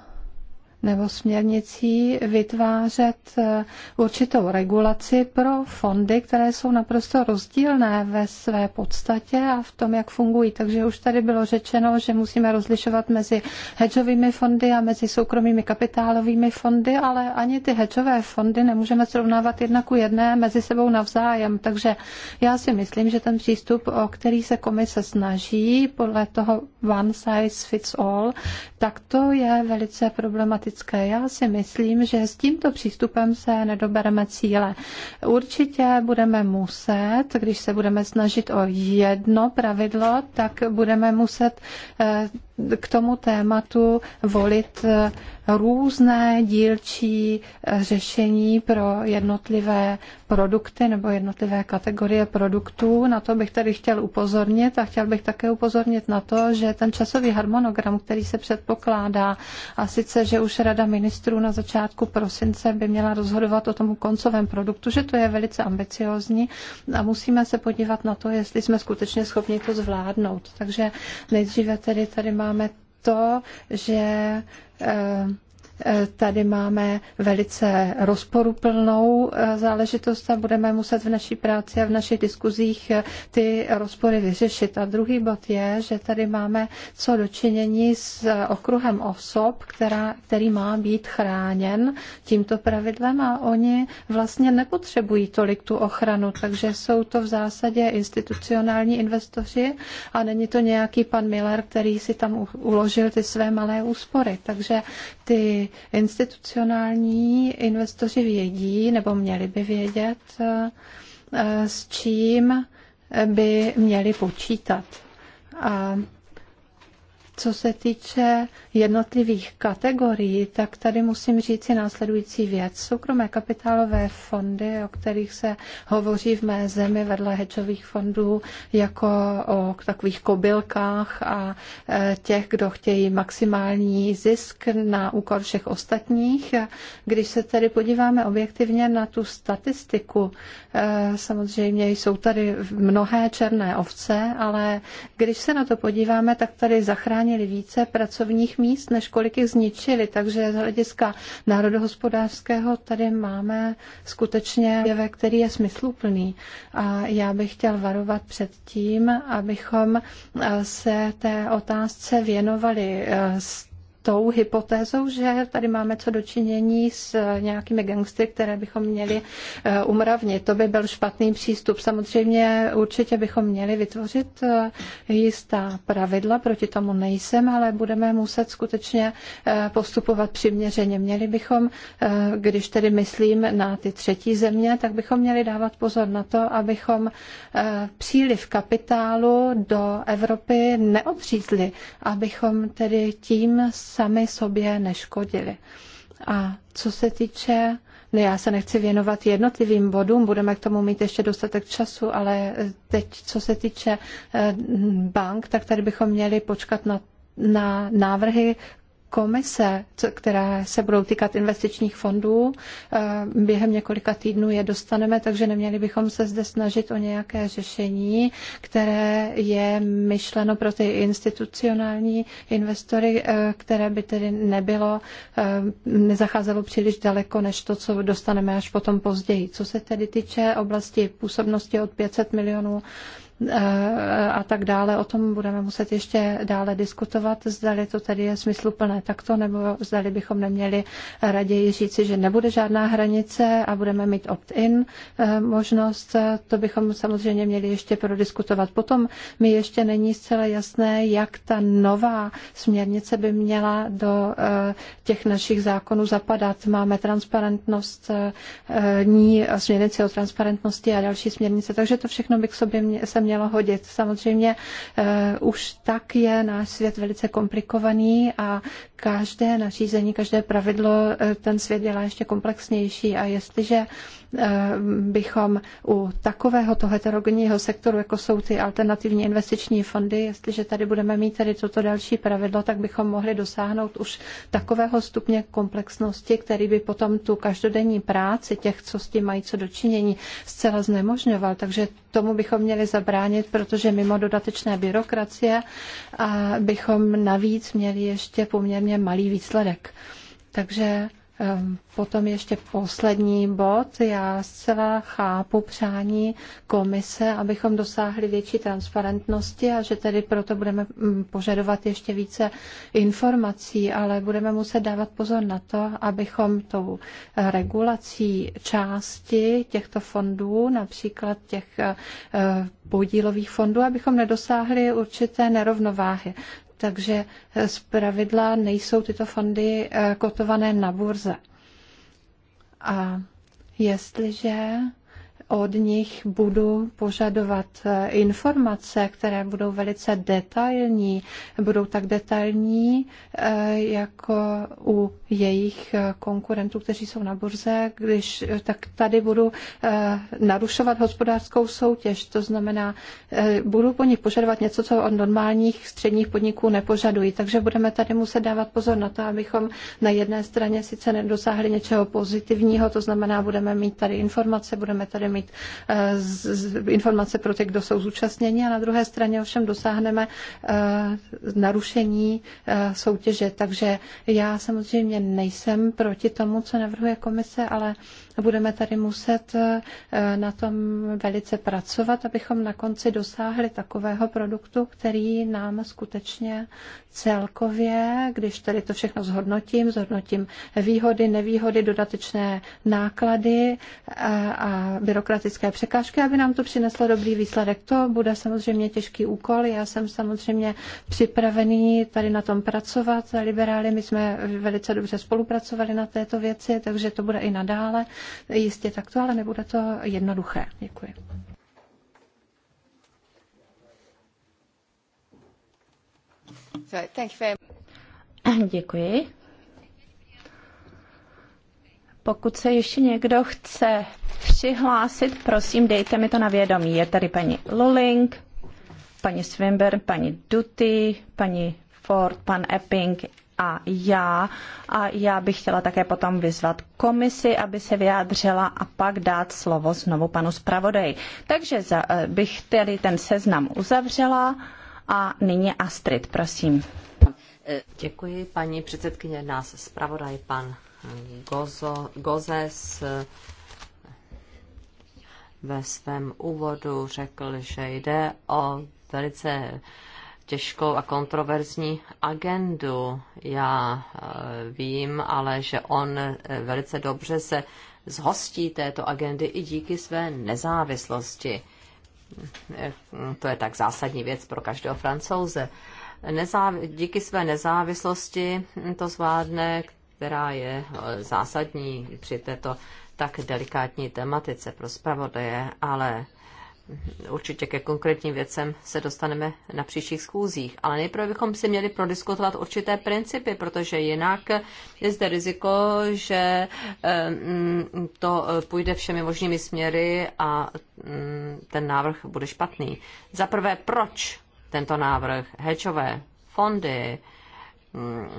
nebo směrnicí vytvářet eh, určitou regulaci pro fondy, které jsou naprosto rozdílné ve své podstatě a v tom, jak fungují. Takže už tady bylo řečeno, že musíme rozlišovat mezi hedžovými fondy a mezi soukromými kapitálovými fondy, ale ani ty hedžové fondy nemůžeme srovnávat jedna ku jedné mezi sebou navzájem. Takže já si myslím, že ten přístup, o který se komise snaží, podle toho one size fits all, tak to je velice problematické politické. Já si myslím, že s tímto přístupem se nedobereme cíle. Určitě budeme muset, když se budeme snažit o jedno pravidlo, tak budeme muset eh, k tomu tématu volit eh, různé dílčí eh, řešení pro jednotlivé produkty nebo jednotlivé kategorie produktů. Na to bych tady chtěl upozornit a chtěl bych také upozornit na to, že ten časový harmonogram, který se předpokládá, a sice, že už Rada ministrů na začátku prosince by měla rozhodovat o tom koncovém produktu, že to je velice ambiciozní a musíme se podívat na to, jestli jsme skutečně schopni to zvládnout. Takže nejdříve tedy tady má máme to, že eh, Tady máme velice rozporuplnou eh, záležitost a budeme muset v naší práci a v našich diskuzích eh, ty rozpory vyřešit. A druhý bod je, že tady máme co dočinění s eh, okruhem osob, která, který má být chráněn tímto pravidlem a oni vlastně nepotřebují tolik tu ochranu, takže jsou to v zásadě institucionální investoři a není to nějaký pan Miller, který si tam uložil ty své malé úspory. Takže ty institucionální investoři vědí, nebo měli by vědět, eh, s čím by měli počítat. A co se týče jednotlivých kategorií, tak tady musím říct si následující věc. Soukromé kapitálové fondy, o kterých se hovoří v mé zemi vedle hedžových fondů, jako o takových kobylkách a e, těch, kdo chtějí maximální zisk na úkor všech ostatních. Když se tedy podíváme objektivně na tu statistiku, e, samozřejmě jsou tady mnohé černé ovce, ale když se na to podíváme, tak tady zachránili více pracovních míst, než kolik jich zničili. Takže z hlediska národohospodářského tady máme skutečně jeve, který je smysluplný. A já bych chtěl varovat před tím, abychom eh, se té otázce věnovali eh, tou hypotézou, že tady máme co dočinění s nějakými gangstry, které bychom měli eh, umravnit. To by byl špatný přístup. Samozřejmě určitě bychom měli vytvořit eh, jistá pravidla, proti tomu nejsem, ale budeme muset skutečně eh, postupovat přiměřeně. Měli bychom, když tedy myslím na ty třetí země, tak bychom měli dávat pozor na to, abychom příliv kapitálu do Evropy neodřízli, abychom tedy tím s sami sobě neškodili. A co se týče, ne, no já se nechci věnovat jednotlivým bodům, budeme k tomu mít ještě dostatek času, ale teď, co se týče eh, bank, tak tady bychom měli počkat na na návrhy komise, které se budou týkat investičních fondů. Eh, během několika týdnů je dostaneme, takže neměli bychom se zde snažit o nějaké řešení, které je myšleno pro ty institucionální investory, eh, které by tedy nebylo, eh, nezacházelo příliš daleko, než to, co dostaneme až potom později. Co se tedy týče oblasti působnosti od 500 milionů Eh, a tak dále. O tom budeme muset ještě dále diskutovat, zdali to tedy je smysluplné takto, nebo zdali bychom neměli raději říci, že nebude žádná hranice a budeme mít opt-in eh, možnost. To bychom samozřejmě měli ještě prodiskutovat. Potom mi ještě není zcela jasné, jak ta nová směrnice by měla do eh, těch našich zákonů zapadat. Máme transparentnost, ní směrnice o transparentnosti a další směrnice, takže to všechno bych sobě mě, se mělo mělo hodit. Samozřejmě eh, už tak je náš svět velice komplikovaný a každé nařízení, každé pravidlo eh, ten svět dělá ještě komplexnější a jestliže Eh, bychom u takovéhoto heterogenního sektoru, jako jsou ty alternativní investiční fondy, jestliže tady budeme mít tady toto další pravidlo, tak bychom mohli dosáhnout už takového stupně komplexnosti, který by potom tu každodenní práci těch, co s tím mají co dočinění, zcela znemožňoval. Takže tomu bychom měli zabránit, protože mimo dodatečné byrokracie a bychom navíc měli ještě poměrně malý výsledek. Takže Ehm, potom ještě poslední bod. Já zcela chápu přání komise, abychom dosáhli větší transparentnosti a že tedy proto budeme mm, požadovat ještě více informací, ale budeme muset dávat pozor na to, abychom tou regulací části těchto fondů, například těch eh, podílových fondů, abychom nedosáhli určité nerovnováhy takže z pravidla nejsou tyto fondy eh, kotované na burze. A jestliže od nich budu požadovat eh, informace, které budou velice detailní, budou tak detailní eh, jako u jejich eh, konkurentů, kteří jsou na burze, když eh, tak tady budu eh, narušovat hospodářskou soutěž. To znamená, budu po nich požadovat něco, co od normálních středních podniků nepožadují. Takže budeme tady muset dávat pozor na to, abychom na jedné straně sice nedosáhli něčeho pozitivního, to znamená, budeme mít tady informace, budeme tady mít informace pro ty, kdo jsou zúčastněni a na druhé straně ovšem dosáhneme narušení soutěže. Takže já samozřejmě nejsem proti tomu, co navrhuje komise, ale budeme tady muset eh, na tom velice pracovat, abychom na konci dosáhli takového produktu, který nám skutečně celkově, když tady to všechno zhodnotím, zhodnotím výhody, nevýhody, dodatečné náklady eh, a byrokratické překážky, aby nám to přineslo dobrý výsledek. To bude samozřejmě těžký úkol. Já jsem samozřejmě připravený tady na tom pracovat. Liberáli, my jsme velice dobře spolupracovali na této věci, takže to bude i nadále jistě takto, ale nebude to jednoduché. Děkuji. Děkuji. Pokud se ještě někdo chce přihlásit, prosím, dejte mi to na vědomí. Je tady paní Luling, paní Swinburne, paní Duty, paní Ford, pan Epping, a já. A já bych chtěla také potom vyzvat komisi, aby se vyjádřila a pak dát slovo znovu panu zpravodaji. Takže za, eh, bych tedy ten seznam uzavřela a nyní Astrid, prosím. Děkuji, paní předsedkyně, nás zpravodaj pan Gozo, Gozes eh, ve svém úvodu řekl, že jde o velice těžkou a kontroverzní agendu. Já eh, vím ale, že on eh, velice dobře se zhostí této agendy i díky své nezávislosti. Eh, to je tak zásadní věc pro každého francouze. Nezáv- díky své nezávislosti to zvládne, která je zásadní při této tak delikátní tematice pro zpravodaje, ale určitě ke konkrétním věcem se dostaneme na příštích schůzích. Ale nejprve bychom si měli prodiskutovat určité principy, protože jinak je zde riziko, že ehm, to půjde všemi možnými směry a mm, ten návrh bude špatný. Za prvé, proč tento návrh? Hedžové fondy, mm,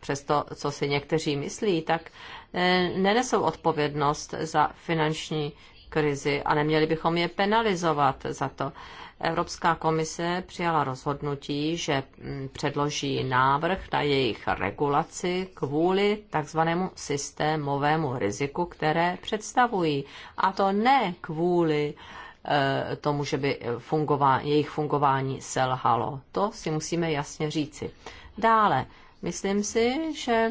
přesto, co si někteří myslí, tak eh, nenesou odpovědnost za finanční krizi a neměli bychom je penalizovat za to. Evropská komise přijala rozhodnutí, že mm, předloží návrh na jejich regulaci kvůli takzvanému systémovému riziku, které představují. A to ne kvůli e, tomu, že by e, fungová, jejich fungování selhalo. To si musíme jasně říci. Dále, myslím si, že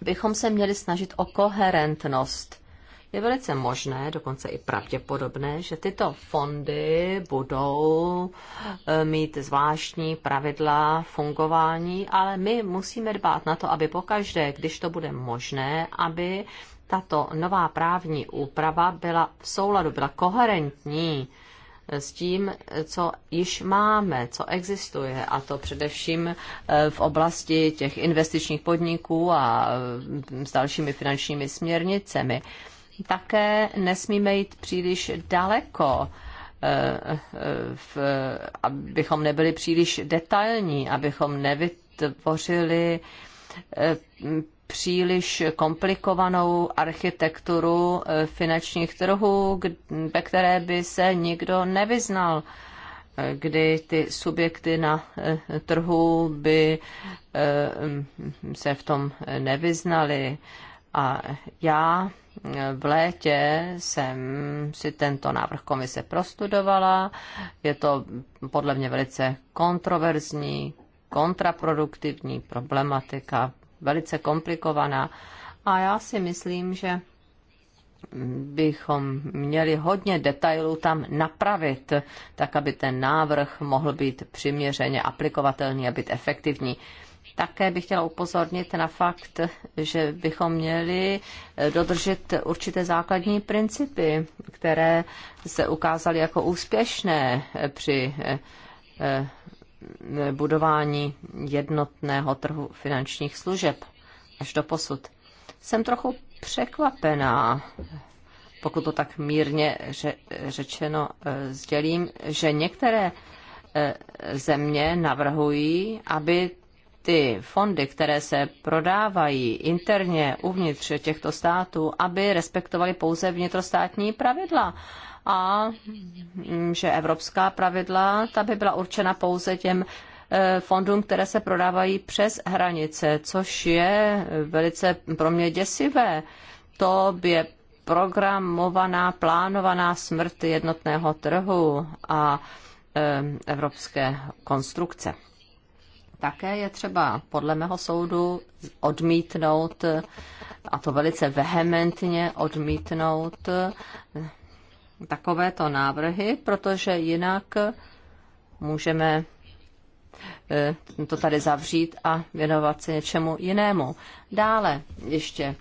bychom se měli snažit o koherentnost je velice možné, dokonce i pravděpodobné, že tyto fondy budou eh, mít zvláštní pravidla fungování, ale my musíme dbát na to, aby pokaždé, když to bude možné, aby tato nová právní úprava byla v souladu, byla koherentní eh, s tím, co již máme, co existuje, a to především eh, v oblasti těch investičních podniků a s dalšími finančními směrnicemi také nesmíme jít příliš daleko, eh, eh, v, abychom nebyli příliš detailní, abychom nevytvořili eh, příliš komplikovanou architekturu finančních trhů, ve které by se nikdo nevyznal, kdy ty subjekty na trhu by mm, se v tom nevyznali a já e, v létě jsem si tento návrh komise prostudovala. Je to podle mě velice kontroverzní, kontraproduktivní problematika, velice komplikovaná. A já si myslím, že bychom měli hodně detailů tam napravit, tak aby ten návrh mohl být přiměřeně aplikovatelný a být efektivní. Také bych chtěla upozornit na fakt, že bychom měli dodržet určité základní principy, které se ukázaly jako úspěšné při eh, eh, budování jednotného trhu finančních služeb až do posud. Jsem trochu překvapená, pokud to tak mírně řečeno eh, sdělím, že některé země navrhují, aby ty fondy, které se prodávají interně uvnitř těchto států, aby respektovaly pouze vnitrostátní pravidla a mm, že evropská pravidla ta by byla určena pouze těm e, fondům, které se prodávají přes hranice, což je velice pro mě děsivé. To je programovaná, plánovaná smrt jednotného trhu a e, evropské konstrukce. Také je třeba podle mého soudu odmítnout, a to velice vehementně odmítnout takovéto návrhy, protože jinak můžeme eh, to tady zavřít a věnovat se něčemu jinému. Dále ještě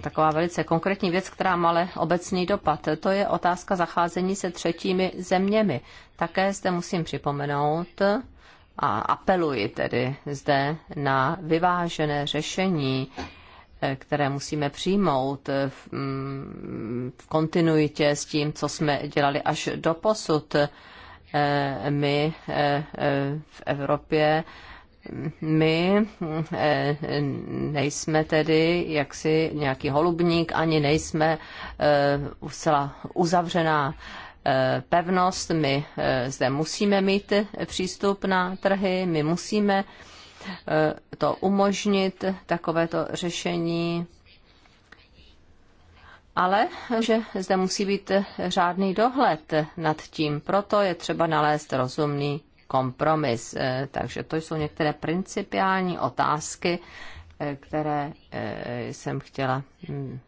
taková velice konkrétní věc, která má ale obecný dopad. To je otázka zacházení se třetími zeměmi. Také zde musím připomenout, a apeluji tedy zde na vyvážené řešení, eh, které musíme přijmout eh, v, mm, v kontinuitě s tím, co jsme dělali až do posud. Eh, my v Evropě my nejsme tedy jaksi nějaký holubník, ani nejsme zcela uzavřená Eh, pevnost, my eh, zde musíme mít eh, přístup na trhy, my musíme to umožnit, takovéto řešení, ale že zde musí být řádný dohled nad tím. Proto je třeba nalézt rozumný kompromis. Takže to jsou některé principiální otázky, které jsem chtěla hm,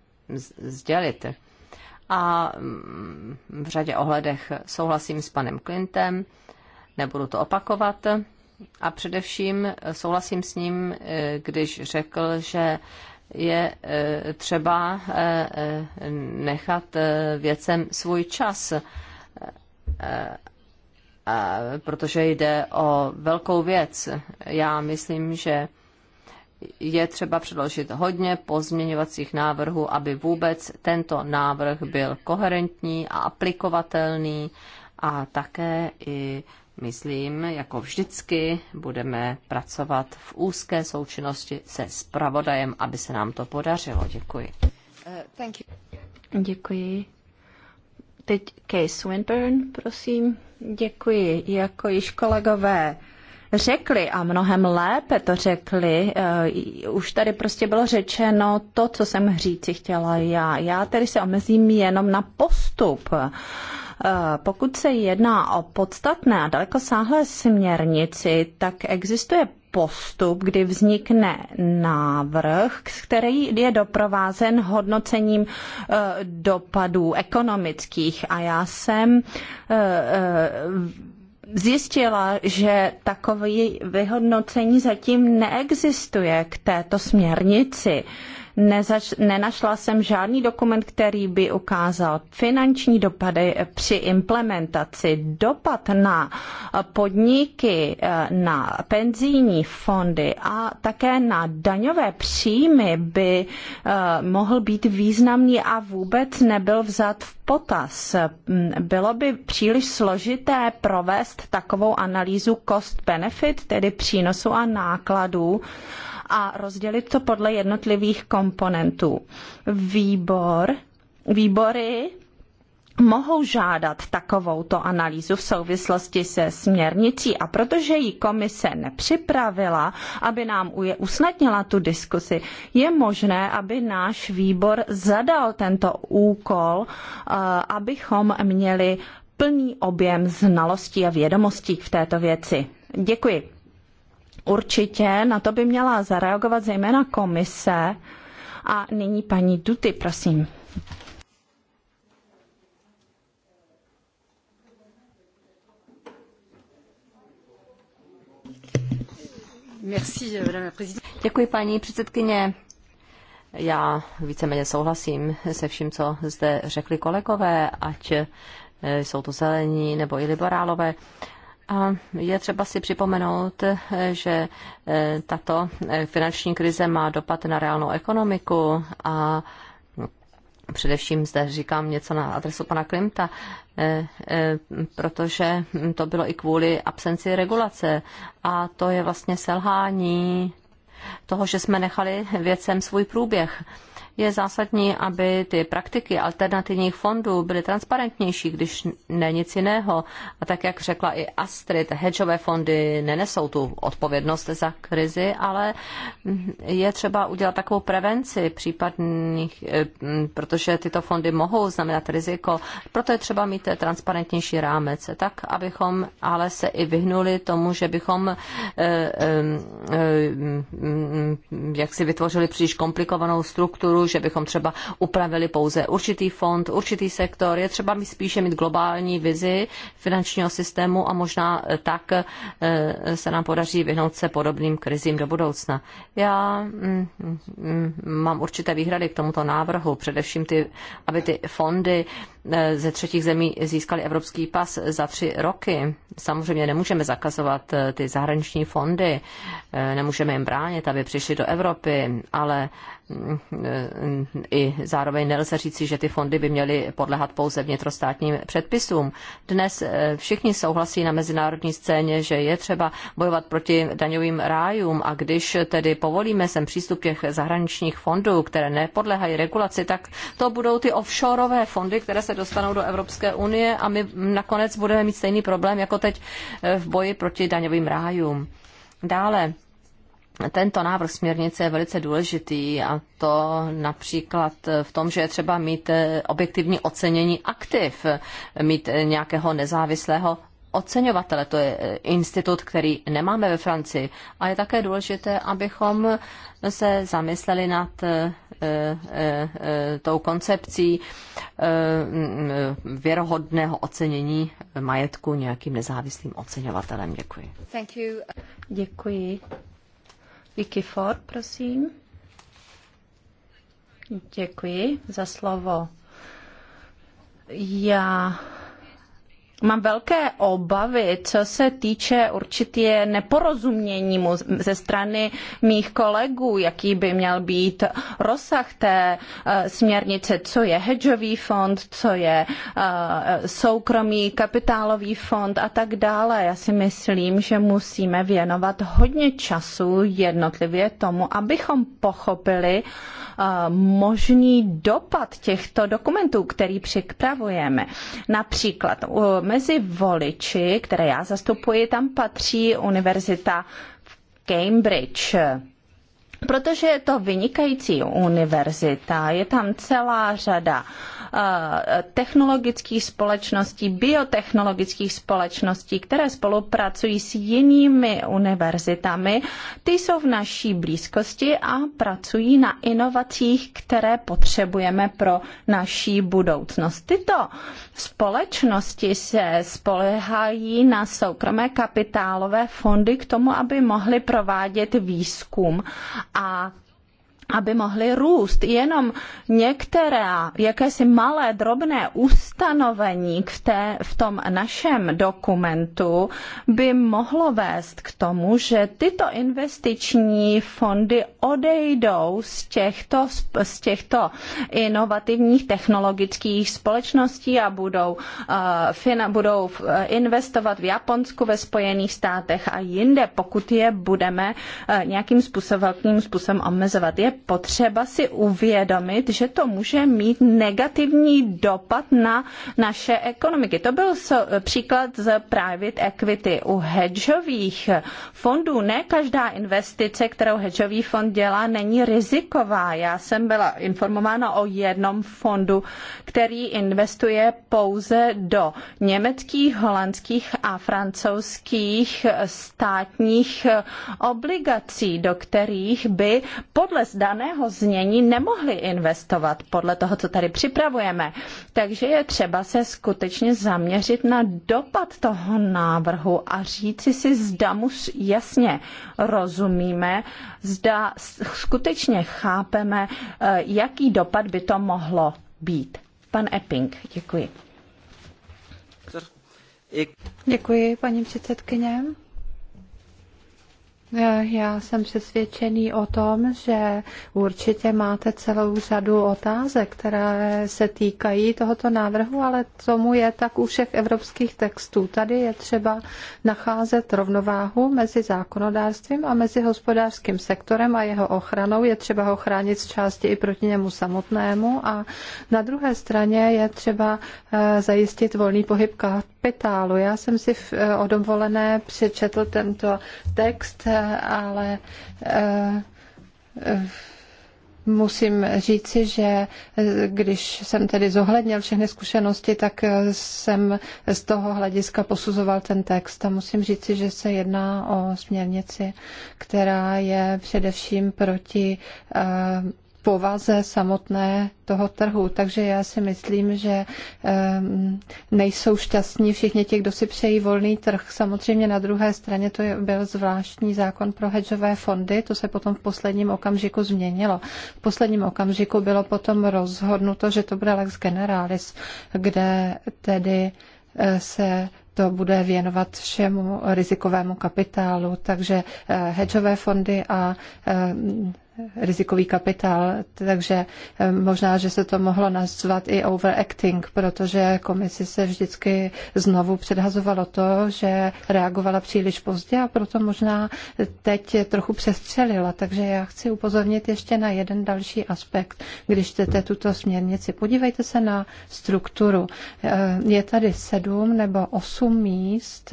sdělit a mm, v řadě ohledech souhlasím s panem Clintem, nebudu to opakovat. A především souhlasím s ním, e, když řekl, že je e, třeba e, nechat věcem svůj čas, protože jde o velkou věc. Já myslím, že je třeba předložit hodně pozměňovacích návrhů, aby vůbec tento návrh byl koherentní a aplikovatelný a také i Myslím, jako vždycky, budeme pracovat v úzké součinnosti se spravodajem, aby se nám to podařilo. Děkuji. Uh, Děkuji. Teď Case Swinburne, prosím. Děkuji. Jako již kolegové řekli a mnohem lépe to řekli. Eh, už tady prostě bylo řečeno to, co jsem říci chtěla já. Já tedy se omezím jenom na postup. Eh, pokud se jedná o podstatné a dalekosáhlé směrnici, tak existuje postup, kdy vznikne návrh, který je doprovázen hodnocením eh, dopadů ekonomických. A já jsem zjistila, že takové vyhodnocení zatím neexistuje k této směrnici nezač, nenašla jsem žádný dokument, který by ukázal finanční dopady při implementaci, dopad na podniky, eh, na penzijní fondy a také na daňové příjmy by eh, mohl být významný a vůbec nebyl vzat v potaz. Mm, bylo by příliš složité provést takovou analýzu cost-benefit, tedy přínosu a nákladů, a rozdělit to podle jednotlivých komponentů. Výbor, výbory mohou žádat takovouto analýzu v souvislosti se směrnicí a protože ji komise nepřipravila, aby nám usnadnila tu diskusi, je možné, aby náš výbor zadal tento úkol, eh, abychom měli plný objem znalostí a vědomostí v této věci. Děkuji. Určitě na to by měla zareagovat zejména komise. A nyní paní Duty, prosím. Děkuji, paní předsedkyně. Já víceméně souhlasím se vším, co zde řekli kolegové, ať jsou to zelení nebo i liberálové. A je třeba si připomenout, že e, tato e, finanční krize má dopad na reálnou ekonomiku a především zde říkám něco na adresu pana Klimta, e, protože to bylo i kvůli absenci regulace a to je vlastně selhání toho, že jsme nechali věcem svůj průběh je zásadní, aby ty praktiky alternativních fondů byly transparentnější, když ne nic jiného. A tak, jak řekla i Astrid, hedžové fondy nenesou tu odpovědnost za krizi, ale je třeba udělat takovou prevenci případných, eh, protože tyto fondy mohou znamenat riziko. Proto je třeba mít transparentnější rámec, tak abychom ale se i vyhnuli tomu, že bychom eh, eh, mm, mm, mm, jak si vytvořili příliš komplikovanou strukturu, že bychom třeba upravili pouze určitý fond, určitý sektor. Je třeba mít spíše mít globální vizi finančního systému a možná eh, tak eh, se nám podaří vyhnout se podobným krizím do budoucna. Já mm, mm, mm, mám určité výhrady k tomuto návrhu, především ty, aby ty fondy Eh, ze třetích zemí získali evropský pas za tři roky. Samozřejmě nemůžeme zakazovat eh, ty zahraniční fondy, eh, nemůžeme jim bránit, aby přišli do Evropy, ale mm, mm, i zároveň nelze říci, že ty fondy by měly podlehat pouze vnitrostátním předpisům. Dnes všichni souhlasí na mezinárodní scéně, že je třeba bojovat proti daňovým rájům a když tedy povolíme sem přístup těch zahraničních fondů, které nepodléhají regulaci, tak to budou ty offshoreové fondy, které se dostanou do Evropské unie a my nakonec budeme mít stejný problém jako teď eh, v boji proti daňovým rájům. Dále, tento návrh směrnice je velice důležitý a to například eh, v tom, že je třeba mít eh, objektivní ocenění aktiv, mít nějakého nezávislého oceňovatele. To je institut, který nemáme ve Francii. A je také důležité, abychom se zamysleli nad Eh, eh, tou koncepcí eh, věrohodného ocenění majetku nějakým nezávislým oceňovatelem. Děkuji. Thank you. Děkuji. Vicky Ford, prosím. Děkuji za slovo. Já Mám velké obavy, co se týče určitě neporozumění ze strany mých kolegů, jaký by měl být rozsah té eh, směrnice, co je hedžový fond, co je eh, soukromý kapitálový fond a tak dále. Já si myslím, že musíme věnovat hodně času jednotlivě tomu, abychom pochopili, možný dopad těchto dokumentů, který připravujeme. Například mezi voliči, které já zastupuji, tam patří univerzita Cambridge protože je to vynikající univerzita, je tam celá řada eh, technologických společností, biotechnologických společností, které spolupracují s jinými univerzitami. Ty jsou v naší blízkosti a pracují na inovacích, které potřebujeme pro naší budoucnost. Tyto Společnosti se spolehají na soukromé kapitálové fondy k tomu, aby mohly provádět výzkum a aby mohly růst. Jenom některá, jakési malé, drobné ustanovení v, té, v tom našem dokumentu by mohlo vést k tomu, že tyto investiční fondy odejdou z těchto, z těchto inovativních technologických společností a budou, uh, fina, budou eh, investovat v Japonsku, ve Spojených státech a jinde, pokud je budeme uh, nějakým způsobem, velkým způsobem omezovat. Je potřeba si uvědomit, že to může mít negativní dopad na naše ekonomiky. To byl příklad z private equity. U hedžových fondů ne každá investice, kterou hedžový fond dělá, není riziková. Já jsem byla informována o jednom fondu, který investuje pouze do německých, holandských a francouzských státních obligací, do kterých by podle daného znění nemohli investovat podle toho, co tady připravujeme. Takže je třeba se skutečně zaměřit na dopad toho návrhu a říci si, zda mu jasně rozumíme, zda skutečně chápeme, eh, jaký dopad by to mohlo být. Pan Epping, děkuji. Děkuji, paní předsedkyně. Eh, já jsem přesvědčený o tom, že určitě máte celou řadu otázek, které se týkají tohoto návrhu, ale tomu je tak u všech evropských textů. Tady je třeba nacházet rovnováhu mezi zákonodárstvím a mezi hospodářským sektorem a jeho ochranou. Je třeba ho chránit z části i proti němu samotnému a na druhé straně je třeba eh, zajistit volný pohyb špitálu. Já jsem si v, eh, o dovolené přečetl tento text, eh, ale eh, musím říci, že když jsem tedy zohlednil všechny zkušenosti, tak jsem z toho hlediska posuzoval ten text a musím říci, že se jedná o směrnici, která je především proti povaze samotné toho trhu. Takže já si myslím, že ehm, nejsou šťastní všichni těch kdo si přejí volný trh. Samozřejmě na druhé straně to byl zvláštní zákon pro hedžové fondy, to se potom v posledním okamžiku změnilo. V posledním okamžiku bylo potom rozhodnuto, že to bude lex generalis, kde tedy eh, se to bude věnovat všemu rizikovému kapitálu, takže eh, hedžové fondy a ehm, rizikový kapitál, takže eh, možná, že se to mohlo nazvat i overacting, protože komisi se vždycky znovu předhazovalo to, že reagovala příliš pozdě a proto možná teď trochu přestřelila. Takže já chci upozornit ještě na jeden další aspekt. Když čtete tuto směrnici, podívejte se na strukturu. Eh, je tady sedm nebo osm míst,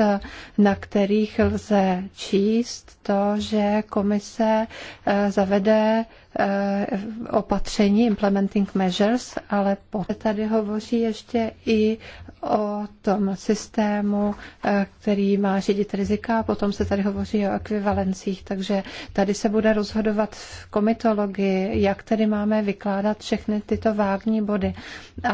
na kterých lze číst to, že komise eh, zavede zde Eh, opatření, implementing measures, ale tady hovoří ještě i o tom systému, eh, který má řídit rizika, a potom se tady hovoří o ekvivalencích, takže tady se bude rozhodovat v komitologii, jak tedy máme vykládat všechny tyto vágní body.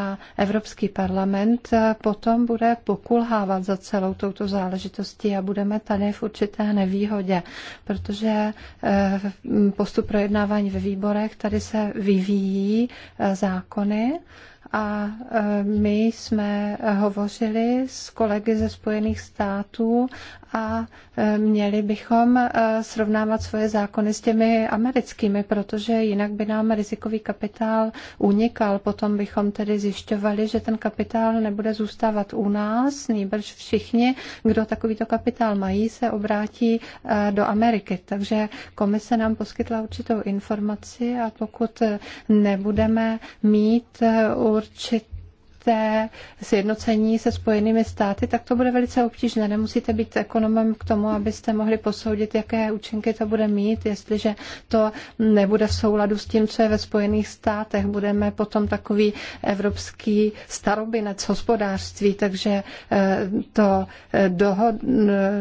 A Evropský parlament eh, potom bude pokulhávat za celou touto záležitostí a budeme tady v určité nevýhodě, protože postup projednávání ve výborech tady se vyvíjí eh, zákony a e, my jsme hovořili s kolegy ze Spojených států a e, měli bychom e, srovnávat svoje zákony s těmi americkými, protože jinak by nám rizikový kapitál unikal. Potom bychom tedy zjišťovali, že ten kapitál nebude zůstávat u nás, nejbrž všichni, kdo takovýto kapitál mají, se obrátí do Ameriky. Takže komise nám poskytla určitou informaci a pokud nebudeme mít u určitě té sjednocení se spojenými státy, tak to bude velice obtížné. Nemusíte být ekonomem k tomu, abyste mohli posoudit, jaké účinky to bude mít, jestliže to nebude v souladu s tím, co je ve spojených státech. Budeme potom takový evropský starobinec hospodářství, takže eh, to eh, dohod, eh,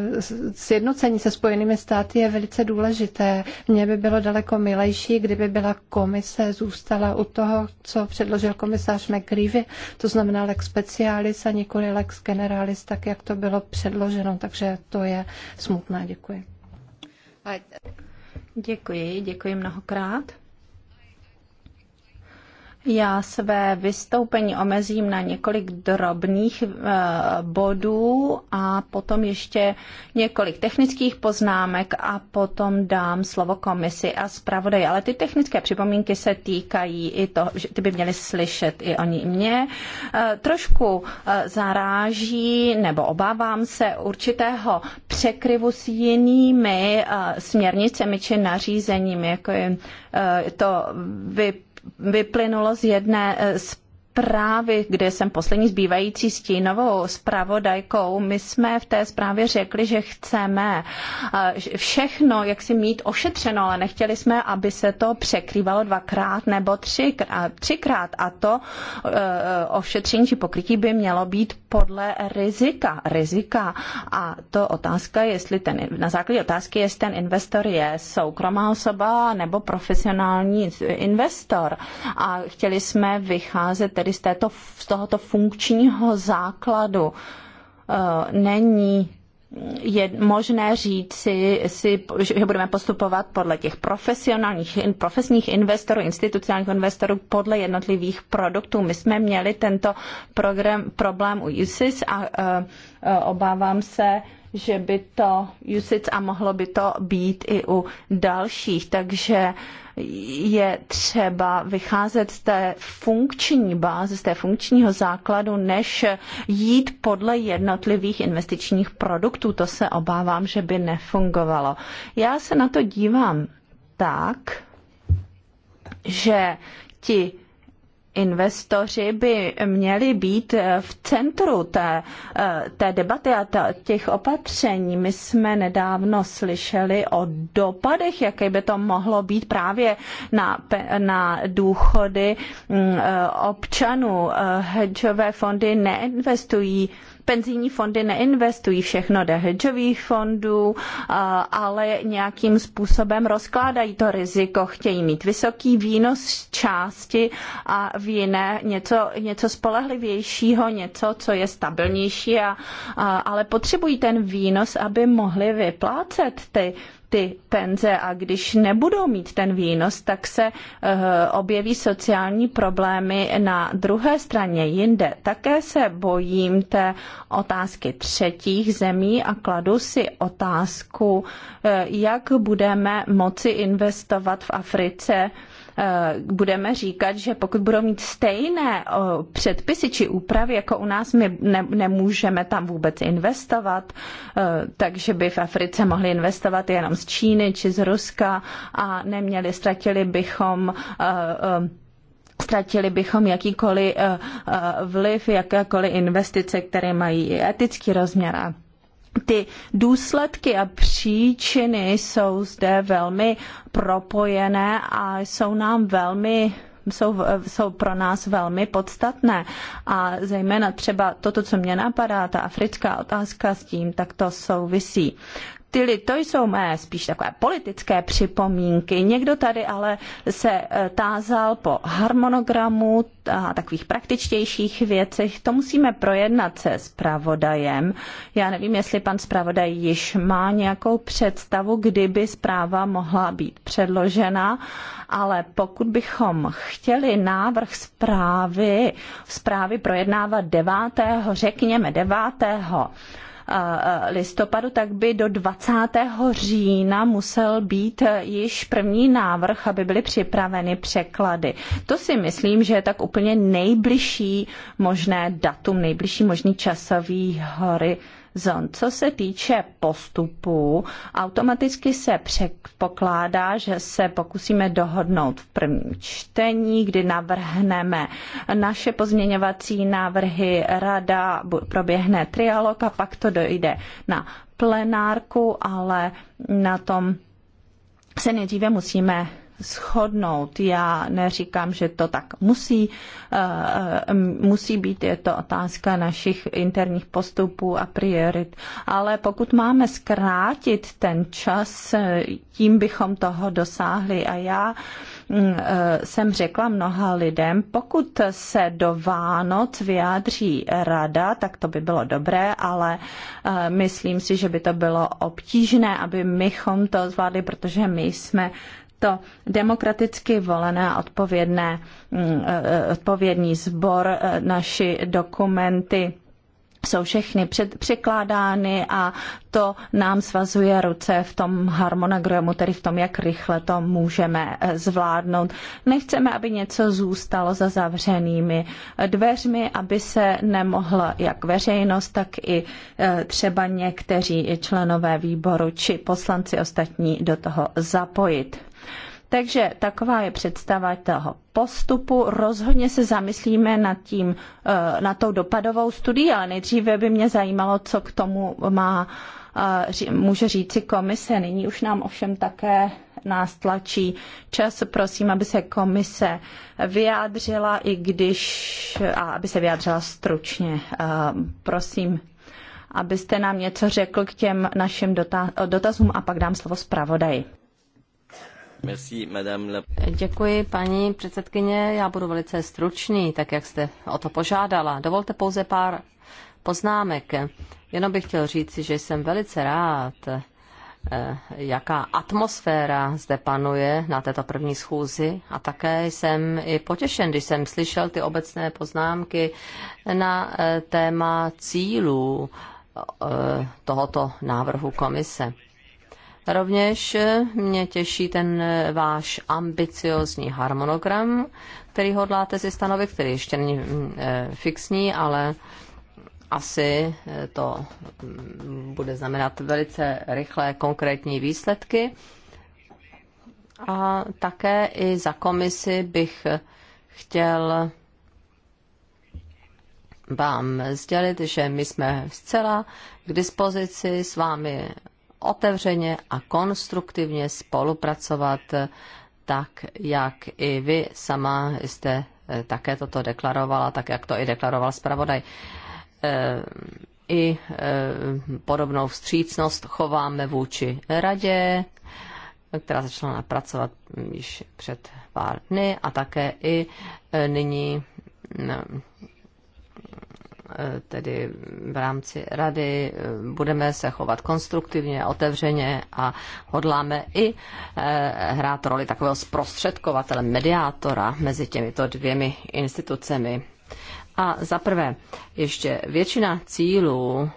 sjednocení se spojenými státy je velice důležité. Mně by bylo daleko milejší, kdyby byla komise zůstala u toho, co předložil komisář McGreevy, to to znamená lex specialis a nikoli lex generalis, tak jak to bylo předloženo, takže to je smutné. Děkuji. Děkuji, děkuji mnohokrát. Já své vystoupení omezím na několik drobných eh, bodů a potom ještě několik technických poznámek a potom dám slovo komisi a zpravodaj. Ale ty technické připomínky se týkají i toho, že ty by měli slyšet i oni mě. Eh, trošku eh, zaráží nebo obávám se určitého překryvu s jinými směrnicemi či nařízeními, jako je to vypadá vyplynulo z jedné eh, z zprávy, kde jsem poslední zbývající stínovou zpravodajkou, my jsme v té zprávě řekli, že chceme eh, všechno, jak si mít ošetřeno, ale nechtěli jsme, aby se to překrývalo dvakrát nebo třikrát, a to eh, ošetření či pokrytí by mělo být podle rizika. Rizika a to otázka, jestli ten, na základě otázky, jestli ten investor je soukromá osoba nebo profesionální investor. A chtěli jsme vycházet tedy tedy z, této, z tohoto funkčního základu e, není je možné říct si, si, že budeme postupovat podle těch profesionálních, profesních investorů, institucionálních investorů, podle jednotlivých produktů. My jsme měli tento program, problém u USIS a, a, e, a e, obávám se, že by to USIS a mohlo by to být i u dalších, takže uh, je třeba vycházet z té funkční báze, z té funkčního základu, než jít podle jednotlivých investičních produktů. To se obávám, že by nefungovalo. Já se na to dívám tak, že ti investoři by měli být v centru té, eh, té debaty a těch opatření. My jsme nedávno slyšeli o dopadech, jaké by to mohlo být právě na, na důchody mm, eh, občanů. Eh, hedžové fondy neinvestují penzijní fondy neinvestují všechno do hedžových fondů, ale nějakým způsobem rozkládají to riziko, chtějí mít vysoký výnos z části a v jiné něco, něco spolehlivějšího, něco, co je stabilnější, a, a, ale potřebují ten výnos, aby mohli vyplácet ty ty penze a když nebudou mít ten výnos, tak se eh, objeví sociální problémy na druhé straně jinde. Také se bojím té otázky třetích zemí a kladu si otázku, eh, jak budeme moci investovat v Africe Eh, budeme říkat, že pokud budou mít stejné eh, předpisy či úpravy jako u nás, my ne, nemůžeme tam vůbec investovat, eh, takže by v Africe mohli investovat jenom z Číny či z Ruska a neměli, ztratili bychom ztratili bychom jakýkoliv vliv, jakékoliv investice, které mají etický rozměr a ty důsledky a příčiny jsou zde velmi propojené a jsou nám velmi jsou, jsou pro nás velmi podstatné. A zejména třeba toto, co mě napadá, ta africká otázka s tím tak to souvisí. Tyli, to jsou mé spíš takové politické připomínky. Někdo tady ale se eh, tázal po harmonogramu a takových praktičtějších věcech. To musíme projednat se zpravodajem. Já nevím, jestli pan zpravodaj již má nějakou představu, kdyby zpráva mohla být předložena, ale pokud bychom chtěli návrh zprávy, zprávy projednávat 9. řekněme 9 listopadu, tak by do 20. října musel být již první návrh, aby byly připraveny překlady. To si myslím, že je tak úplně nejbližší možné datum, nejbližší možný časový horizont zón. Co se týče postupů, automaticky se předpokládá, že se pokusíme dohodnout v prvním čtení, kdy navrhneme naše pozměňovací návrhy, rada, proběhne trialog a pak to dojde na plenárku, ale na tom se nejdříve musíme shodnout. Já neříkám, že to tak musí, eh, eh, musí být, je to otázka našich interních postupů a priorit. Ale pokud máme zkrátit ten čas, eh, tím bychom toho dosáhli. A já mm, jsem řekla mnoha lidem, pokud se do Vánoc vyjádří rada, tak to by bylo dobré, ale myslím si, že by to bylo obtížné, aby mychom to zvládli, protože my jsme to demokraticky volené odpovědné, mm, e, e, odpovědný sbor e, naši dokumenty jsou všechny před, překládány a to nám svazuje ruce v tom harmonogramu, tedy v tom, jak rychle to můžeme eh, zvládnout. Nechceme, aby něco zůstalo za zavřenými eh, dveřmi, aby se nemohla jak veřejnost, tak i eh, třeba někteří členové výboru či poslanci ostatní do toho zapojit. Takže taková je představa toho postupu. Rozhodně se zamyslíme nad tím, eh, na tou dopadovou studií, ale nejdříve by mě zajímalo, co k tomu má, eh, může říci komise. Nyní už nám ovšem také nás tlačí čas. Prosím, aby se komise vyjádřila, i když, a aby se vyjádřila stručně. Eh, prosím, abyste nám něco řekl k těm našim dotazům a pak dám slovo zpravodaji. Děkuji, paní předsedkyně. Já budu velice stručný, tak jak jste o to požádala. Dovolte pouze pár poznámek. Jenom bych chtěl říci, že jsem velice rád, eh, jaká atmosféra zde panuje na této první schůzi a také jsem i potěšen, když jsem slyšel ty obecné poznámky na eh, téma cílů eh, tohoto návrhu komise. Rovněž mě těší ten váš ambiciozní harmonogram, který hodláte si stanovit, který ještě není mm, eh, fixní, ale asi eh, to mm, bude znamenat velice rychlé konkrétní výsledky. A také i za komisi bych chtěl vám sdělit, že my jsme zcela k dispozici s vámi otevřeně a konstruktivně spolupracovat, tak jak i vy sama jste eh, také toto deklarovala, tak jak to i deklaroval zpravodaj. Eh, I eh, podobnou vstřícnost chováme vůči radě, která začala pracovat již před pár dny a také i nyní E, tedy v rámci rady e, budeme se chovat konstruktivně, otevřeně a hodláme i e, hrát roli takového zprostředkovatele, mediátora mezi těmito dvěmi institucemi. A za prvé, ještě většina cílů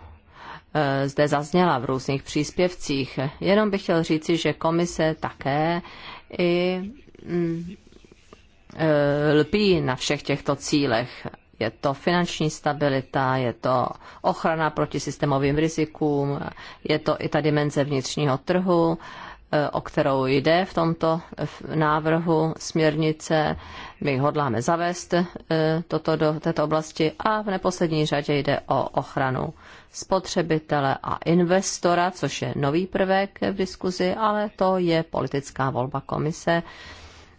zde zazněla v různých příspěvcích. Jenom bych chtěl říci, že komise také i mm, lpí na všech těchto cílech je to finanční stabilita, je to ochrana proti systémovým rizikům, je to i ta dimenze vnitřního trhu, e, o kterou jde v tomto e, návrhu směrnice. My hodláme zavést e, toto do této oblasti a v neposlední řadě jde o ochranu spotřebitele a investora, což je nový prvek v diskuzi, ale to je politická volba komise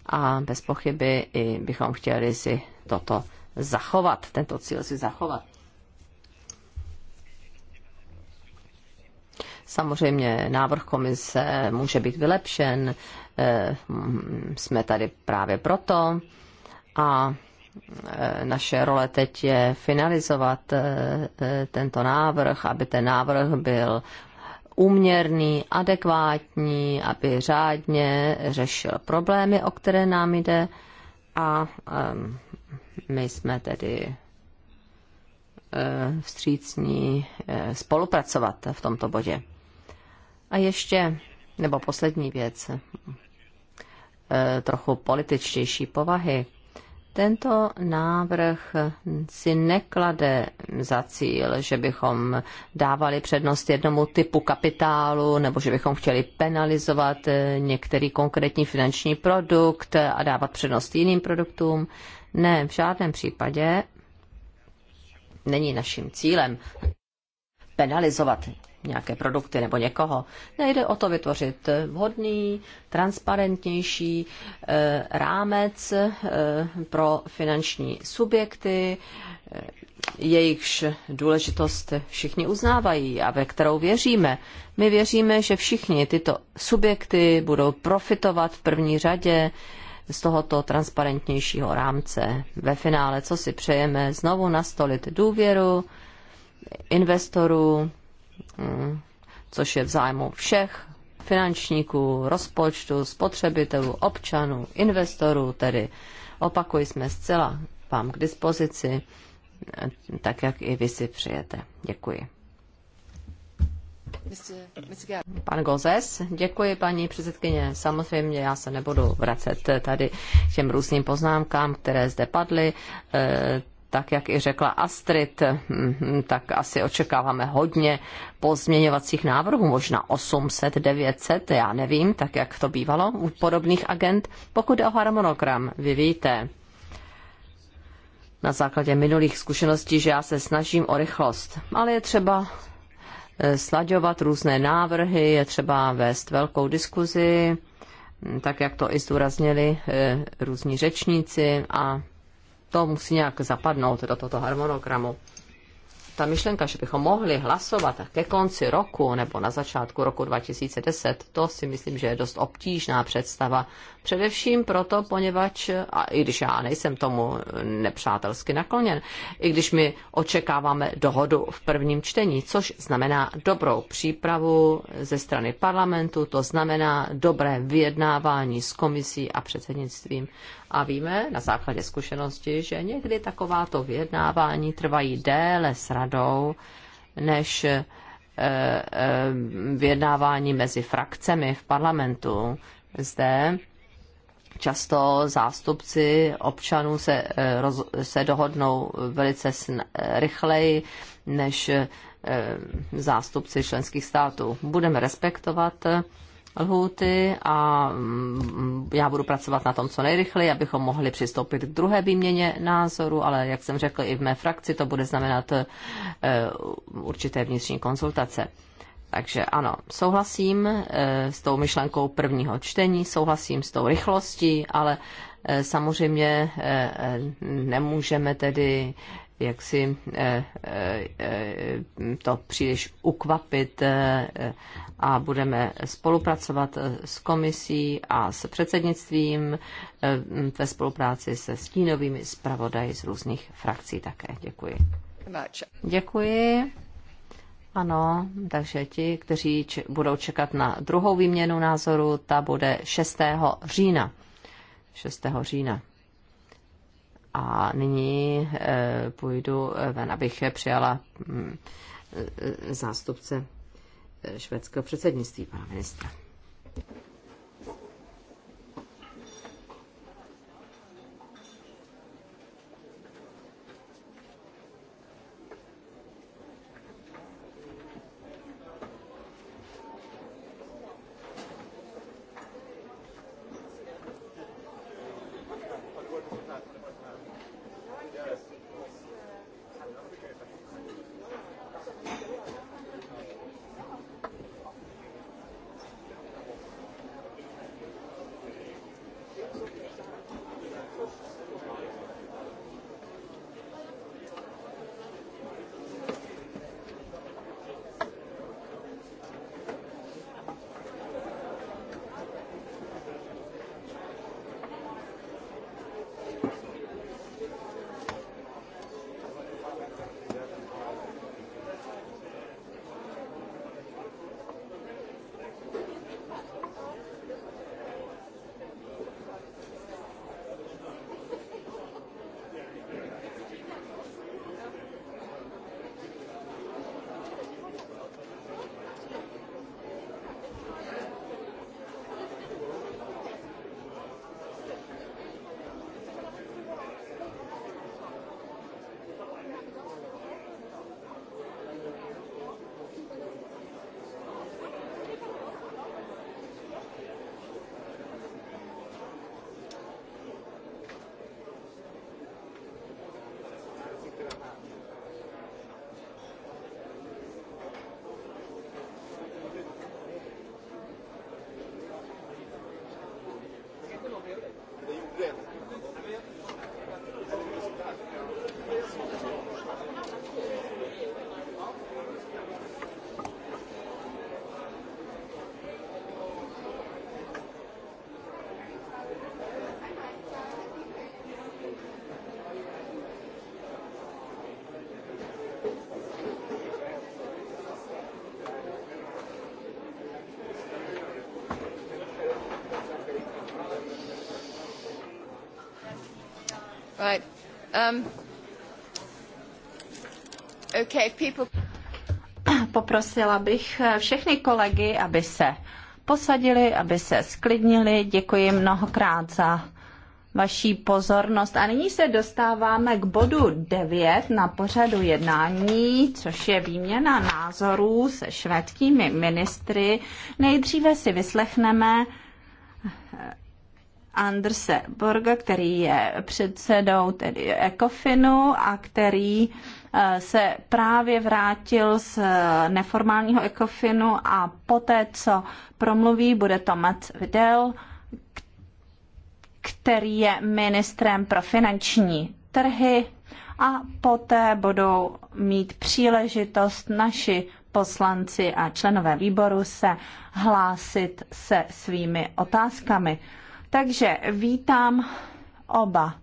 a bez pochyby i bychom chtěli si toto zachovat, tento cíl si zachovat. Samozřejmě návrh komise může být vylepšen, eh, mm, jsme tady právě proto a eh, naše role teď je finalizovat eh, tento návrh, aby ten návrh byl úměrný, adekvátní, aby řádně řešil problémy, o které nám jde a my jsme tedy eh, vstřícní eh, spolupracovat v tomto bodě. A ještě, nebo poslední věc, eh, trochu političtější povahy. Tento návrh si neklade za cíl, že bychom dávali přednost jednomu typu kapitálu nebo že bychom chtěli penalizovat některý konkrétní finanční produkt a dávat přednost jiným produktům. Ne, v žádném případě není naším cílem penalizovat nějaké produkty nebo někoho. Nejde o to vytvořit vhodný, transparentnější eh, rámec eh, pro finanční subjekty, eh, jejichž důležitost všichni uznávají a ve kterou věříme. My věříme, že všichni tyto subjekty budou profitovat v první řadě z tohoto transparentnějšího rámce. Ve finále, co si přejeme, znovu nastolit důvěru investorů, mm, což je v zájmu všech finančníků, rozpočtu, spotřebitelů, občanů, investorů, tedy opakuji, jsme zcela vám k dispozici, tak jak i vy si přijete. Děkuji. Pan Gozes, děkuji paní předsedkyně. Samozřejmě já se nebudu vracet tady k těm různým poznámkám, které zde padly. Eh, tak, jak i řekla Astrid, hm, tak asi očekáváme hodně pozměňovacích návrhů, možná 800, 900, já nevím, tak jak to bývalo u podobných agent. Pokud jde o harmonogram, vy víte, na základě minulých zkušeností, že já se snažím o rychlost, ale je třeba Eh, slaďovat různé návrhy, je třeba vést velkou diskuzi, hm, tak jak to i zdůraznili eh, různí řečníci a to musí nějak zapadnout do tohoto harmonogramu. Ta myšlenka, že bychom mohli hlasovat ke konci roku nebo na začátku roku 2010, to si myslím, že je dost obtížná představa Především proto, poněvadž, a i když já nejsem tomu nepřátelsky nakloněn, i když my očekáváme dohodu v prvním čtení, což znamená dobrou přípravu ze strany parlamentu, to znamená dobré vyjednávání s komisí a předsednictvím. A víme na základě zkušenosti, že někdy takováto vyjednávání trvají déle s radou, než eh, eh, vyjednávání mezi frakcemi v parlamentu. Zde často zástupci občanů se, eh, roz, se dohodnou velice sn, eh, rychleji než eh, zástupci členských států. Budeme respektovat lhůty a mm, já budu pracovat na tom co nejrychleji, abychom mohli přistoupit k druhé výměně názoru, ale jak jsem řekl i v mé frakci, to bude znamenat určité vnitřní konzultace. Takže ano, souhlasím eh, s tou myšlenkou prvního čtení, souhlasím s tou rychlostí, ale eh, samozřejmě eh, nemůžeme tedy jak si to příliš ukvapit a budeme spolupracovat s komisí a s předsednictvím ve spolupráci se stínovými zpravodaji z různých frakcí také. Děkuji. Děkuji. Ano, takže ti, kteří budou čekat na druhou výměnu názoru, ta bude 6. října. 6. října. A nyní e, půjdu eh, ven, abych přijala m, hm, eh, zástupce švédského předsednictví, pana ministra. Um, okay, people... Poprosila bych eh, všechny kolegy, aby se posadili, aby se sklidnili. Děkuji mnohokrát za vaší pozornost. A nyní se dostáváme k bodu 9 na pořadu jednání, což je výměna názorů se švédskými ministry. Nejdříve si vyslechneme Andrse Borga, který je předsedou tedy Ecofinu a který eh, se právě vrátil z eh, neformálního Ecofinu a poté, co promluví, bude to Mats Videl, který je ministrem pro finanční trhy a poté budou mít příležitost naši poslanci a členové výboru se hlásit se svými otázkami. Takže vítám oba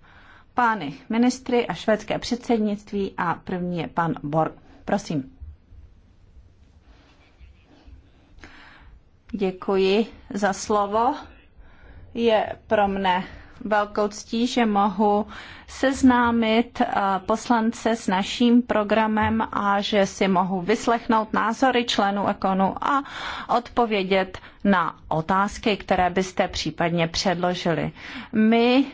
pány ministry a švédské předsednictví a první je pan Borg. Prosím. Děkuji za slovo. Je pro mne velkou ctí, že mohu seznámit eh, poslance s naším programem a že si mohu vyslechnout názory členů Ekonu a odpovědět na otázky, které byste případně předložili. My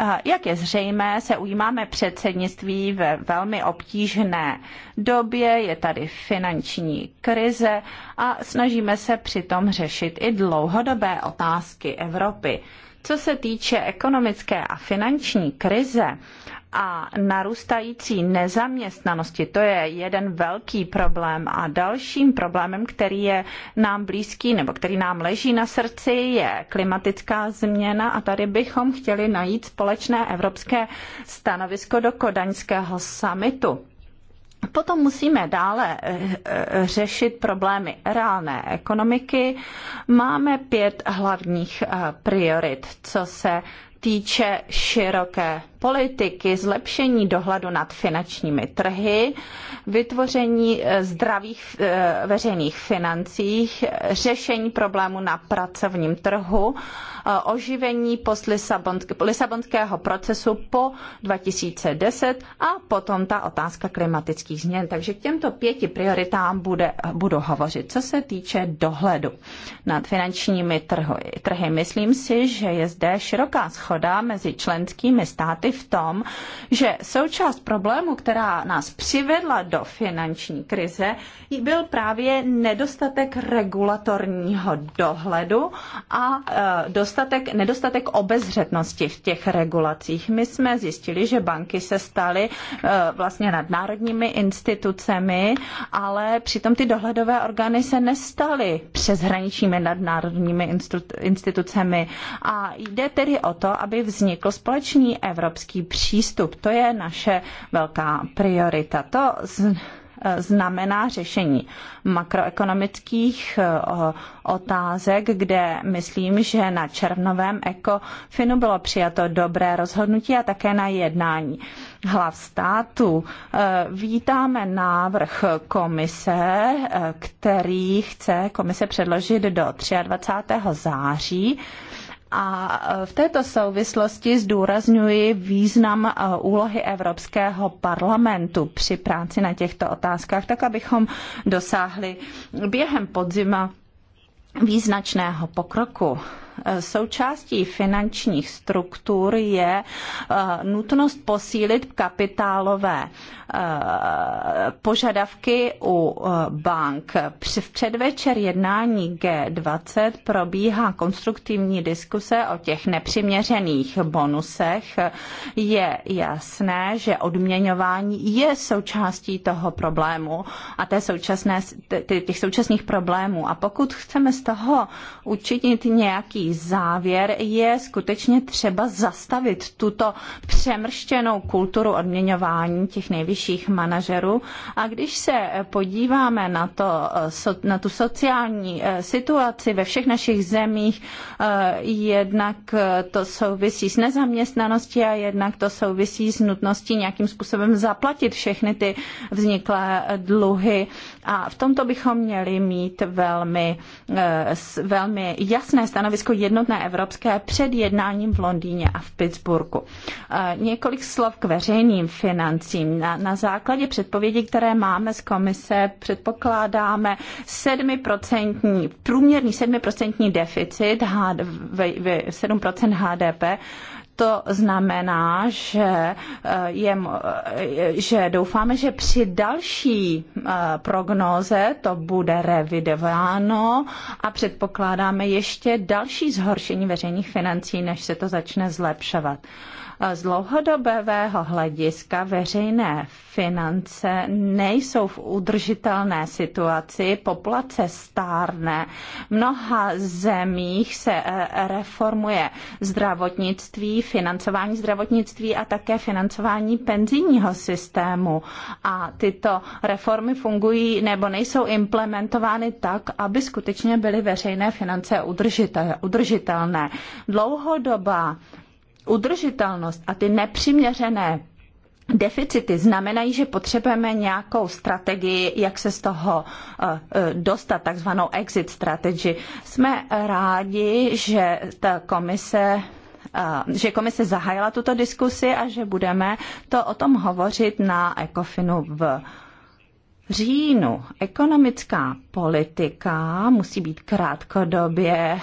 eh, jak je zřejmé, se ujímáme předsednictví ve velmi obtížné době, je tady finanční krize a snažíme se přitom řešit i dlouhodobé otázky Evropy. Co se týče ekonomické a finanční krize a narůstající nezaměstnanosti, to je jeden velký problém. A dalším problémem, který je nám blízký nebo který nám leží na srdci, je klimatická změna a tady bychom chtěli najít společné evropské stanovisko do kodaňského summitu Potom musíme dále eh, eh, řešit problémy reálné ekonomiky. Máme pět hlavních eh, priorit, co se týče široké politiky, zlepšení dohledu nad finančními trhy, vytvoření eh, zdravých eh, veřejných financích, řešení problému na pracovním trhu, eh, oživení post Lisabonského procesu po 2010 a potom ta otázka klimatických změn. Takže k těmto pěti prioritám bude, budu hovořit. Co se týče dohledu nad finančními trhy, trhy myslím si, že je zde široká schoda mezi členskými státy, i v tom, že součást problému, která nás přivedla do finanční krize, byl právě nedostatek regulatorního dohledu a e, dostatek, nedostatek obezřetnosti v těch regulacích. My jsme zjistili, že banky se staly e, vlastně nadnárodními institucemi, ale přitom ty dohledové orgány se nestaly přeshraničními nadnárodními institucemi. A jde tedy o to, aby vznikl společný evropský evropský přístup. To je naše velká priorita. To z znamená řešení makroekonomických eh, otázek, kde myslím, že na červnovém ECOFINu bylo přijato dobré rozhodnutí a také na jednání hlav státu. Eh, vítáme návrh komise, eh, který chce komise předložit do 23. září a e, v této souvislosti zdůrazňuji význam e, úlohy Evropského parlamentu při práci na těchto otázkách, tak abychom dosáhli během podzima význačného pokroku. Eh, součástí finančních struktur je eh, nutnost posílit kapitálové eh, požadavky u bank. V předvečer jednání G20 probíhá konstruktivní diskuse o těch nepřiměřených bonusech. Je jasné, že odměňování je součástí toho problému a té současné, těch současných problémů. A pokud chceme z toho učinit nějaký závěr, je skutečně třeba zastavit tuto přemrštěnou kulturu odměňování těch nejvyšších manažerů. A když se podíváme na, to, na tu sociální eh, situaci ve všech našich zemích, eh, jednak eh, to souvisí s nezaměstnaností a jednak to souvisí s nutností nějakým způsobem zaplatit všechny ty vzniklé dluhy. A v tomto bychom měli mít velmi, velmi jasné stanovisko, jednotné evropské před jednáním v Londýně a v Pittsburghu. Eh, několik slov k veřejným financím. Na, na základě předpovědi, které máme z komise, předpokládáme 7%, průměrný 7% deficit, 7% HDP to znamená, že, eh, je, eh, že doufáme, že při další eh, prognóze to bude revidováno a předpokládáme ještě další zhoršení veřejných financí, než se to začne zlepšovat. Z dlouhodobého hlediska veřejné finance nejsou v udržitelné situaci, populace stárne, mnoha zemích se e, reformuje zdravotnictví, financování zdravotnictví a také financování penzijního systému. A tyto reformy fungují nebo nejsou implementovány tak, aby skutečně byly veřejné finance udržitelné. Dlouhodobá udržitelnost a ty nepřiměřené deficity znamenají, že potřebujeme nějakou strategii, jak se z toho eh, eh, dostat, takzvanou exit strategy. Jsme rádi, že ta komise eh, že komise zahájila tuto diskusi a že budeme to o tom hovořit na Ecofinu v říjnu. Ekonomická politika musí být krátkodobě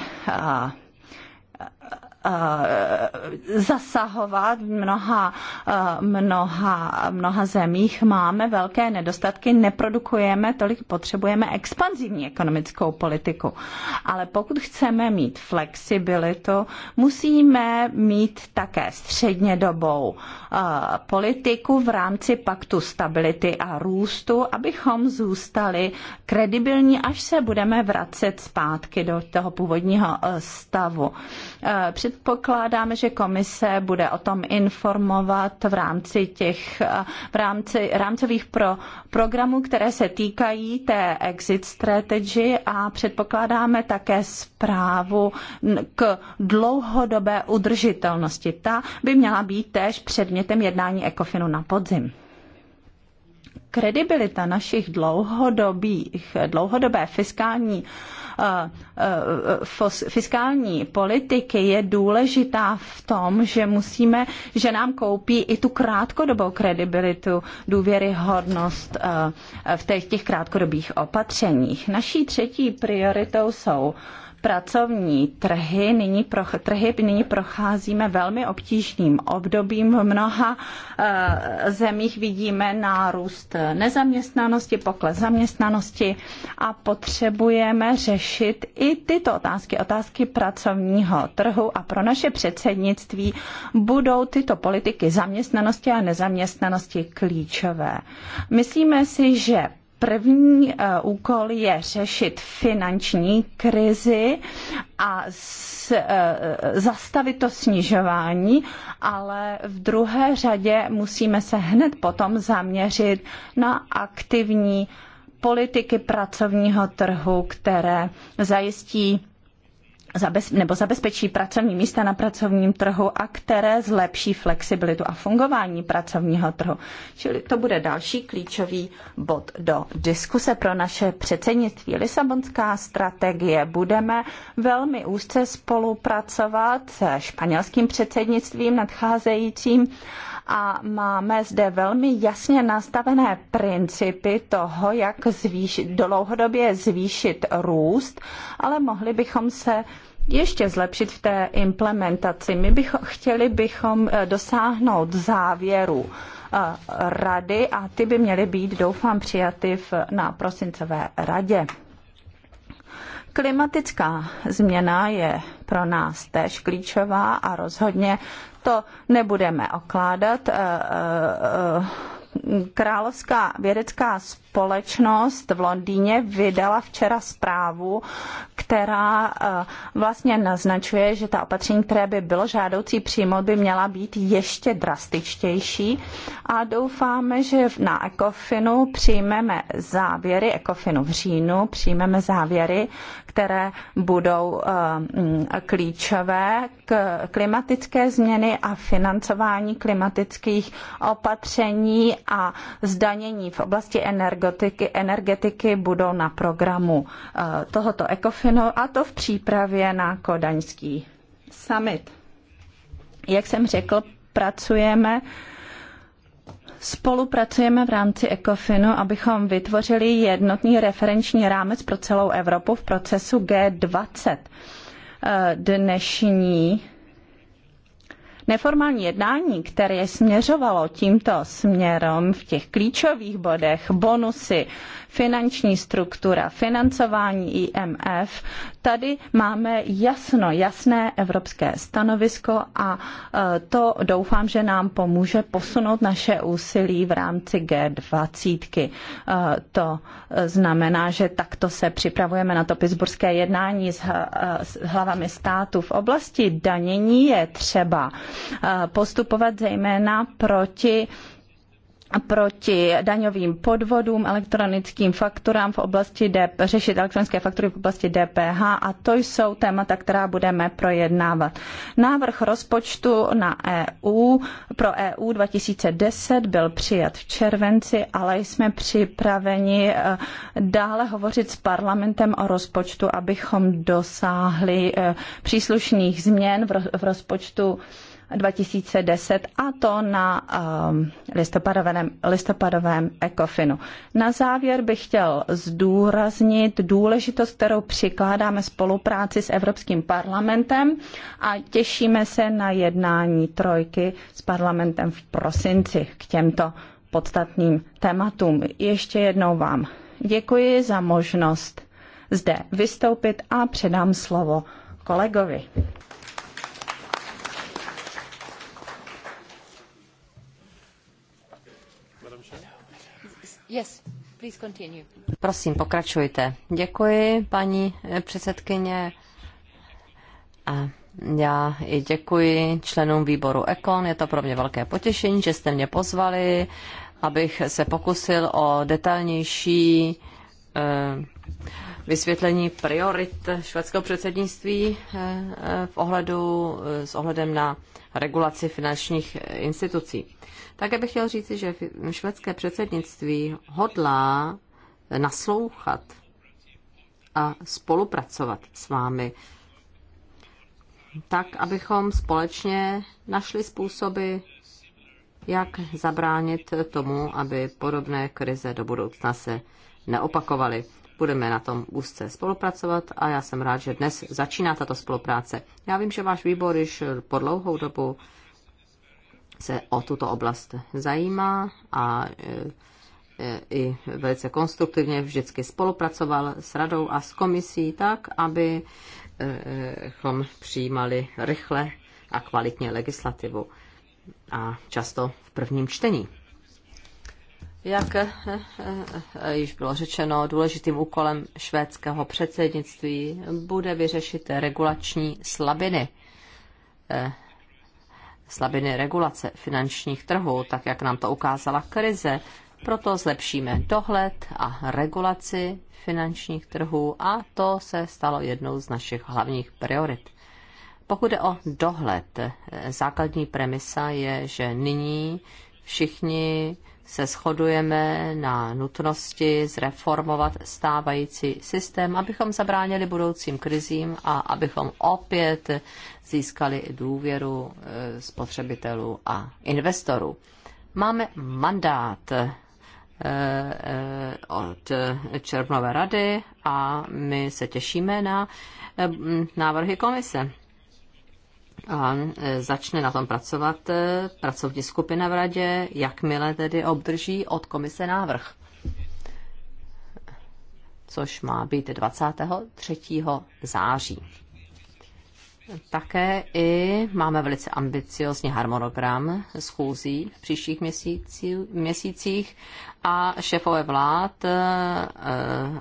Eh, zasahovat. V mnoha, eh, mnoha, mnoha zemích máme velké nedostatky, neprodukujeme tolik, potřebujeme expanzivní ekonomickou politiku. Ale pokud chceme mít flexibilitu, musíme mít také střednědobou eh, politiku v rámci paktu stability a růstu, abychom zůstali kredibilní, až se budeme vracet zpátky do toho původního stavu. Eh, předpokládáme, že komise bude o tom informovat v rámci těch eh, v rámci rámcových pro, programů, které se týkají té exit strategy a předpokládáme také zprávu k dlouhodobé udržitelnosti. Ta by měla být též předmětem jednání Ekofinu na podzim kredibilita našich dlouhodobých, dlouhodobé fiskální fiskální politiky je důležitá v tom, že musíme, že nám koupí i tu krátkodobou kredibilitu, důvěryhodnost v těch, těch krátkodobých opatřeních. Naší třetí prioritou jsou uh, pracovní trhy. Nyní, pro, trhy nyní procházíme velmi obtížným obdobím. V mnoha e, zemích vidíme nárůst nezaměstnanosti, pokles zaměstnanosti a potřebujeme řešit i tyto otázky, otázky pracovního trhu a pro naše předsednictví budou tyto politiky zaměstnanosti a nezaměstnanosti klíčové. Myslíme si, že První eh, úkol je řešit finanční krizi a eh, zastavit to snižování, ale v druhé řadě musíme se hned potom zaměřit na aktivní politiky pracovního trhu, které zajistí nebo zabezpečí pracovní místa na pracovním trhu a které zlepší flexibilitu a fungování pracovního trhu. Čili to bude další klíčový bod do diskuse pro naše předsednictví. Lisabonská strategie. Budeme velmi úzce spolupracovat se španělským předsednictvím nadcházejícím a máme zde velmi jasně nastavené principy toho, jak zvýšit, dlouhodobě zvýšit růst, ale mohli bychom se ještě zlepšit v té implementaci. My bychom, chtěli bychom eh, dosáhnout závěru eh, rady a ty by měly být, doufám, přijaty na prosincové radě. Klimatická změna je pro nás též klíčová a rozhodně to nebudeme okládat. Eh, eh, eh, Královská vědecká společnost společnost v Londýně vydala včera zprávu, která eh, vlastně naznačuje, že ta opatření, které by bylo žádoucí přijmout, by měla být ještě drastičtější a doufáme, že na ECOFINu přijmeme závěry, ECOFINu v říjnu přijmeme závěry, které budou eh, mm, klíčové k klimatické změny a financování klimatických opatření a zdanění v oblasti energie dotyky energetiky budou na programu eh, tohoto ECOFINu a to v přípravě na kodaňský summit. Jak jsem řekl, pracujeme Spolupracujeme v rámci ECOFINu, abychom vytvořili jednotný referenční rámec pro celou Evropu v procesu G20. Eh, dnešní Neformální jednání, které směřovalo tímto směrem v těch klíčových bodech, bonusy, finanční struktura, financování IMF, tady máme jasno, jasné evropské stanovisko a e, to doufám, že nám pomůže posunout naše úsilí v rámci G20. E, to znamená, že takto se připravujeme na to pittsburghské jednání s e, hlavami států. V oblasti danění je třeba Eh, postupovat zejména proti proti daňovým podvodům, elektronickým fakturám v oblasti DP, řešit elektronické faktury v oblasti DPH a to jsou témata, která budeme projednávat. Návrh rozpočtu na EU pro EU 2010 byl přijat v červenci, ale jsme připraveni eh, dále hovořit s parlamentem o rozpočtu, abychom dosáhli eh, příslušných změn v rozpočtu 2010 a to na um, listopadovém, listopadovém ECOFINu. Na závěr bych chtěl zdůraznit důležitost, kterou přikládáme spolupráci s Evropským parlamentem a těšíme se na jednání trojky s parlamentem v prosinci k těmto podstatným tématům. Ještě jednou vám děkuji za možnost zde vystoupit a předám slovo kolegovi. Prosím, pokračujte. Děkuji, paní předsedkyně. A já i děkuji členům výboru Ekon. Je to pro mě velké potěšení, že jste mě pozvali, abych se pokusil o detailnější eh, vysvětlení priorit švédského předsednictví eh, v ohledu, eh, s ohledem na regulaci finančních institucí. Také bych chtěl říci, že švédské předsednictví hodlá naslouchat a spolupracovat s vámi, tak abychom společně našli způsoby, jak zabránit tomu, aby podobné krize do budoucna se neopakovaly. Budeme na tom úzce spolupracovat a já jsem rád, že dnes začíná tato spolupráce. Já vím, že váš výbor již po dlouhou dobu se o tuto oblast zajímá a e, e, i velice konstruktivně vždycky spolupracoval s radou a s komisí tak, abychom e, přijímali rychle a kvalitně legislativu a často v prvním čtení. Jak již bylo řečeno, důležitým úkolem švédského předsednictví bude vyřešit regulační slabiny slabiny regulace finančních trhů, tak jak nám to ukázala krize. Proto zlepšíme dohled a regulaci finančních trhů a to se stalo jednou z našich hlavních priorit. Pokud je o dohled, základní premisa je, že nyní všichni se shodujeme na nutnosti zreformovat stávající systém, abychom zabránili budoucím krizím a abychom opět získali důvěru eh, spotřebitelů a investorů. Máme mandát eh, eh, od Červnové rady a my se těšíme na návrhy komise a e, začne na tom pracovat e, pracovní skupina v radě, jakmile tedy obdrží od komise návrh, což má být 23. září. Také i máme velice ambiciozní harmonogram schůzí v příštích měsící, měsících a šéfové vlád e,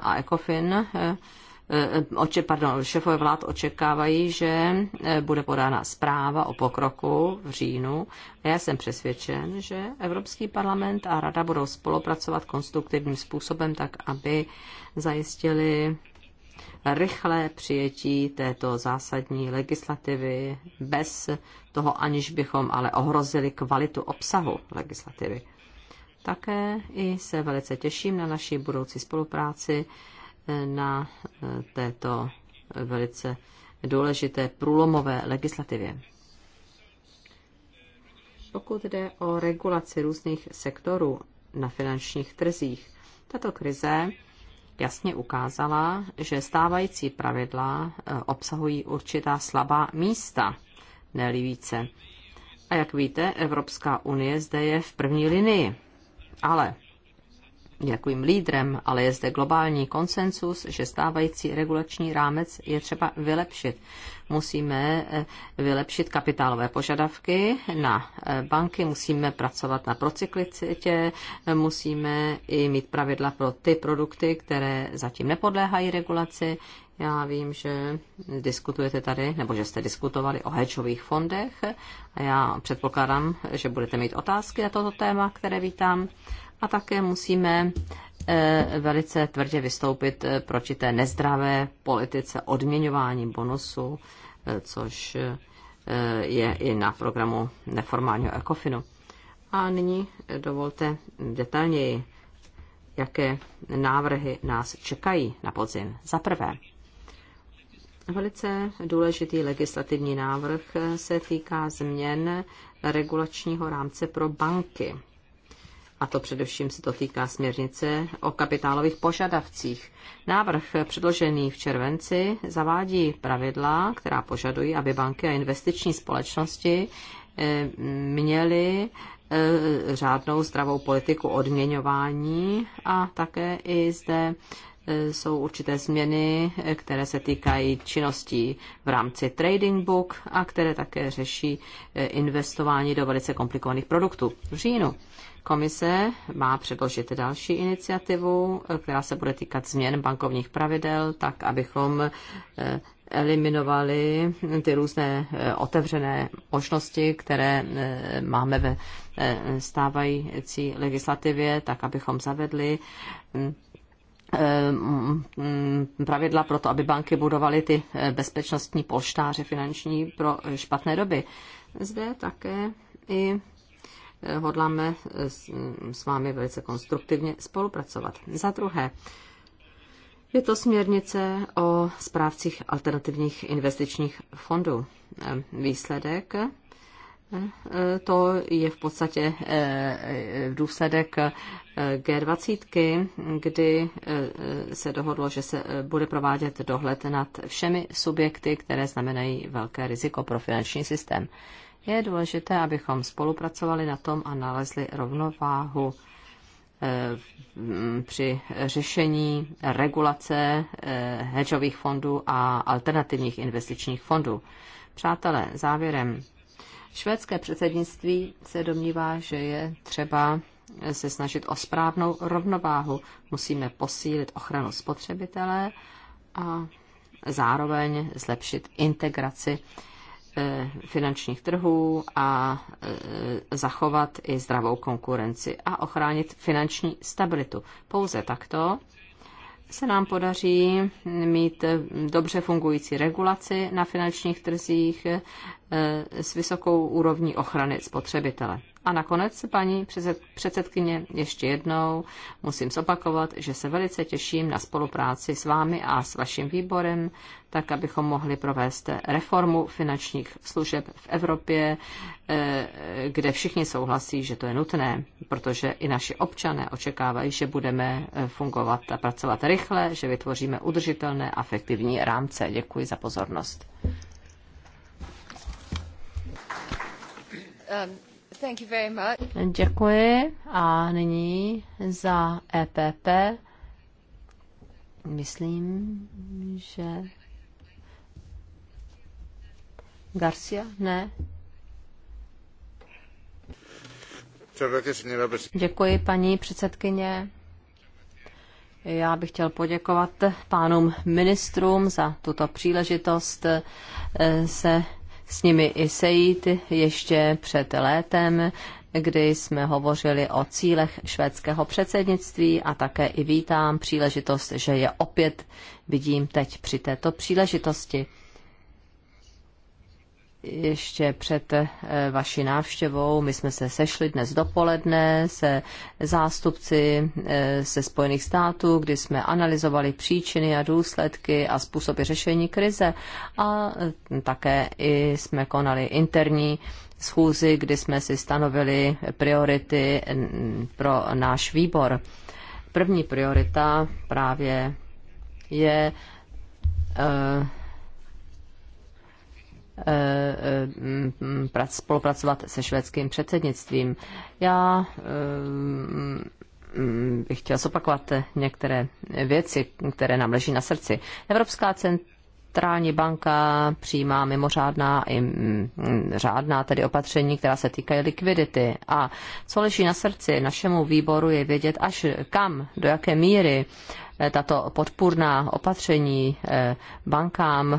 a ECOFIN Eh, oče, pardon, šefové vlád očekávají, že eh, bude podána zpráva o pokroku v říjnu. A já jsem přesvědčen, že Evropský parlament a Rada budou spolupracovat konstruktivním způsobem, tak aby zajistili rychlé přijetí této zásadní legislativy bez toho, aniž bychom ale ohrozili kvalitu obsahu legislativy. Také i se velice těším na naší budoucí spolupráci na eh, této velice důležité průlomové legislativě. Pokud jde o regulaci různých sektorů na finančních trzích, tato krize jasně ukázala, že stávající pravidla eh, obsahují určitá slabá místa, ne více. A jak víte, Evropská unie zde je v první linii. Ale nějakým lídrem, ale je zde globální konsensus, že stávající regulační rámec je třeba vylepšit. Musíme eh, vylepšit kapitálové požadavky na eh, banky, musíme pracovat na procyklicitě, musíme i mít pravidla pro ty produkty, které zatím nepodléhají regulaci. Já vím, že diskutujete tady, nebo že jste diskutovali o hedžových fondech a já předpokládám, že budete mít otázky na toto téma, které vítám a také musíme eh, velice tvrdě vystoupit eh, proti té nezdravé politice odměňování bonusu, eh, což je i na programu neformálního ECOFINu. A nyní dovolte detailněji, jaké návrhy nás čekají na podzim. Za prvé, velice důležitý legislativní návrh se týká změn regulačního rámce pro banky a to především se to týká směrnice o kapitálových požadavcích. Návrh předložený v červenci zavádí pravidla, která požadují, aby banky a investiční společnosti eh, měly eh, řádnou zdravou politiku odměňování a také i zde eh, jsou určité změny, které se týkají činností v rámci Trading Book a které také řeší investování do velice komplikovaných produktů. V říjnu Komise má předložit další iniciativu, která se bude týkat změn bankovních pravidel, tak abychom eh, eliminovali ty různé eh, otevřené možnosti, které eh, máme ve stávající legislativě, tak abychom zavedli mm, pravidla pro to, aby banky budovaly ty bezpečnostní polštáře finanční pro špatné doby. Zde také i hodláme s vámi velice konstruktivně spolupracovat. Za druhé, je to směrnice o správcích alternativních investičních fondů. Výsledek to je v podstatě eh, eh, důsledek eh, G20, kdy se dohodlo, že se bude provádět dohled nad všemi subjekty, které znamenají velké riziko pro finanční systém. Je důležité, abychom spolupracovali na tom a nalezli rovnováhu eh, při řešení regulace eh, hedžových fondů a alternativních investičních fondů. Přátelé, závěrem. Švédské předsednictví se domnívá, že je třeba se snažit o správnou rovnováhu. Musíme posílit ochranu spotřebitele a zároveň zlepšit integraci E, finančních trhů a e, zachovat i zdravou konkurenci a ochránit finanční stabilitu. Pouze takto se nám podaří mít dobře fungující regulaci na finančních trzích e, s vysokou úrovní ochrany spotřebitele. A nakonec, paní předsedkyně, ještě jednou musím zopakovat, že se velice těším na spolupráci s vámi a s vaším výborem, tak abychom mohli provést reformu finančních služeb v Evropě, eh, kde všichni souhlasí, že to je nutné, protože i naši občané očekávají, že budeme eh, fungovat a pracovat rychle, že vytvoříme udržitelné a efektivní rámce. Děkuji za pozornost. Um. Thank you very much. Děkuji a nyní za EPP. Myslím, že Garcia, ne? Děkuji, paní předsedkyně. Já bych chtěl poděkovat pánům ministrům za tuto příležitost eh, se s nimi i sejít ještě před létem, kdy jsme hovořili o cílech švédského předsednictví a také i vítám příležitost, že je opět vidím teď při této příležitosti ještě před eh, vaší návštěvou. My jsme se sešli dnes dopoledne se zástupci eh, ze Spojených států, kdy jsme analyzovali příčiny a důsledky a způsoby řešení krize a eh, také i jsme konali interní schůzi, kdy jsme si stanovili priority pro náš výbor. První priorita právě je spolupracovat se švédským předsednictvím. Já eh, bych chtěla zopakovat některé věci, které nám leží na srdci. Evropská centrální banka přijímá mimořádná i mm, řádná tedy opatření, která se týkají likvidity. A co leží na srdci našemu výboru je vědět, až kam, do jaké míry tato podpůrná opatření eh, bankám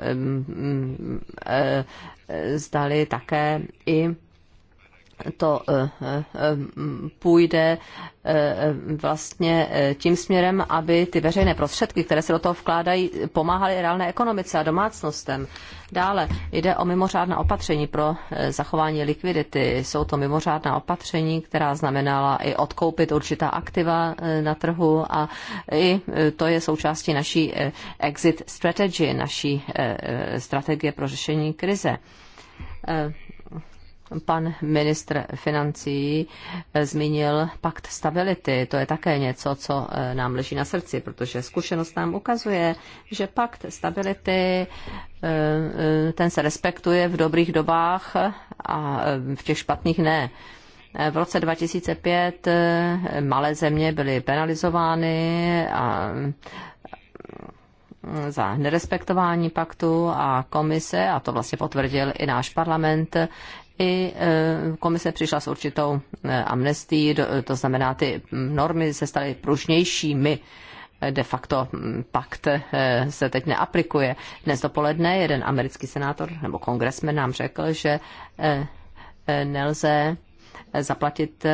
eh, mm, mm, eh, zdali také i to eh, eh, půjde eh, vlastně tím směrem, aby ty veřejné prostředky, které se do toho vkládají, pomáhaly reálné ekonomice a domácnostem. Dále jde o mimořádná opatření pro zachování likvidity. Jsou to mimořádná opatření, která znamenala i odkoupit určitá aktiva na trhu a i to je součástí naší exit strategy, naší strategie pro řešení krize pan ministr financí eh, zmínil pakt stability. To je také něco, co eh, nám leží na srdci, protože zkušenost nám ukazuje, že pakt stability eh, ten se respektuje v dobrých dobách a v těch špatných ne. V roce 2005 malé země byly penalizovány a za nerespektování paktu a komise, a to vlastně potvrdil i náš parlament, i e, komise přišla s určitou e, amnestií, to znamená, ty normy se staly pružnějšími de facto pakt e, se teď neaplikuje. Dnes dopoledne jeden americký senátor nebo kongresmen nám řekl, že nelze zaplatit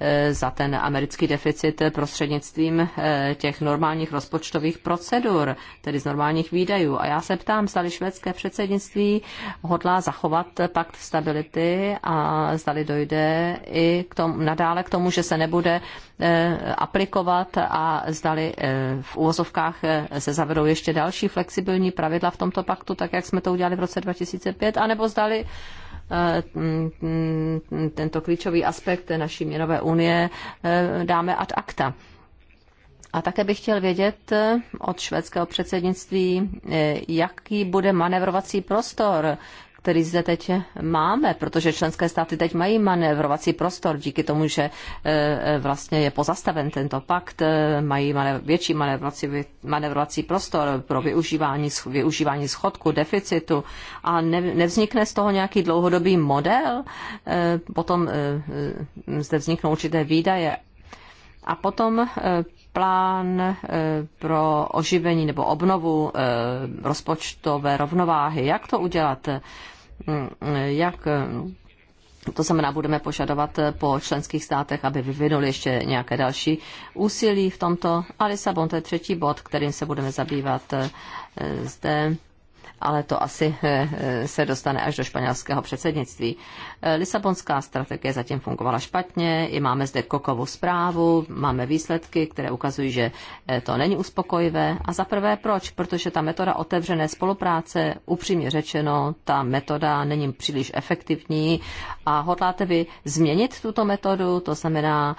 Eh, za ten americký deficit prostřednictvím eh, těch normálních rozpočtových procedur, tedy z normálních výdajů. A já se ptám, zdali švédské předsednictví hodlá zachovat pakt stability a zdali dojde i k tomu, nadále k tomu, že se nebude eh, aplikovat a zdali v úvozovkách se zavedou ještě další flexibilní pravidla v tomto paktu, tak jak jsme to udělali v roce 2005, anebo zdali Eh, tento klíčový aspekt naší měnové unie eh, dáme ad acta. A také bych chtěl vědět eh, od švédského předsednictví, jaký bude manevrovací prostor, který zde teď máme, protože členské státy teď mají manévrovací prostor díky tomu, že eh, eh, vlastně je pozastaven tento pakt, eh, mají větší manévrovací, manévrovací prostor pro využívání, využívání schodku, deficitu a ne, nevznikne z toho nějaký dlouhodobý model, potom zde vzniknou určité výdaje a potom plán eh, pro oživení nebo obnovu eh, rozpočtové rovnováhy. Jak to udělat? Mm, eh, jak to znamená, budeme požadovat po členských státech, aby vyvinuli ještě nějaké další úsilí v tomto. A Lisabon, to je třetí bod, kterým se budeme zabývat zde ale to asi eh, eh, se dostane až do španělského předsednictví. Eh, Lisabonská strategie zatím fungovala špatně, i máme zde kokovou zprávu, máme výsledky, které ukazují, že to není uspokojivé. A za prvé proč? Protože ta metoda otevřené spolupráce, upřímně řečeno, ta metoda není příliš efektivní a hodláte vy změnit tuto metodu, to znamená,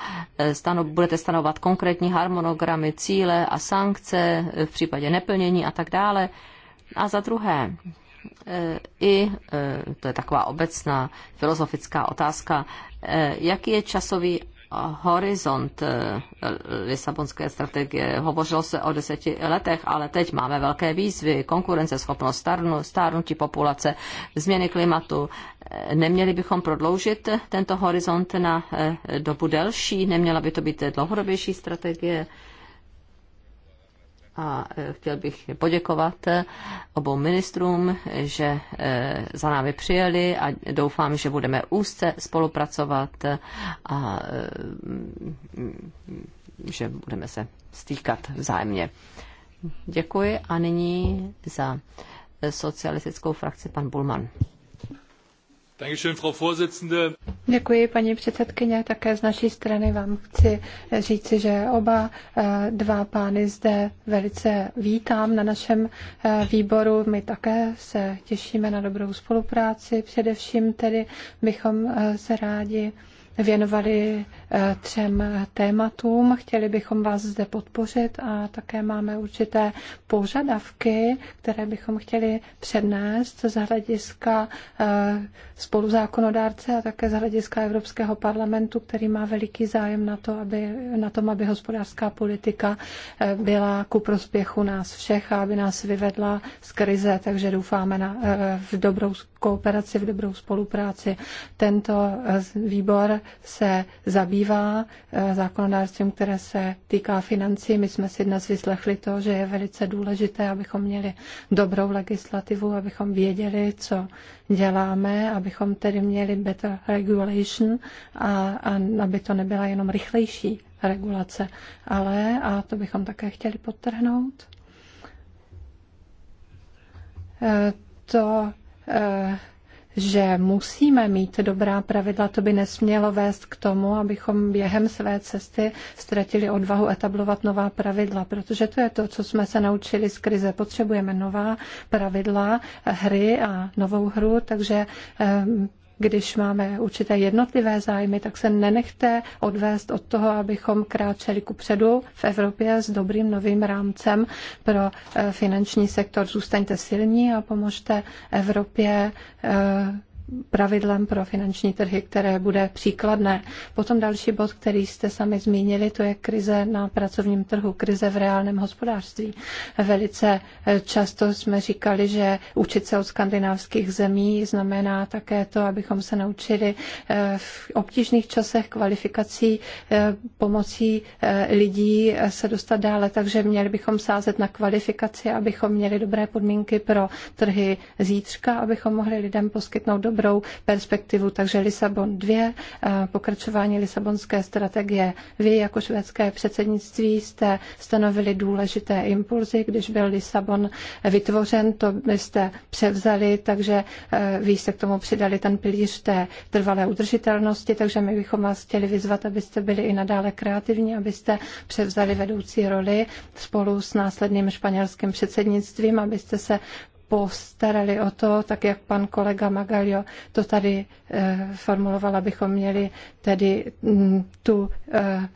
stano, budete stanovat konkrétní harmonogramy, cíle a sankce v případě neplnění a tak dále. A za druhé, e, i, e, to je taková obecná filozofická otázka, e, jaký je časový horizont Lisabonské strategie. Hovořilo se o deseti letech, ale teď máme velké výzvy, konkurenceschopnost, stárnutí populace, změny klimatu. Neměli bychom prodloužit tento horizont na dobu delší? Neměla by to být dlouhodobější strategie? a e, chtěl bych poděkovat e, obou ministrům, že e, za námi přijeli a doufám, že budeme úzce spolupracovat a že budeme se stýkat vzájemně. Děkuji a nyní za socialistickou frakci pan Bulman. Děkuji, paní předsedkyně. Také z naší strany vám chci říci, že oba eh, dva pány zde velice vítám na našem eh, výboru. My také se těšíme na dobrou spolupráci. Především tedy bychom eh, se rádi věnovali třem tématům. Chtěli bychom vás zde podpořit a také máme určité požadavky, které bychom chtěli přednést z hlediska eh, spoluzákonodárce a také z hlediska Evropského parlamentu, který má veliký zájem na, to, aby, na tom, aby hospodářská politika eh, byla ku prospěchu nás všech a aby nás vyvedla z krize. Takže doufáme na, eh, v dobrou kooperaci, v dobrou spolupráci. Tento výbor se zabývá zabývá eh, zákonodárstvím, které se týká financí. My jsme si dnes vyslechli to, že je velice důležité, abychom měli dobrou legislativu, abychom věděli, co děláme, abychom tedy měli better regulation a, a aby to nebyla jenom rychlejší regulace. Ale, a to bychom také chtěli podtrhnout, eh, to eh, že musíme mít dobrá pravidla, to by nesmělo vést k tomu, abychom během své cesty ztratili odvahu etablovat nová pravidla, protože to je to, co jsme se naučili z krize. Potřebujeme nová pravidla hry a novou hru, takže eh, když máme určité jednotlivé zájmy, tak se nenechte odvést od toho, abychom kráčeli ku předu v Evropě s dobrým novým rámcem pro eh, finanční sektor. Zůstaňte silní a pomožte Evropě eh, pravidlem pro finanční trhy, které bude příkladné. Potom další bod, který jste sami zmínili, to je krize na pracovním trhu, krize v reálném hospodářství. Velice eh, často jsme říkali, že učit se od skandinávských zemí znamená také to, abychom se naučili eh, v obtížných časech kvalifikací eh, pomocí lidí se dostat dále, takže měli bychom sázet na kvalifikaci, abychom měli dobré podmínky pro trhy zítřka, abychom mohli lidem poskytnout dobré dobrou perspektivu. Takže Lisabon 2, eh, pokračování Lisabonské strategie. Vy jako švédské předsednictví jste stanovili důležité impulzy, když byl Lisabon vytvořen, to byste převzali, takže eh, vy jste k tomu přidali ten pilíř té trvalé udržitelnosti, takže my bychom vás chtěli vyzvat, abyste byli i nadále kreativní, abyste převzali vedoucí roli spolu s následným španělským předsednictvím, abyste se postarali o to, tak jak pan kolega Magalio to tady eh, formuloval, abychom měli tedy mm, tu eh,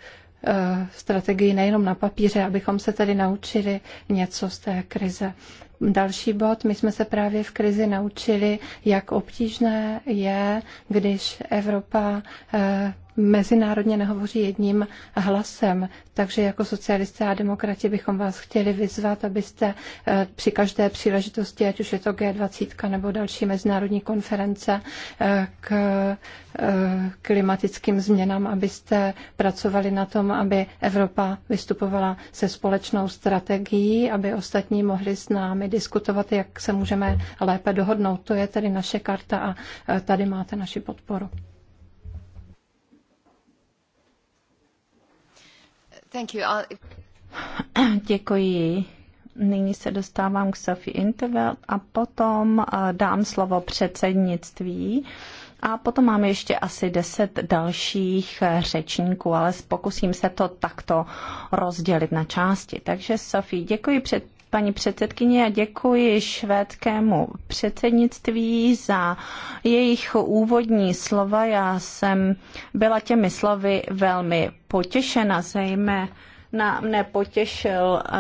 eh, strategii nejenom na papíře, abychom se tedy naučili něco z té krize. Další bod, my jsme se právě v krizi naučili, jak obtížné je, když Evropa mezinárodně nehovoří jedním hlasem. Takže jako socialisté a demokrati bychom vás chtěli vyzvat, abyste eh, při každé příležitosti, ať už je to G20 nebo další mezinárodní konference eh, k eh, klimatickým změnám, abyste pracovali na tom, aby Evropa vystupovala se společnou strategií, aby ostatní mohli s námi diskutovat, jak se můžeme lépe dohodnout. To je tedy naše karta a tady máte naši podporu. Děkuji. Nyní se dostávám k Sophie interval a potom eh, dám slovo předsednictví. A potom máme ještě asi deset dalších eh, řečníků, ale pokusím se to takto rozdělit na části. Takže Sofie, děkuji před paní předsedkyně, Já děkuji švédskému předsednictví za jejich úvodní slova. Já jsem byla těmi slovy velmi potěšena, zejména mne potěšil uh,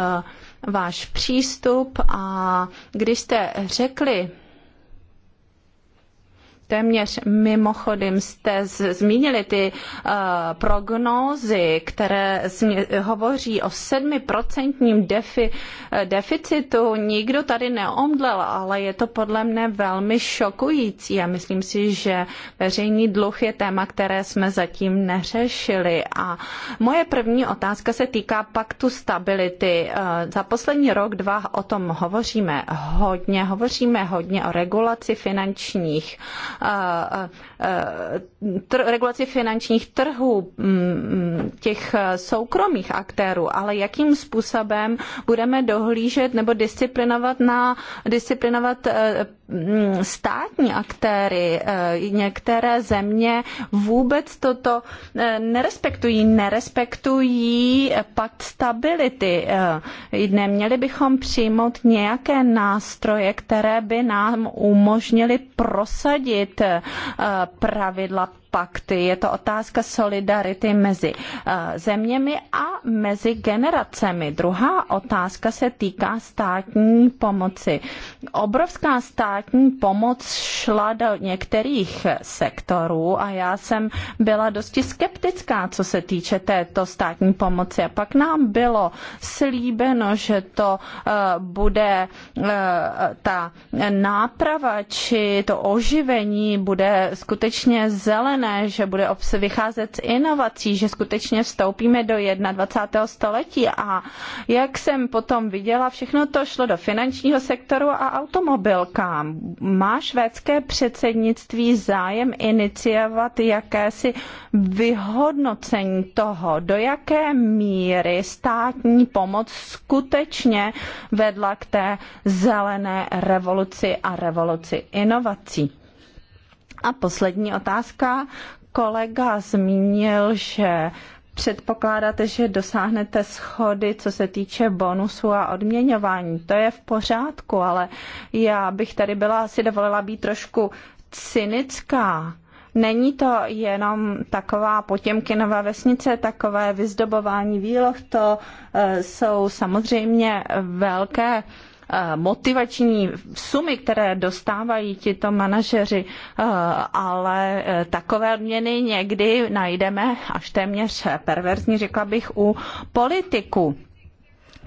váš přístup a když jste řekli, téměř mimochodem jste zmínili ty uh, prognózy, které hovoří o sedmiprocentním defi, eh, deficitu. Nikdo tady neomdlel, ale je to podle mne velmi šokující. Já myslím si, že veřejný dluh je téma, které jsme zatím neřešili. A moje první otázka se týká paktu stability. Uh, za poslední rok, dva o tom hovoříme hodně. Hovoříme hodně o regulaci finančních regulaci finančních trhů mm, těch e, soukromých aktérů, ale jakým způsobem budeme dohlížet nebo disciplinovat na disciplinovat e, Mm, státní aktéry, eh, některé země vůbec toto eh, nerespektují, nerespektují pakt stability. Eh, Neměli bychom přijmout nějaké nástroje, které by nám umožnily prosadit pravidla pakty. Je to otázka solidarity mezi eh, zeměmi a mezi generacemi. Druhá otázka se týká státní pomoci. Obrovská státní pomoc šla do některých sektorů a já jsem byla dosti skeptická, co se týče této státní pomoci. A pak nám bylo slíbeno, že to eh, bude eh, ta náprava či to oživení bude skutečně zelené otevřené, že bude obs vycházet z inovací, že skutečně vstoupíme do 21. století a jak jsem potom viděla, všechno to šlo do finančního sektoru a automobilkám. Má švédské předsednictví zájem iniciovat jakési vyhodnocení toho, do jaké míry státní pomoc skutečně vedla k té zelené revoluci a revoluci inovací. A poslední otázka. Kolega zmínil, že předpokládáte, že dosáhnete schody, co se týče bonusu a odměňování. To je v pořádku, ale já bych tady byla, si dovolila být trošku cynická. Není to jenom taková potěmkinová vesnice, takové vyzdobování výloh, to eh, jsou samozřejmě velké Eh, motivační sumy, které dostávají tito manažeři, eh, ale eh, takové odměny někdy najdeme až téměř perverzní, řekla bych, u politiků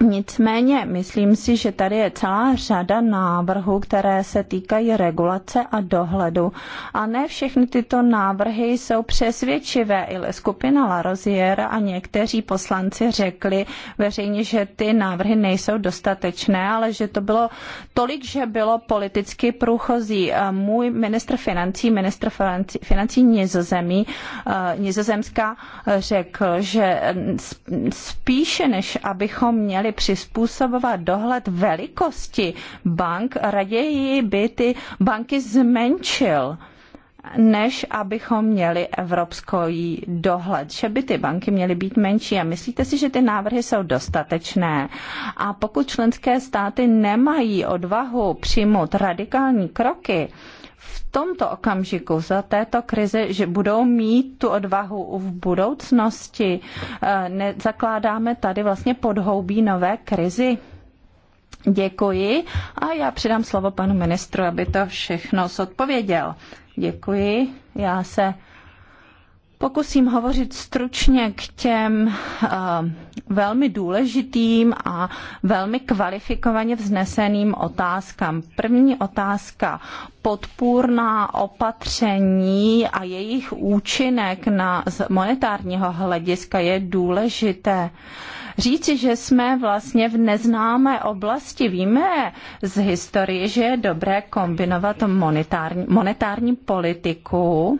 Nicméně myslím si, že tady je celá řada návrhů, které se týkají regulace a dohledu. A ne všechny tyto návrhy jsou přesvědčivé. I Skupina Larozier a někteří poslanci řekli veřejně, že ty návrhy nejsou dostatečné, ale že to bylo tolik, že bylo politicky průchozí. Můj ministr financí, ministr financí, financí Nizozemí, eh, Nizozemská řekl, že spíše než abychom měli měli přizpůsobovat dohled velikosti bank, raději by ty banky zmenšil než abychom měli evropský dohled, že by ty banky měly být menší. A myslíte si, že ty návrhy jsou dostatečné? A pokud členské státy nemají odvahu přijmout radikální kroky, tomto okamžiku, za této krize, že budou mít tu odvahu v budoucnosti. Eh, nezakládáme tady vlastně podhoubí nové krizi. Děkuji a já předám slovo panu ministru, aby to všechno zodpověděl. Děkuji. Já se pokusím hovořit stručně k těm eh, velmi důležitým a velmi kvalifikovaně vzneseným otázkám. První otázka podpůrná opatření a jejich účinek na, z monetárního hlediska je důležité. Říci, že jsme vlastně v neznámé oblasti, víme z historie, že je dobré kombinovat monetární, monetární politiku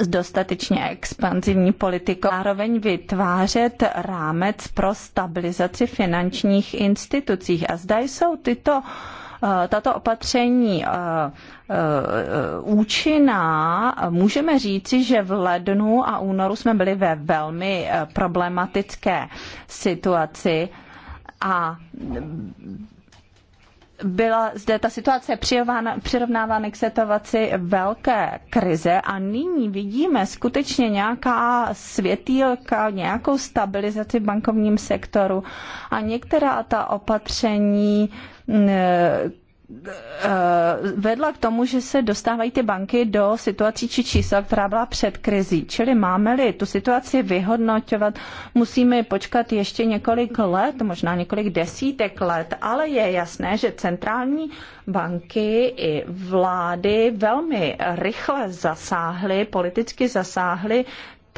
s dostatečně expanzivní politikou, zároveň vytvářet rámec pro stabilizaci finančních institucích. A zda jsou tyto eh, tato opatření eh, eh, účinná, můžeme říci, že v lednu a únoru jsme byli ve velmi problematické situaci a byla zde ta situace přirovnávána k situaci velké krize a nyní vidíme skutečně nějaká světýlka, nějakou stabilizaci v bankovním sektoru a některá ta opatření, Eh, vedla k tomu, že se dostávají ty banky do situací či čísel, která byla před krizí. Čili máme-li tu situaci vyhodnoťovat, musíme počkat ještě několik let, možná několik desítek let, ale je jasné, že centrální banky i vlády velmi rychle zasáhly, politicky zasáhly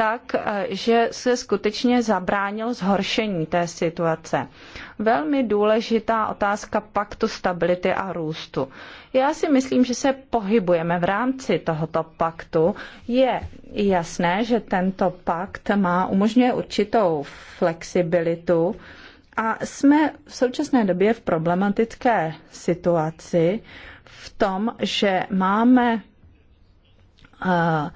tak, eh, že se skutečně zabránil zhoršení té situace. Velmi důležitá otázka paktu stability a růstu. Já si myslím, že se pohybujeme v rámci tohoto paktu. Je jasné, že tento pakt má umožňuje určitou flexibilitu, a jsme v současné době v problematické situaci v tom, že máme uh,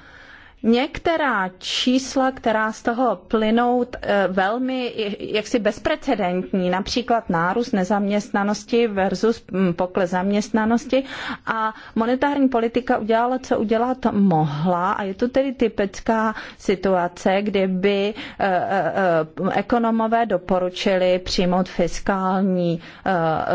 Některá čísla, která z toho plynou, e, velmi jaksi bezprecedentní, například nárůst nezaměstnanosti versus pokles zaměstnanosti a monetární politika udělala, co udělat mohla a je to tedy typická situace, kdyby e, e, ekonomové doporučili přijmout fiskální,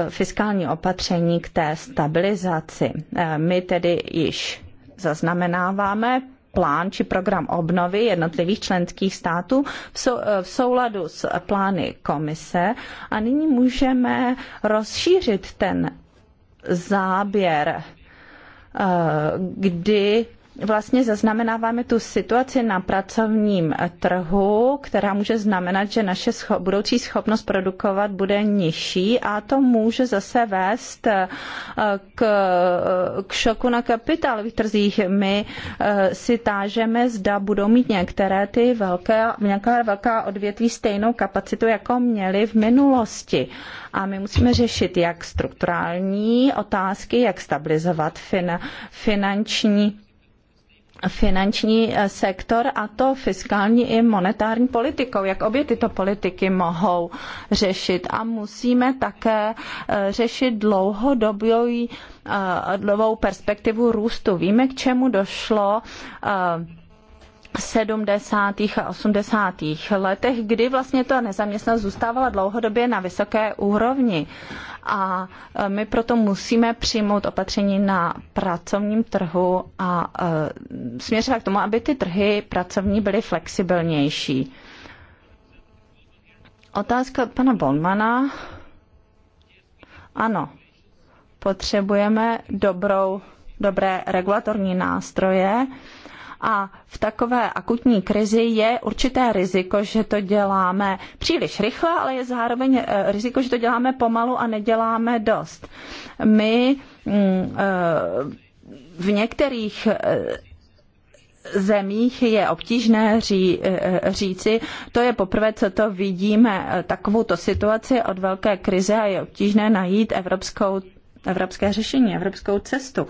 fiskální opatření k té stabilizaci. My tedy již zaznamenáváme plán či program obnovy jednotlivých členských států eh, v souladu s plány komise a nyní můžeme rozšířit ten záběr, eh, kdy vlastně zaznamenáváme tu situaci na pracovním trhu, která může znamenat, že naše scho- budoucí schopnost produkovat bude nižší a to může zase vést eh, k, eh, k šoku na kapitálových trzích. My eh, si tážeme, zda budou mít některé ty velké, nějaká velká odvětví stejnou kapacitu, jako měly v minulosti. A my musíme řešit jak strukturální otázky, jak stabilizovat fin- finanční finanční eh, sektor a to fiskální i monetární politikou, jak obě tyto politiky mohou řešit. A musíme také eh, řešit eh, dlouhodobou perspektivu růstu. Víme, k čemu došlo 70. a 80. letech, kdy vlastně ta nezaměstnanost zůstávala dlouhodobě na vysoké úrovni. A e, my proto musíme přijmout opatření na pracovním trhu a e, směřovat k tomu, aby ty trhy pracovní byly flexibilnější. Otázka od pana Bonmana. Ano, potřebujeme dobrou, dobré regulatorní nástroje, a v takové akutní krizi je určité riziko, že to děláme příliš rychle, ale je zároveň eh, riziko, že to děláme pomalu a neděláme dost. My mm, eh, v některých eh, zemích je obtížné ří, říci, to je poprvé, co to vidíme, to situaci od velké krize a je obtížné najít evropskou, evropské řešení, evropskou cestu. Um,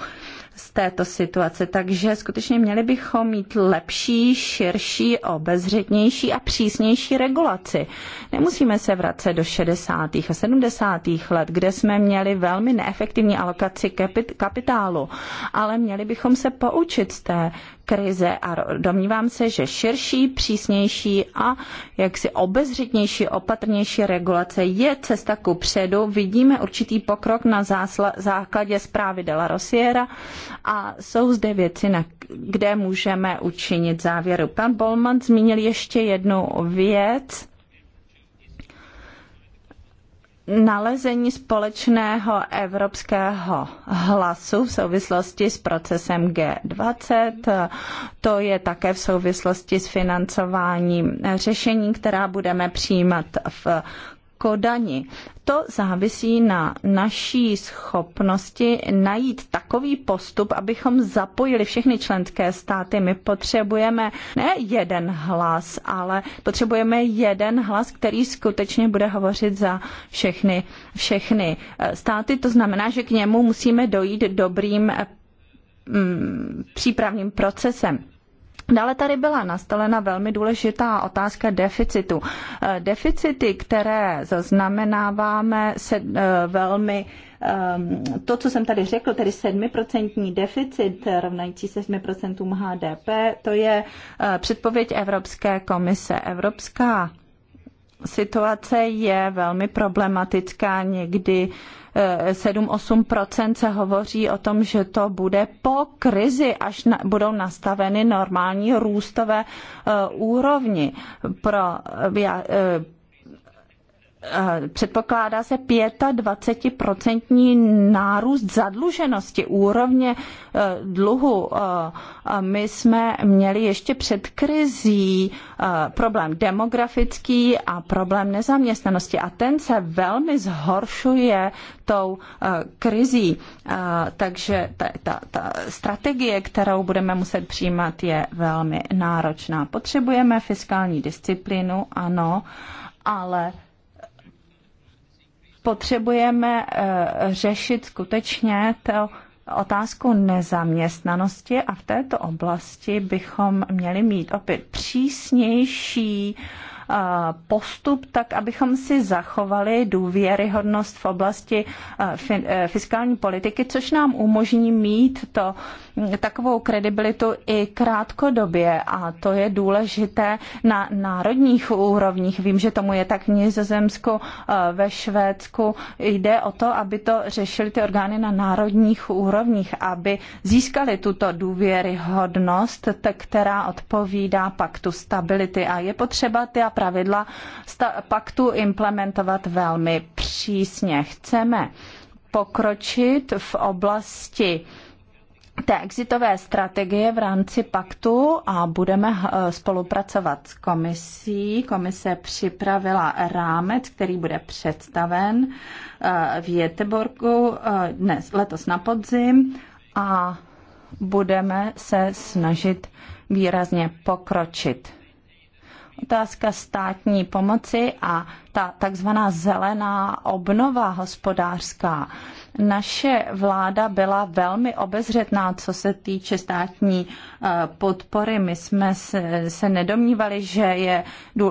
z této situace. Takže skutečně měli bychom mít lepší, širší, obezřetnější a přísnější regulaci. Nemusíme se vracet do 60. a 70. let, kde jsme měli velmi neefektivní alokaci kapitálu, ale měli bychom se poučit z té krize a domnívám se, že širší, přísnější a jaksi obezřetnější, opatrnější regulace je cesta ku předu. Vidíme určitý pokrok na zásla, základě zprávy de la Rosiera a jsou zde věci, na, kde můžeme učinit závěru. Pan Bolman zmínil ještě jednu věc, nalezení společného evropského hlasu v souvislosti s procesem G20. To je také v souvislosti s financováním řešení, která budeme přijímat v Kodani. Jako to závisí na naší schopnosti najít takový postup, abychom zapojili všechny členské státy. My potřebujeme ne jeden hlas, ale potřebujeme jeden hlas, který skutečně bude hovořit za všechny, všechny eh, státy. To znamená, že k němu musíme dojít dobrým eh, mm, přípravným procesem. Dále tady byla nastolena velmi důležitá otázka deficitu. Eh, deficity, které zaznamenáváme, se eh, velmi eh, to, co jsem tady řekl, tedy 7% deficit rovnající se 7% HDP, to je předpověď Evropské komise. Evropská situace je velmi problematická, někdy 7-8 se hovoří o tom, že to bude po krizi, až na, budou nastaveny normální růstové e, úrovni. Pro, uh, Eh, předpokládá se 25% nárůst zadluženosti úrovně eh, dluhu. Eh, my jsme měli ještě před krizí problém demografický a problém nezaměstnanosti a ten se velmi zhoršuje tou krizí. Takže ta, ta, ta strategie, kterou budeme muset přijímat, je velmi náročná. Potřebujeme fiskální disciplínu, ano, ale potřebujeme eh, řešit skutečně to otázku nezaměstnanosti a v této oblasti bychom měli mít opět přísnější uh, postup, tak abychom si zachovali důvěryhodnost v oblasti e, fiskální politiky, což nám umožní mít to takovou kredibilitu i krátkodobě a to je důležité na národních úrovních. Vím, že tomu je tak v Nizozemsku, ve Švédsku. Jde o to, aby to řešili ty orgány na národních úrovních, aby získali tuto důvěryhodnost, která odpovídá paktu stability a je potřeba ty a pravidla paktu implementovat velmi přísně. Chceme pokročit v oblasti té exitové strategie v rámci paktu a budeme eh, spolupracovat s komisí. Komise připravila rámec, který bude představen eh, v Jeteborgu eh, dnes, letos na podzim a budeme se snažit výrazně pokročit otázka státní pomoci a ta takzvaná zelená obnova hospodářská. Naše vláda byla velmi obezřetná, co se týče státní eh, podpory. My jsme se nedomnívali, že je,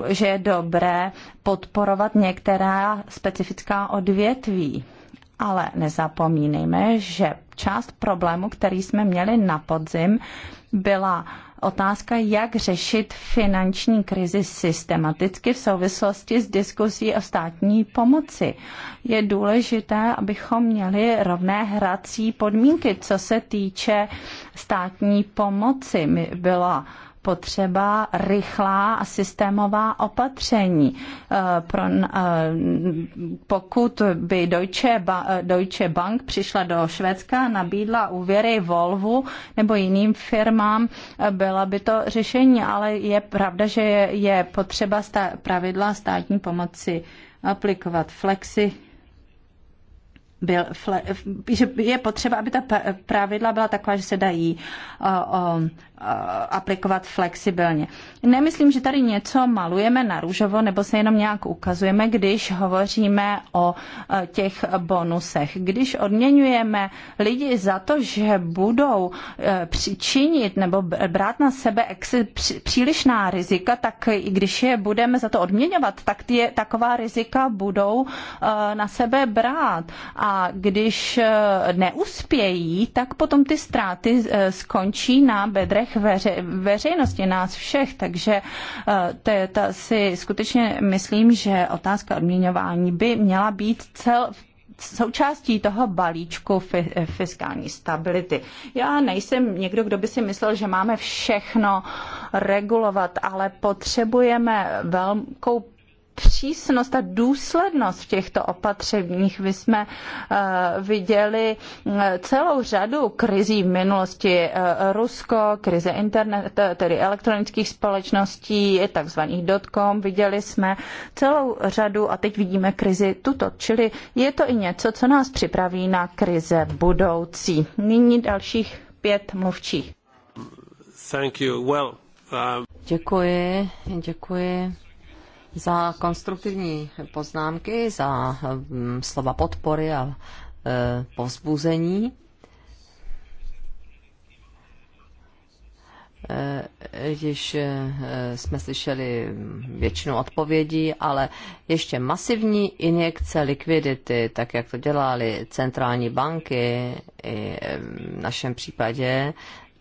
že je dobré podporovat některá specifická odvětví. Ale nezapomínejme, že část problému, který jsme měli na podzim, byla otázka, jak řešit finanční krizi systematicky v souvislosti s diskusí o státní pomoci. Je důležité, abychom měli rovné hrací podmínky, co se týče státní pomoci. Byla potřeba rychlá a systémová opatření. Eh, pro, eh, pokud by Deutsche, eh, Deutsche Bank přišla do Švédska a nabídla úvěry Volvu nebo jiným firmám, byla by to řešení, ale je pravda, že je, je potřeba stá, pravidla státní pomoci aplikovat flexi byl, fle, že je potřeba, aby ta pravidla byla taková, že se dají o, o, Eh, aplikovat flexibilně. Nemyslím, že tady něco malujeme na růžovo nebo se jenom nějak ukazujeme, když hovoříme o eh, těch bonusech. Když odměňujeme lidi za to, že budou eh, přičinit nebo brát na sebe přílišná rizika, tak i když je budeme za to odměňovat, tak ty, taková rizika budou na sebe brát. A když neuspějí, tak potom ty ztráty skončí na bedrech všech veře, veřejnosti, nás všech, takže eh, to je, si skutečně myslím, že otázka odměňování by měla být cel součástí toho balíčku eh, fiskální stability. Já nejsem někdo, kdo by si myslel, že máme všechno regulovat, ale potřebujeme velkou přísnost a důslednost v těchto opatřeních. My jsme eh, viděli eh, celou řadu krizí v minulosti. Eh, Rusko, krize internet, tedy elektronických společností, takzvaných dotcom. Viděli jsme celou řadu a teď vidíme krizi tuto. Čili je to i něco, co nás připraví na krize budoucí. Nyní dalších pět mluvčích. Thank you. Well, um... Děkuji, děkuji za konstruktivní poznámky, za hm, slova podpory a e, povzbuzení. E, když e, jsme slyšeli většinu odpovědí, ale ještě masivní injekce likvidity, tak jak to dělali centrální banky, i v našem případě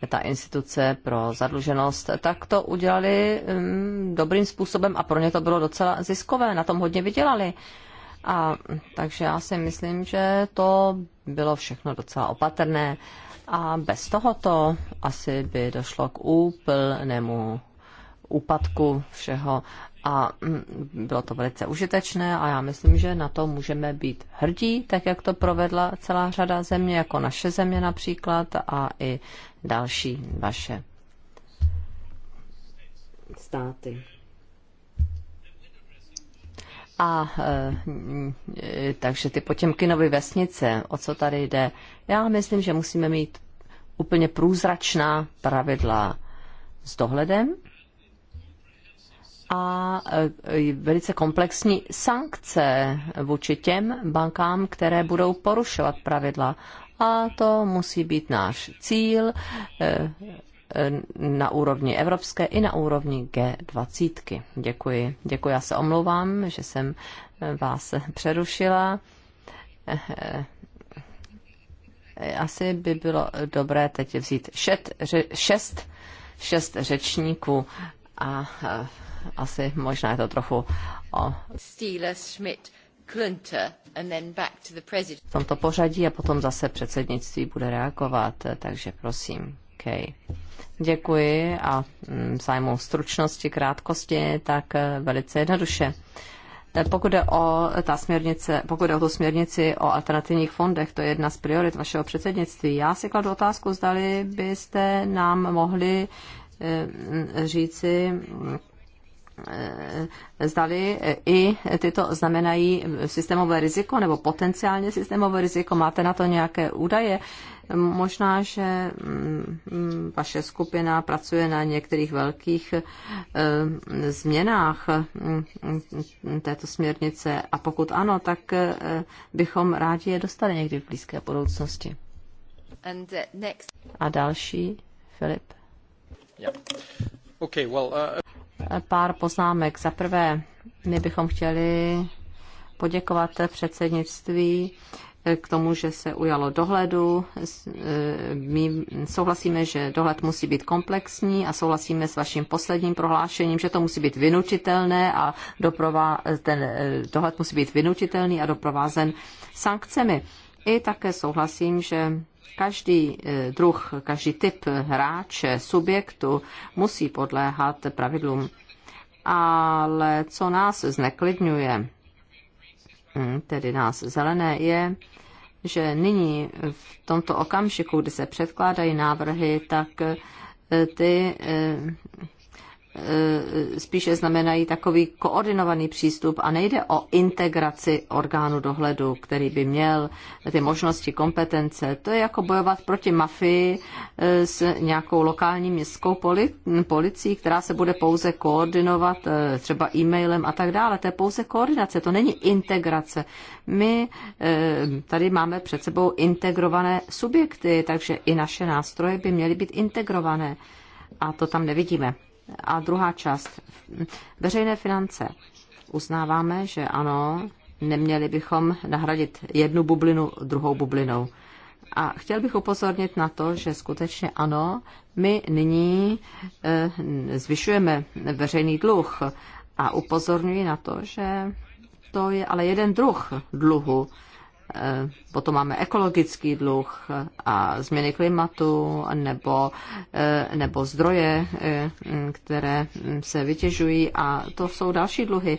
ta instituce pro zadluženost, tak to udělali um, dobrým způsobem a pro ně to bylo docela ziskové, na tom hodně vydělali. A takže já si myslím, že to bylo všechno docela opatrné a bez tohoto asi by došlo k úplnému úpadku všeho a mm, bylo to velice užitečné a já myslím, že na to můžeme být hrdí, tak jak to provedla celá řada země, jako naše země například a i další vaše státy. A e, takže ty Potěmkinovy vesnice, o co tady jde? Já myslím, že musíme mít úplně průzračná pravidla s dohledem a e, velice komplexní sankce vůči těm bankám, které budou porušovat pravidla. A to musí být náš cíl e, e, na úrovni evropské i na úrovni G20. Děkuji. Děkuji, já se omlouvám, že jsem vás přerušila. Asi by bylo dobré teď vzít šest, šest, šest řečníků a asi možná je to trochu o... Stíle, Schmidt, Klunter, and then back to the president. V tomto pořadí a potom zase předsednictví bude reagovat, takže prosím, Kay. Děkuji a mm, zájmu stručnosti, krátkosti, tak eh, velice jednoduše. Eh, pokud jde o, ta směrnice, pokud jde o tu směrnici o alternativních fondech, to je jedna z priorit vašeho předsednictví. Já si kladu otázku, zdali byste nám mohli eh, říci, Eh, zdali i tyto znamenají systémové riziko nebo potenciálně systémové riziko. Máte na to nějaké údaje? Možná, že mm, vaše skupina pracuje na některých velkých eh, změnách mm, této směrnice a pokud ano, tak eh, bychom rádi je dostali někdy v blízké budoucnosti. A další, Filip. Yeah. Okay, well, uh pár poznámek. Za prvé, my bychom chtěli poděkovat předsednictví eh, k tomu, že se ujalo dohledu. Eh, my souhlasíme, že dohled musí být komplexní a souhlasíme s vaším posledním prohlášením, že to musí být vynučitelné a doprová, ten eh, dohled musí být vynučitelný a doprovázen sankcemi. I také souhlasím, že Každý eh, druh, každý typ hráče, subjektu musí podléhat pravidlům. Ale co nás zneklidňuje, hm, tedy nás zelené, je, že nyní v tomto okamžiku, kdy se předkládají návrhy, tak eh, ty eh, Eh, spíše znamenají takový koordinovaný přístup a nejde o integraci orgánu dohledu, který by měl ty možnosti, kompetence. To je jako bojovat proti mafii eh, s nějakou lokální městskou poli- policií, která se bude pouze koordinovat eh, třeba e-mailem a tak dále. To je pouze koordinace, to není integrace. My tady máme před sebou integrované subjekty, takže i naše nástroje by měly být integrované. A to tam nevidíme. A druhá část, veřejné finance. Uznáváme, že ano, neměli bychom nahradit jednu bublinu druhou bublinou. A chtěl bych upozornit na to, že skutečně ano, my nyní eh, zvyšujeme veřejný dluh a upozorňuji na to, že to je ale jeden druh dluhu Eh, potom máme ekologický dluh a změny klimatu nebo, eh, nebo zdroje, eh, které se vytěžují a to jsou další dluhy.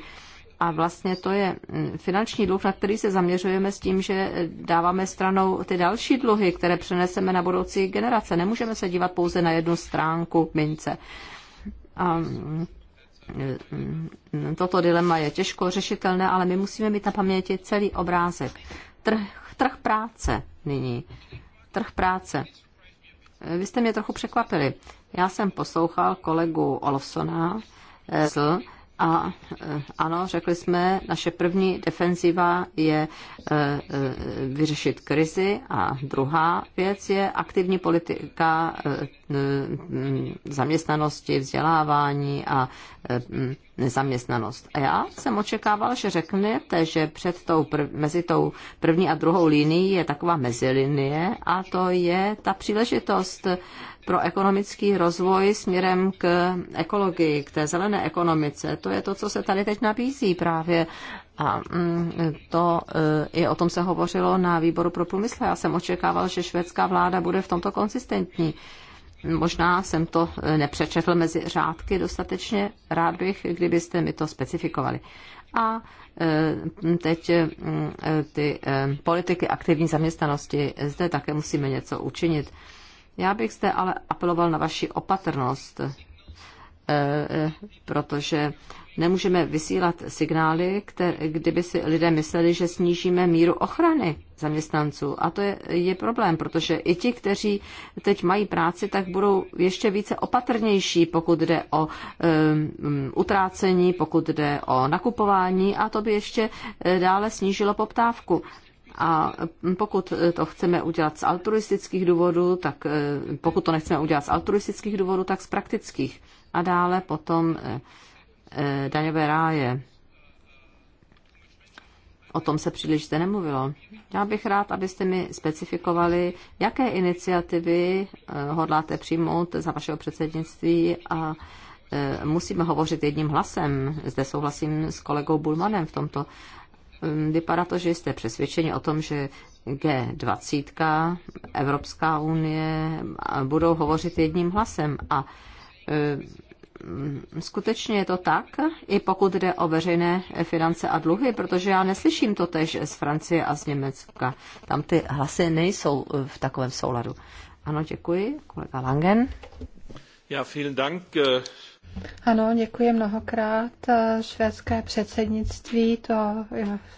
A vlastně to je mm, finanční dluh, na který se zaměřujeme s tím, že dáváme stranou ty další dluhy, které přeneseme na budoucí generace. Nemůžeme se dívat pouze na jednu stránku mince. A mm, mm, toto dilema je těžko řešitelné, ale my musíme mít na paměti celý obrázek trh, trh práce nyní. Trh práce. Vy jste mě trochu překvapili. Já jsem poslouchal kolegu Olofsona eh, a eh, ano, řekli jsme, naše první defenziva je eh, vyřešit krizi a druhá věc je aktivní politika Mm, zaměstnanosti, vzdělávání a mm, nezaměstnanost. A já jsem očekával, že řeknete, že před tou prv, mezi tou první a druhou linií je taková mezilinie a to je ta příležitost pro ekonomický rozvoj směrem k ekologii, k té zelené ekonomice. To je to, co se tady teď nabízí právě. A mm, to eh, i o tom se hovořilo na výboru pro průmysl. Já jsem očekával, že švédská vláda bude v tomto konsistentní. Možná jsem to eh, nepřečetl mezi řádky dostatečně, rád bych, kdybyste mi to specifikovali. A eh, teď eh, ty politiky aktivní zaměstnanosti, zde také musíme něco učinit. Já bych zde ale apeloval na vaši opatrnost, protože nemůžeme vysílat signály, které, kdyby si lidé mysleli, že snížíme míru ochrany zaměstnanců. A to je, je problém, protože i ti, kteří teď mají práci, tak budou ještě více opatrnější, pokud jde o um, utrácení, pokud jde o nakupování a to by ještě eh, dále snížilo poptávku. A mm, pokud eh, to chceme udělat z altruistických důvodů, tak eh, pokud to nechceme udělat z altruistických důvodů, tak z praktických. A dále potom Eh, daňové ráje. O tom se příliš zde nemluvilo. Já bych rád, abyste mi specifikovali, jaké iniciativy eh, hodláte přijmout za vašeho předsednictví a eh, musíme hovořit jedním hlasem. Zde souhlasím s kolegou Bulmanem v tomto. Hm, vypadá to, že jste přesvědčeni o tom, že G20, Evropská unie budou hovořit jedním hlasem a skutečně je to tak, i pokud jde o veřejné finance a dluhy, protože já neslyším to tež z Francie a z Německa. Tam ty hlasy nejsou eh, v takovém souladu. Ano, děkuji. Kolega Langen. Ja, vielen Dank. Eh. Ano, děkuji mnohokrát. Eh, švédské předsednictví to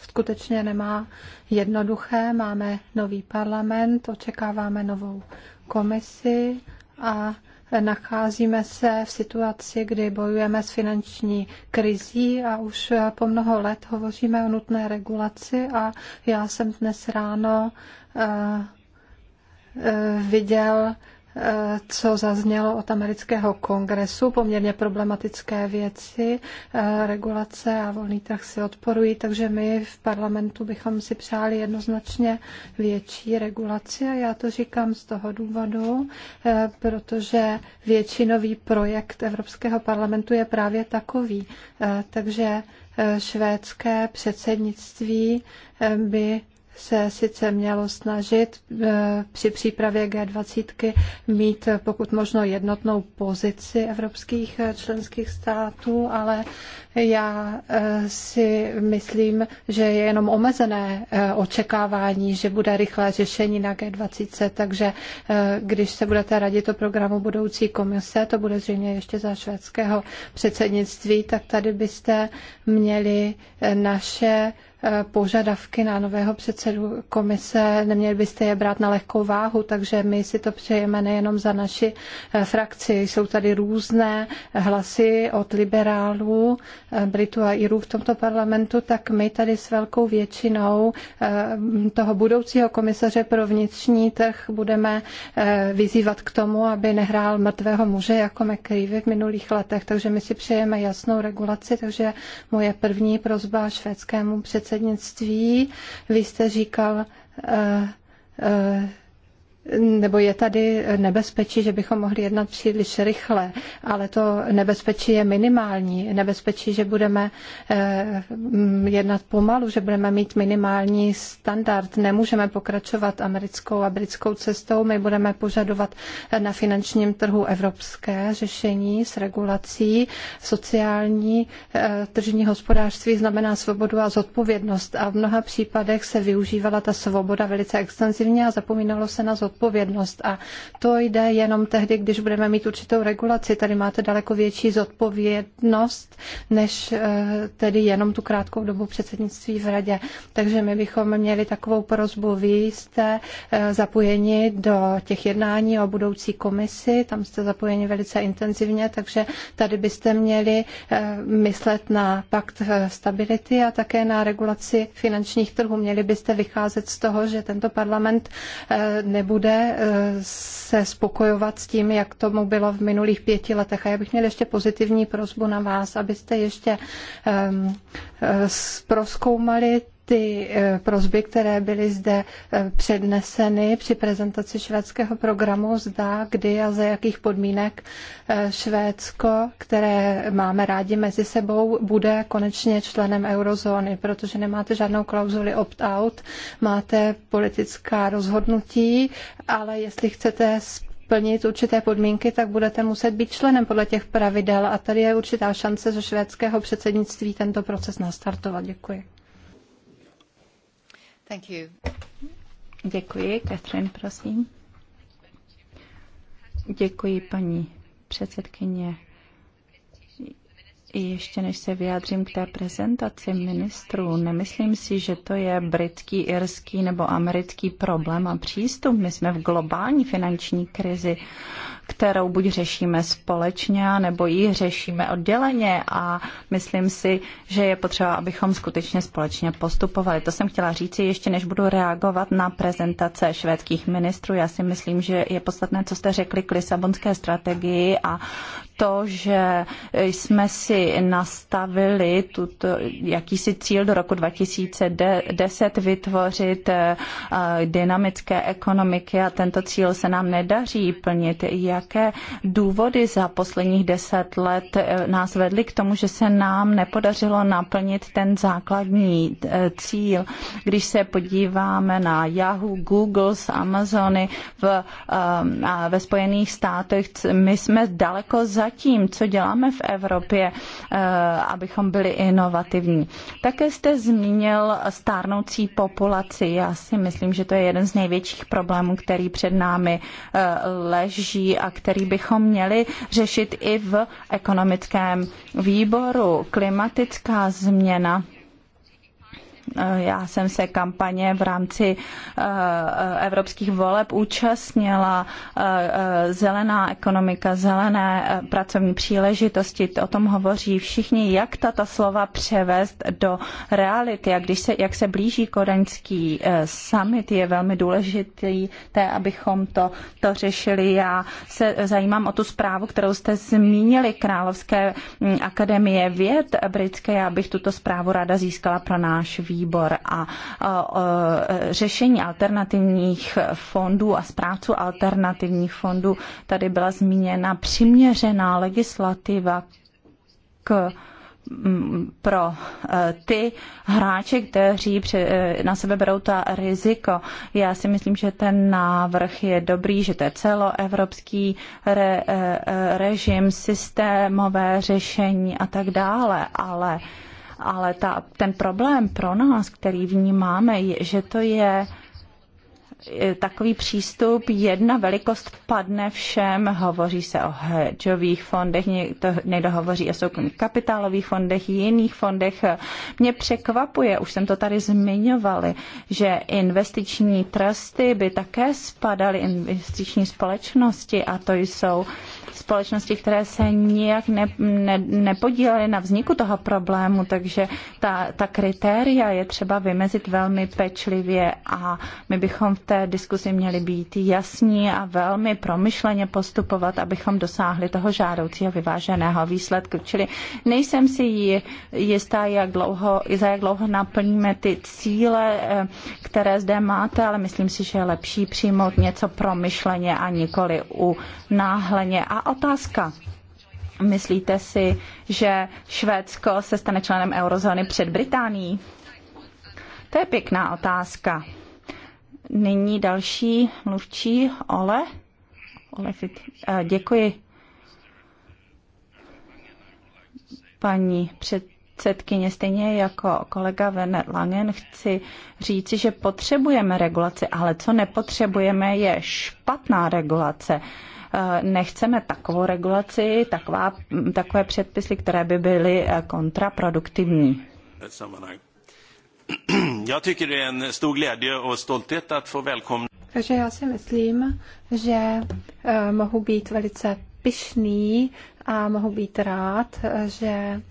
skutečně nemá jednoduché. Máme nový parlament, očekáváme novou komisi a Nacházíme se v situaci, kdy bojujeme s finanční krizí a už po mnoho let hovoříme o nutné regulaci a já jsem dnes ráno eh, eh, viděl co zaznělo od amerického kongresu, poměrně problematické věci, eh, regulace a volný trh si odporují, takže my v parlamentu bychom si přáli jednoznačně větší regulaci a já to říkám z toho důvodu, eh, protože většinový projekt Evropského parlamentu je právě takový, eh, takže švédské předsednictví by se sice mělo snažit eh, při přípravě G20 mít eh, pokud možno jednotnou pozici evropských eh, členských států, ale já eh, si myslím, že je jenom omezené eh, očekávání, že bude rychlé řešení na G20, takže eh, když se budete radit o programu budoucí komise, to bude zřejmě ještě za švédského předsednictví, tak tady byste měli naše požadavky na nového předsedu komise, neměli byste je brát na lehkou váhu, takže my si to přejeme nejenom za naši frakci. Jsou tady různé hlasy od liberálů, Britů a Irů v tomto parlamentu, tak my tady s velkou většinou eh, toho budoucího komisaře pro vnitřní trh budeme eh, vyzývat k tomu, aby nehrál mrtvého muže jako McCreevy v minulých letech. Takže my si přejeme jasnou regulaci, takže moje první prozba švédskému předsednictví. Vy jste říkal, eh, nebo je tady nebezpečí, že bychom mohli jednat příliš rychle, ale to nebezpečí je minimální. Nebezpečí, že budeme eh, jednat pomalu, že budeme mít minimální standard. Nemůžeme pokračovat americkou a britskou cestou. My budeme požadovat na finančním trhu evropské řešení s regulací. Sociální eh, tržní hospodářství znamená svobodu a zodpovědnost a v mnoha případech se využívala ta svoboda velice extenzivně a zapomínalo se na zodpovědnost zodpovědnost. A to jde jenom tehdy, když budeme mít určitou regulaci. Tady máte daleko větší zodpovědnost, než eh, tedy jenom tu krátkou dobu předsednictví v radě. Takže my bychom měli takovou prozbu. Vy jste eh, zapojeni do těch jednání o budoucí komisi, tam jste zapojeni velice intenzivně, takže tady byste měli eh, myslet na pakt stability a také na regulaci finančních trhů. Měli byste vycházet z toho, že tento parlament nebude nebude eh, se spokojovat s tím, jak tomu bylo v minulých pěti letech. A já bych měl ještě pozitivní prozbu na vás, abyste ještě um, ehm, eh, proskoumali ty eh, prozby, které byly zde eh, předneseny při prezentaci švédského programu, zda, kdy a za jakých podmínek eh, Švédsko, které máme rádi mezi sebou, bude konečně členem eurozóny, protože nemáte žádnou klauzuli opt-out, máte politická rozhodnutí, ale jestli chcete splnit určité podmínky, tak budete muset být členem podle těch pravidel a tady je určitá šance ze švédského předsednictví tento proces nastartovat. Děkuji. Thank you. Děkuji. Catherine, prosím. Děkuji, paní předsedkyně. Ještě než se vyjádřím k té prezentaci ministrů, nemyslím si, že to je britský, irský nebo americký problém a přístup. My jsme v globální finanční krizi kterou buď řešíme společně, nebo ji řešíme odděleně a myslím si, že je potřeba, abychom skutečně společně postupovali. To jsem chtěla říci ještě, než budu reagovat na prezentace švédských ministrů. Já si myslím, že je podstatné, co jste řekli k Lisabonské strategii a to, že jsme si nastavili tuto, jakýsi cíl do roku 2010 vytvořit eh, dynamické ekonomiky a tento cíl se nám nedaří plnit. Jaké důvody za posledních deset let eh, nás vedly k tomu, že se nám nepodařilo naplnit ten základní eh, cíl? Když se podíváme na Yahoo, Google, Amazony v, ve Spojených státech, my jsme daleko za zatím, co děláme v Evropě, eh, abychom byli inovativní. Také jste zmínil stárnoucí populaci. Já si myslím, že to je jeden z největších problémů, který před námi eh, leží a který bychom měli řešit i v ekonomickém výboru. Klimatická změna Eh, já jsem se kampaně v rámci eh, evropských voleb účastnila. Eh, zelená ekonomika, zelené pracovní příležitosti, o tom hovoří všichni, jak tato slova převést do reality. A když se, jak se blíží kodaňský summit, je velmi důležitý, té, abychom to, to řešili. Já se zajímám o tu zprávu, kterou jste zmínili, Královské mm, akademie věd britské. Já bych tuto zprávu ráda získala pro náš výbor výbor a řešení alternativních fondů a zprávců alternativních fondů. Tady byla zmíněna přiměřená legislativa k mm, pro e, ty hráče, kteří e, na sebe berou ta riziko. Já si myslím, že ten návrh je dobrý, že to je celoevropský re, e, režim, systémové řešení a tak dále, ale ale ta, ten problém pro nás, který vnímáme, je, že to je takový přístup, jedna velikost padne všem, hovoří se o hedžových fondech, někdo, někdo hovoří o soukromých kapitálových fondech, jiných fondech. Mě překvapuje, už jsem to tady zmiňovali, že investiční trusty by také spadaly investiční společnosti a to jsou společnosti, které se nijak ne, ne, nepodílely na vzniku toho problému, takže ta, ta kritéria je třeba vymezit velmi pečlivě a my bychom v té diskusi měli být jasní a velmi promyšleně postupovat, abychom dosáhli toho žádoucího vyváženého výsledku. Čili nejsem si jistá, jak dlouho, za jak dlouho naplníme ty cíle, eh, které zde máte, ale myslím si, že je lepší přijmout něco promyšleně a nikoli u náhleně. A otázka. Myslíte si, že Švédsko se stane členem eurozóny před Británií? To je pěkná otázka. Nyní další mluvčí, Ole. Ole Fit. Eh, děkuji. Paní předsedkyně, stejně jako kolega Werner Langen, chci říci, že potřebujeme regulaci, ale co nepotřebujeme, je špatná regulace. Uh, Eh, nechceme takovou regulaci, taková, takové předpisy, které by byly eh, kontraproduktivní. takže já si myslím, že eh, mohu být velice pyšný a mohu být rád, že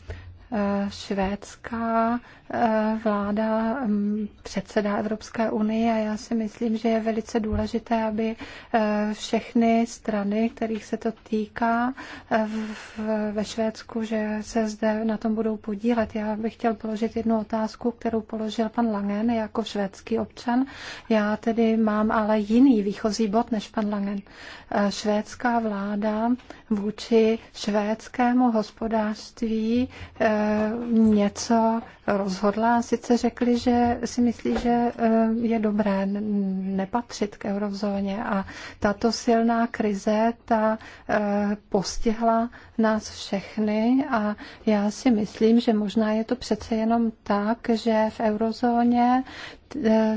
švédská Eh, vláda mm, předsedá Evropské unie a já si myslím, že je velice důležité, aby eh, všechny strany, kterých se to týká eh, ve Švédsku, že se zde na tom budou podílet. Já bych chtěl položit jednu otázku, kterou položil pan Langen jako švédský občan. Já tedy mám ale jiný výchozí bod než pan Langen. Švédská vláda vůči švédskému hospodářství něco rozhodla rozhodla, sice řekli, že si myslí, že eh, je dobré nepatřit k eurozóně a tato silná krize, ta eh, postihla nás všechny a já si myslím, že možná je to přece jenom tak, že v eurozóně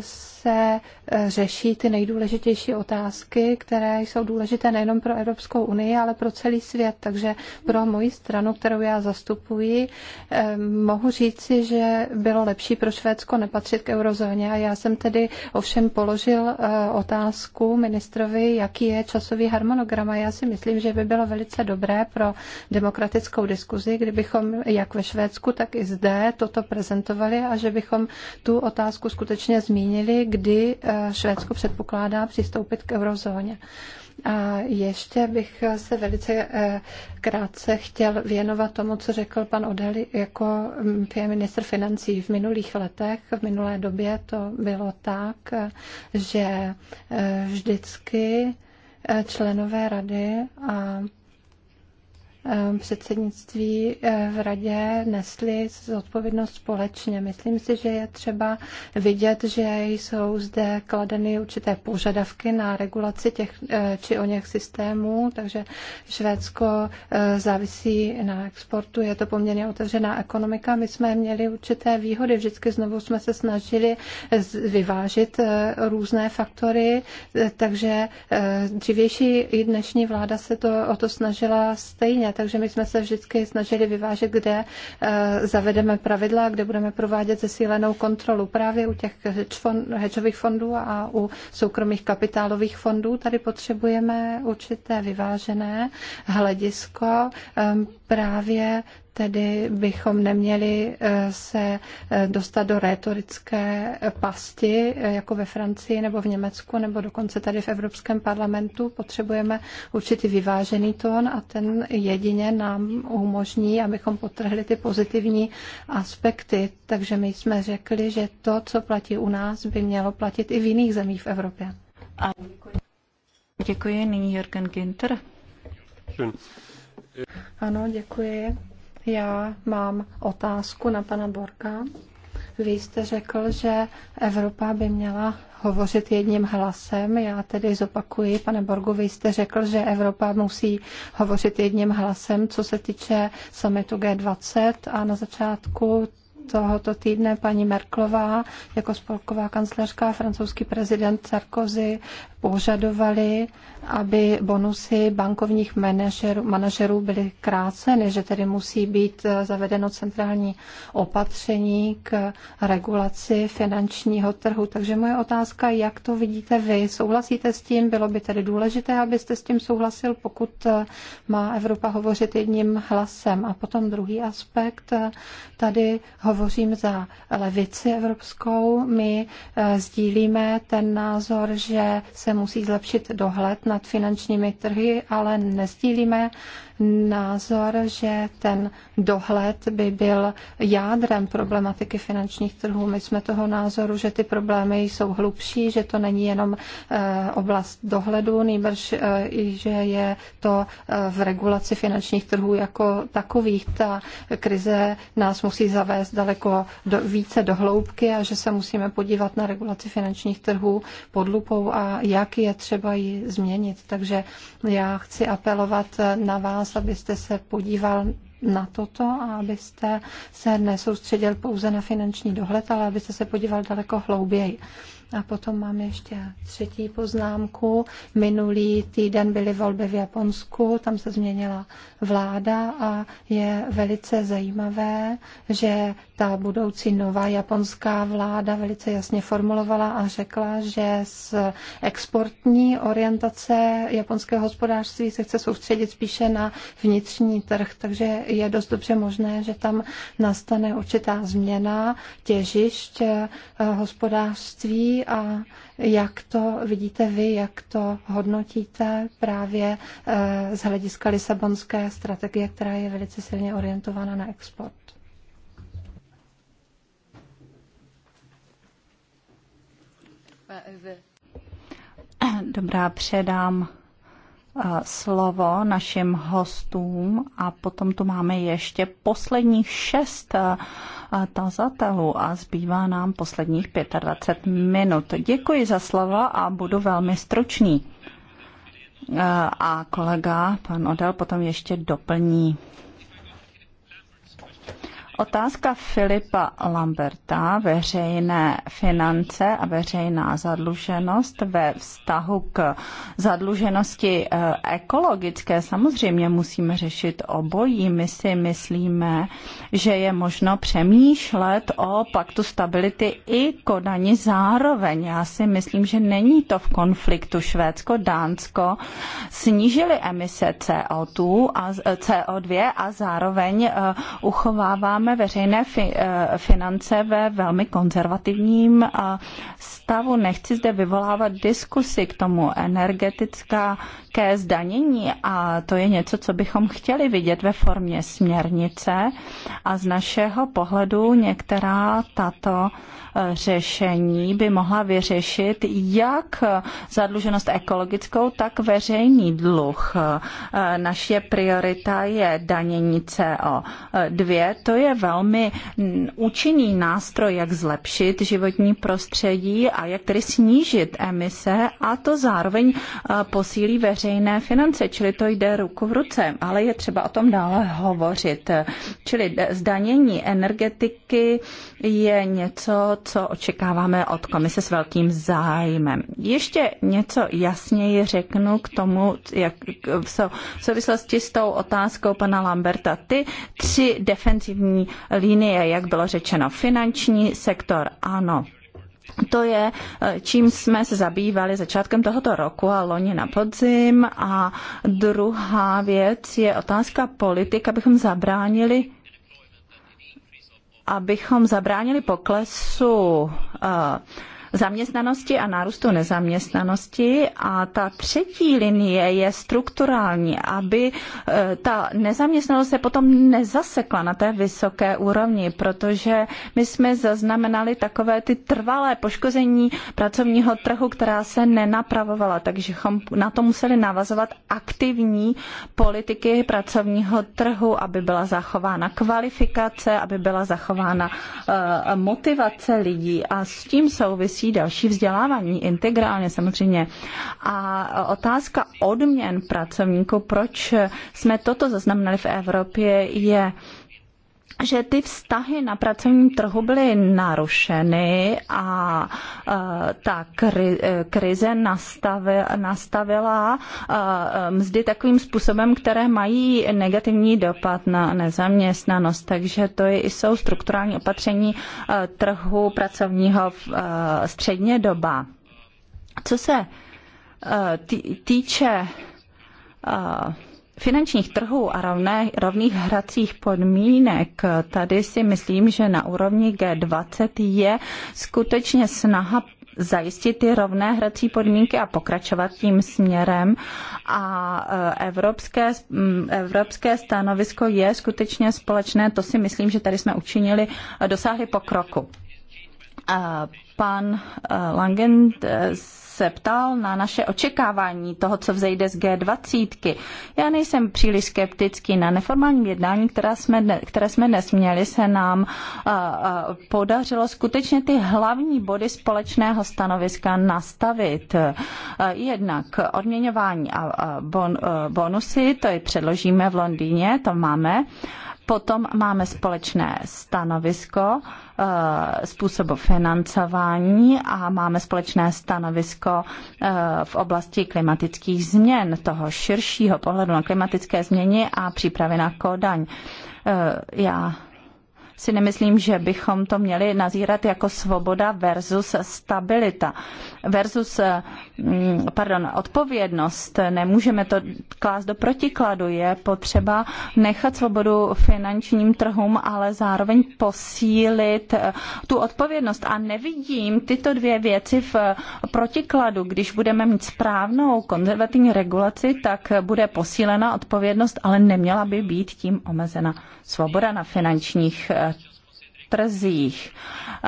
se eh, řeší ty nejdůležitější otázky, které jsou důležité nejenom pro Evropskou unii, ale pro celý svět. Takže pro moji stranu, kterou já zastupuji, eh, mohu říci, že bylo lepší pro Švédsko nepatřit k eurozóně. A já jsem tedy ovšem položil eh, otázku ministrovi, jaký je časový harmonogram. A já si myslím, že by bylo velice dobré pro demokratickou diskuzi, kdybychom jak ve Švédsku, tak i zde toto prezentovali a že bychom tu otázku skutečně stručně zmínili, kdy eh, Švédsko předpokládá přistoupit k eurozóně. A ještě bych se velice eh, krátce chtěl věnovat tomu, co řekl pan Odeli jako mm, minister financí v minulých letech. V minulé době to bylo tak, eh, že vždycky členové rady a Eh, předsednictví eh, v radě nesli zodpovědnost společně. Myslím si, že je třeba vidět, že jsou zde kladeny určité požadavky na regulaci těch eh, či o něch systémů, takže Švédsko závisí na exportu, je to poměrně otevřená ekonomika. My jsme měli určité výhody, vždycky znovu jsme se snažili vyvážit různé faktory, takže dřívější i dnešní vláda se to, o to snažila stejně takže my jsme se vždycky snažili vyvážet, kde eh, zavedeme pravidla, kde budeme provádět zesílenou kontrolu právě u těch hedžových fondů a u soukromých kapitálových fondů. Tady potřebujeme určité vyvážené hledisko právě tedy bychom neměli eh, se eh, dostat do rétorické eh, pasti, jako ve Francii nebo v Německu, nebo dokonce tady v Evropském parlamentu. Potřebujeme určitý vyvážený tón a ten jedině nám umožní, abychom potrhli ty pozitivní aspekty. Takže my jsme řekli, že to, co platí u nás, by mělo platit i v jiných zemích v Evropě. A děkuji. Děkuji. Nyní Jürgen Ginter. Schön. Ano, děkuji. Já mám otázku na pana Borka. Vy jste řekl, že Evropa by měla hovořit jedním hlasem. Já tedy zopakuji, pane Borgu, vy jste řekl, že Evropa musí hovořit jedním hlasem, co se týče summitu G20 a na začátku tohoto týdne paní Merklová jako spolková kancléřka, francouzský prezident Sarkozy, požadovali, aby bonusy bankovních manažerů, manažerů byly kráceny, že tedy musí být eh, zavedeno centrální opatření k regulaci finančního trhu. Takže moje otázka, jak to vidíte vy? Souhlasíte s tím? Bylo by tedy důležité, abyste s tím souhlasil, pokud eh, má Evropa hovořit jedním hlasem. A potom druhý aspekt, eh, tady hovořím za levici evropskou. My sdílíme ten názor, že se musí zlepšit dohled nad finančními trhy, ale nezdílíme názor, že ten dohled by byl jádrem problematiky finančních trhů. My jsme toho názoru, že ty problémy jsou hlubší, že to není jenom eh, oblast dohledu, eh, i že je to eh, v regulaci finančních trhů jako takových. Ta krize nás musí zavést daleko do, více do hloubky a že se musíme podívat na regulaci finančních trhů pod lupou a jak tak je třeba ji změnit. Takže já chci apelovat na vás, abyste se podíval na toto a abyste se nesoustředil pouze na finanční dohled, ale abyste se podíval daleko hlouběji. A potom mám ještě třetí poznámku. Minulý týden byly volby v Japonsku, tam se změnila vláda a je velice zajímavé, že ta budoucí nová japonská vláda velice jasně formulovala a řekla, že z exportní orientace japonského hospodářství se chce soustředit spíše na vnitřní trh, takže je dost dobře možné, že tam nastane určitá změna těžišť eh, hospodářství a jak to vidíte vy, jak to hodnotíte právě eh, z hlediska Lisabonské strategie, která je velice silně orientována na export? Dobrá, předám eh, slovo našim hostům a potom tu máme ještě posledních šest eh, tazatelů a zbývá nám posledních 25 minut. Děkuji za slova a budu velmi stručný. E, a kolega, pan Odel, potom ještě doplní Otázka Filipa Lamberta, veřejné finance a veřejná zadluženost ve vztahu k zadluženosti eh, ekologické. Samozřejmě musíme řešit obojí. My si myslíme, že je možno přemýšlet o paktu stability i kodani zároveň. Já si myslím, že není to v konfliktu. Švédsko, Dánsko snížili emise CO2 a eh, CO2 a zároveň eh, uchováváme máme veřejné fi, eh, finance ve velmi konzervativním eh, stavu. Nechci zde vyvolávat diskusy k tomu energetická ke zdanění a to je něco, co bychom chtěli vidět ve formě směrnice a z našeho pohledu některá tato řešení by mohla vyřešit jak zadluženost ekologickou, tak veřejný dluh. Naše priorita je danění CO2. To je velmi účinný nástroj, jak zlepšit životní prostředí a jak tedy snížit emise a to zároveň eh, posílí veřejné finance, čili to jde ruku v ruce, ale je třeba o tom dále hovořit. Čili zdanění energetiky, je něco, co očekáváme od komise s velkým zájmem. Ještě něco jasněji řeknu k tomu, jak v souvislosti s tou otázkou pana Lamberta. Ty tři defenzivní linie, jak bylo řečeno, finanční sektor, ano, to je, eh, čím jsme se zabývali začátkem tohoto roku a loni na podzim. A druhá věc je otázka politik, abychom zabránili abychom zabránili poklesu eh, zaměstnanosti a nárůstu nezaměstnanosti. A ta třetí linie je strukturální, aby e, ta nezaměstnanost se potom nezasekla na té vysoké úrovni, protože my jsme zaznamenali takové ty trvalé poškození pracovního trhu, která se nenapravovala, takže na to museli navazovat aktivní politiky pracovního trhu, aby byla zachována kvalifikace, aby byla zachována e, motivace lidí a s tím souvisí další, další vzdělávání integrálně samozřejmě. A otázka odměn pracovníků, proč jsme toto zaznamenali v Evropě, je že ty vztahy na pracovním trhu byly narušeny a e, ta e, krize nastavila e, mzdy takovým způsobem, které mají negativní dopad na nezaměstnanost. Takže to jsou strukturální opatření trhu pracovního v středně doba. Co se týče finančních trhů a rovné, rovných hracích podmínek, tady si myslím, že na úrovni G20 je skutečně snaha zajistit ty rovné hrací podmínky a pokračovat tím směrem. A eh, evropské, mm, evropské stanovisko je skutečně společné, to si myslím, že tady jsme učinili, eh, dosáhli pokroku. Eh, pan Langen z se ptal na naše očekávání toho, co vzejde z G20. Já nejsem příliš skeptický. Na neformálním jednání, které jsme, které jsme dnes měli, se nám podařilo skutečně ty hlavní body společného stanoviska nastavit. Jednak odměňování a bon, bonusy, to je předložíme v Londýně, to máme. Potom máme společné stanovisko Eh, způsobu financování a máme společné stanovisko eh, v oblasti klimatických změn, toho širšího pohledu na klimatické změny a přípravy na Kodaň. Eh, já si nemyslím, že bychom to měli nazírat jako svoboda versus stabilita. Versus, mm, pardon, odpovědnost. Nemůžeme to klást do protikladu. Je potřeba nechat svobodu finančním trhům, ale zároveň posílit eh, tu odpovědnost. A nevidím tyto dvě věci v eh, protikladu. Když budeme mít správnou konzervativní regulaci, tak bude posílena odpovědnost, ale neměla by být tím omezena svoboda na finančních eh, trzích.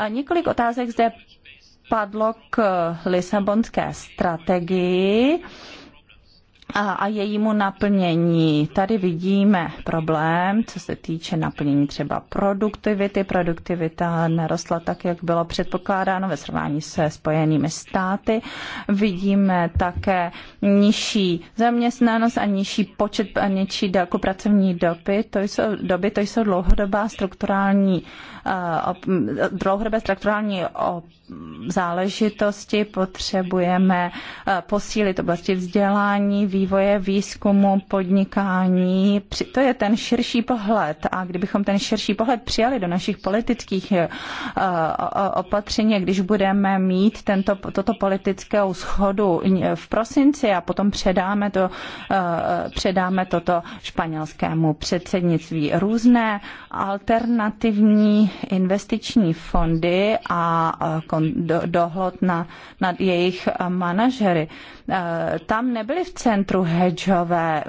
Několik otázek zde padlo k eh, Lisabonské strategii a jejímu naplnění. Tady vidíme problém, co se týče naplnění třeba produktivity. Produktivita narostla tak, jak bylo předpokládáno ve srovnání se spojenými státy. Vidíme také nižší zaměstnanost a nižší počet a nižší délku pracovní doby. To jsou, doby, to jsou dlouhodobá strukturální, dlouhodobé strukturální op záležitosti potřebujeme eh, posílit oblasti vzdělání, vývoje, výzkumu, podnikání. To je ten širší pohled a kdybychom ten širší pohled přijali do našich politických eh, opatření, když budeme mít tento, toto politickou schodu v prosinci a potom předáme, to, eh, předáme toto španělskému předsednictví různé alternativní investiční fondy a kon, do, dohled na, nad jejich eh, manažery. Eh, tam nebyly v centru hedžové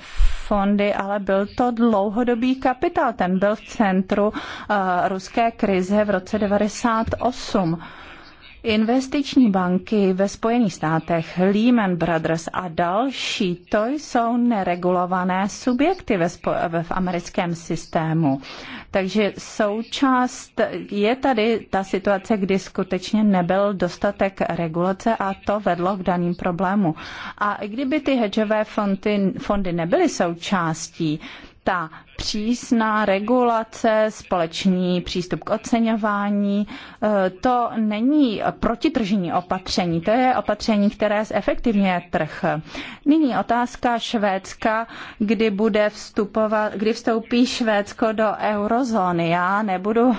fondy, ale byl to dlouhodobý kapitál. Ten byl v centru eh, ruské krize v roce 98. Investiční banky ve Spojených státech, Lehman Brothers a další, to jsou neregulované subjekty ve, spo- v americkém systému. Takže součást je tady ta situace, kdy skutečně nebyl dostatek regulace a to vedlo k daným problému. A i kdyby ty hedžové fondy, fondy nebyly součástí, ta přísná regulace, společný přístup k oceňování, eh, to není protitržní opatření, to je opatření, které zefektivňuje trh. Nyní otázka Švédska, kdy, bude vstupovat, kdy vstoupí Švédsko do eurozóny. Já nebudu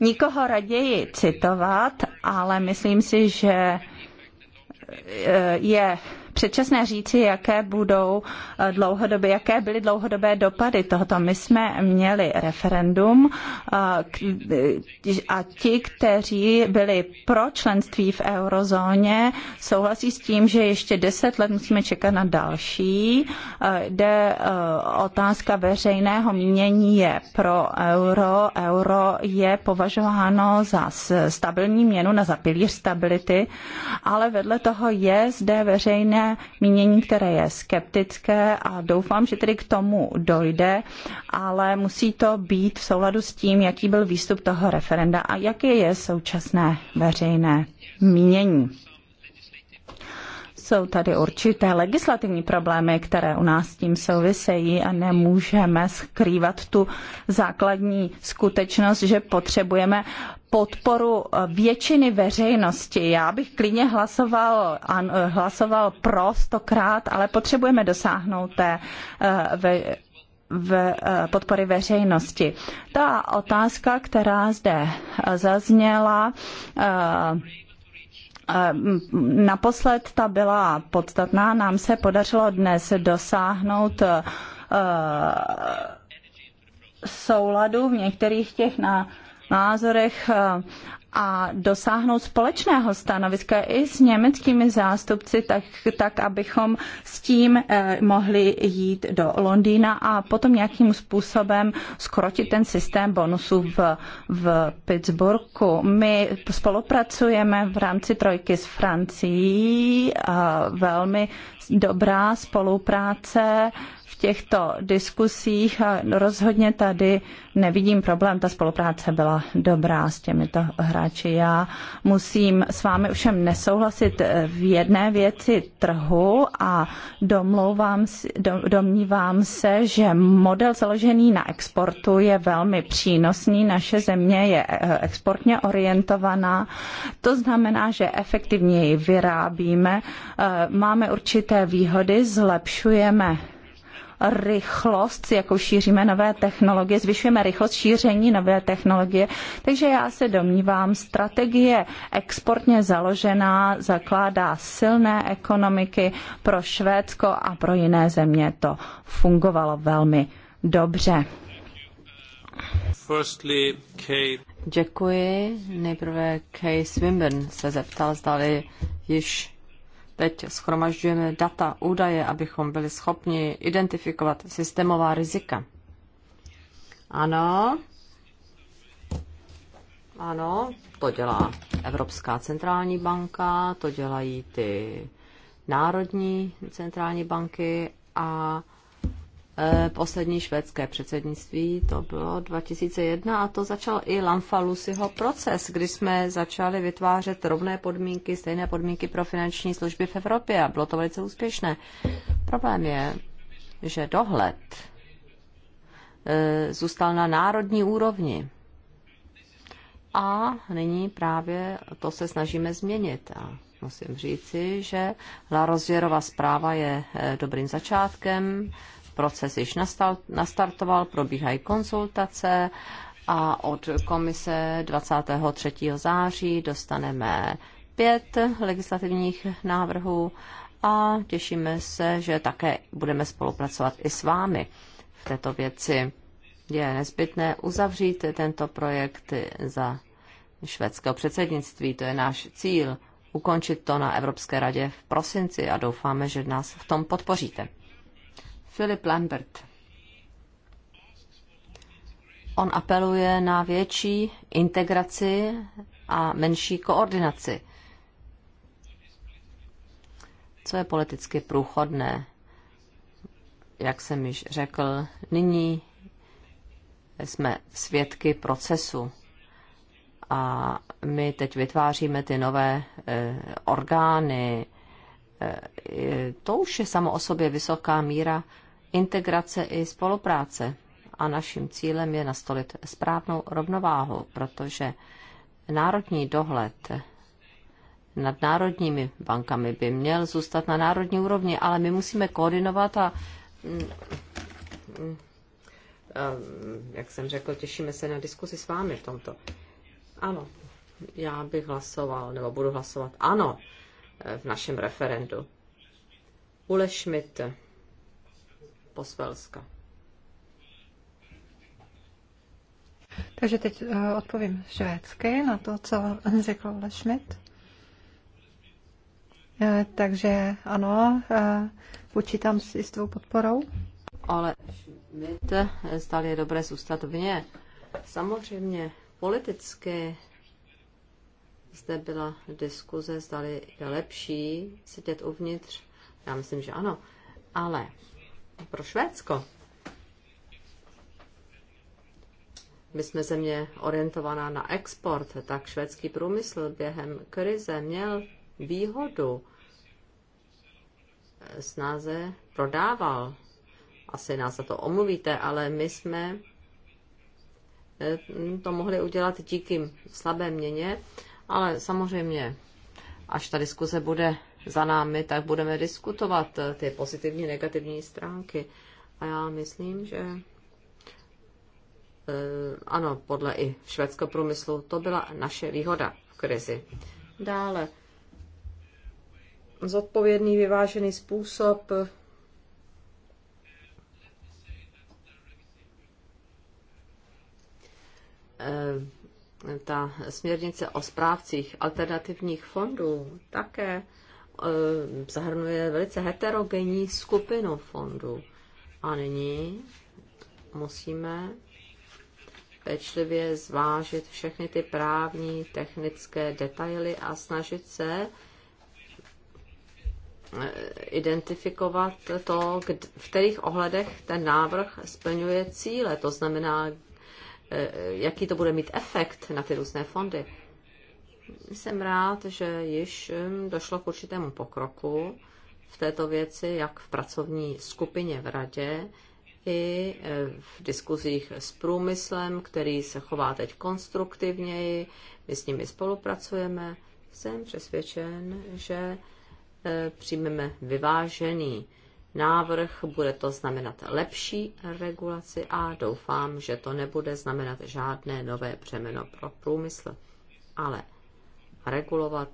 nikoho raději citovat, ale myslím si, že eh, je předčasné říci, jaké budou eh, dlouhodobě, jaké byly dlouhodobé dopady tohoto. My jsme měli referendum eh, a ti, kteří byli pro členství v eurozóně, souhlasí s tím, že ještě deset let musíme čekat na další, kde eh, otázka veřejného mínění je pro euro. Euro je považováno za stabilní měnu, na zapilíř stability, ale vedle toho je zde veřejné veřejné mínění, které je skeptické a doufám, že tedy k tomu dojde, ale musí to být v souladu s tím, jaký byl výstup toho referenda a jaké je současné veřejné mínění jsou tady určité legislativní problémy, které u nás s tím souvisejí a nemůžeme skrývat tu základní skutečnost, že potřebujeme podporu eh, většiny veřejnosti. Já bych klidně hlasoval, eh, hlasoval pro stokrát, ale potřebujeme dosáhnout té eh, ve, v podpory veřejnosti. Ta otázka, která zde zazněla, naposled ta byla podstatná. Nám se podařilo dnes dosáhnout souladu v některých těch na názorech eh, a dosáhnout společného stanoviska i s německými zástupci, tak, tak abychom s tím eh, mohli jít do Londýna a potom nějakým způsobem skrotit ten systém bonusů v, v Pittsburghu. My spolupracujeme v rámci trojky s Francií, eh, velmi dobrá spolupráce těchto diskusích a rozhodně tady nevidím problém. Ta spolupráce byla dobrá s těmito hráči. Já musím s vámi všem nesouhlasit v jedné věci trhu a domlouvám, domnívám se, že model založený na exportu je velmi přínosný. Naše země je eh, exportně orientovaná. To znamená, že efektivněji vyrábíme, eh, máme určité výhody, zlepšujeme rychlost, jakou šíříme nové technologie, zvyšujeme rychlost šíření nové technologie. Takže já se domnívám, strategie exportně založená zakládá silné ekonomiky pro Švédsko a pro jiné země. To fungovalo velmi dobře. Firstly, Děkuji. Nejprve Kay Swinburne se zeptal, zdali již teď schromažďujeme data, údaje, abychom byli schopni identifikovat systémová rizika. Ano, ano, to dělá Evropská centrální banka, to dělají ty národní centrální banky a Eh, poslední švédské předsednictví, to bylo 2001 a to začal i Lamfalusiho proces, kdy jsme začali vytvářet rovné podmínky, stejné podmínky pro finanční služby v Evropě a bylo to velice úspěšné. Problém je, že dohled eh, zůstal na národní úrovni. A nyní právě to se snažíme změnit. A musím říci, že La Rozvěrova zpráva je eh, dobrým začátkem proces již nastal, nastartoval, probíhají konzultace a od komise 23. září dostaneme pět legislativních návrhů a těšíme se, že také budeme spolupracovat i s vámi v této věci. Je nezbytné uzavřít tento projekt za švédského předsednictví. To je náš cíl ukončit to na Evropské radě v prosinci a doufáme, že nás v tom podpoříte. Filip Lambert. On apeluje na větší integraci a menší koordinaci. Co je politicky průchodné? Jak jsem již řekl, nyní jsme svědky procesu a my teď vytváříme ty nové eh, orgány, to už je samo o sobě vysoká míra integrace i spolupráce. A naším cílem je nastolit správnou rovnováhu, protože národní dohled nad národními bankami by měl zůstat na národní úrovni, ale my musíme koordinovat a mm, mm, mm, jak jsem řekl, těšíme se na diskusi s vámi v tomto. Ano, já bych hlasoval, nebo budu hlasovat ano v našem referendu. Ule Schmidt, Posvelska. Takže teď eh, odpovím švédsky na to, co řekl Ule Schmidt. Eh, takže ano, eh, počítám s jistou podporou. Ale Schmidt, zdali je dobré zůstat ně. Samozřejmě politicky zde byla diskuze, zdali je lepší sedět uvnitř. Já myslím, že ano. Ale pro Švédsko My jsme země orientovaná na export, tak švédský průmysl během krize měl výhodu. Snáze prodával. Asi nás za to omluvíte, ale my jsme eh, to mohli udělat díky slabé měně ale samozřejmě, až ta diskuze bude za námi, tak budeme diskutovat eh, ty pozitivní, negativní stránky. A já myslím, že eh, ano, podle i švédského průmyslu, to byla naše výhoda v krizi. Dále, zodpovědný, vyvážený způsob eh, ta směrnice o správcích alternativních fondů také e, zahrnuje velice heterogenní skupinu fondů. A nyní musíme pečlivě zvážit všechny ty právní, technické detaily a snažit se e, identifikovat to, v kterých ohledech ten návrh splňuje cíle, to znamená, Eh, jaký to bude mít efekt na ty různé fondy. Jsem rád, že již došlo k určitému pokroku v této věci, jak v pracovní skupině v radě, i eh, v diskuzích s průmyslem, který se chová teď konstruktivněji, my s nimi spolupracujeme. Jsem přesvědčen, že eh, přijmeme vyvážený návrh, bude to znamenat lepší regulaci a doufám, že to nebude znamenat žádné nové břemeno pro průmysl. Ale regulovat,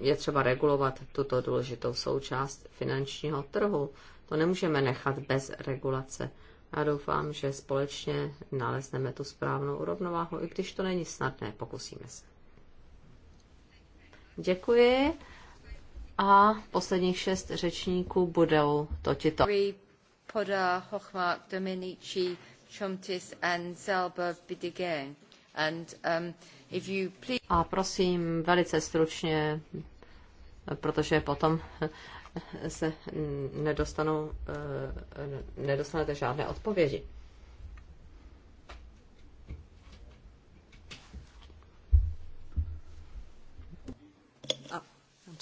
je třeba regulovat tuto důležitou součást finančního trhu. To nemůžeme nechat bez regulace. Já doufám, že společně nalezneme tu správnou rovnováhu, i když to není snadné, pokusíme se. Děkuji a posledních šest řečníků budou totito. Poda, Dominici, and Zelba Bidigen. And, um, if you please... A prosím velice stručně, protože potom se nedostanou, eh, nedostanete žádné odpovědi.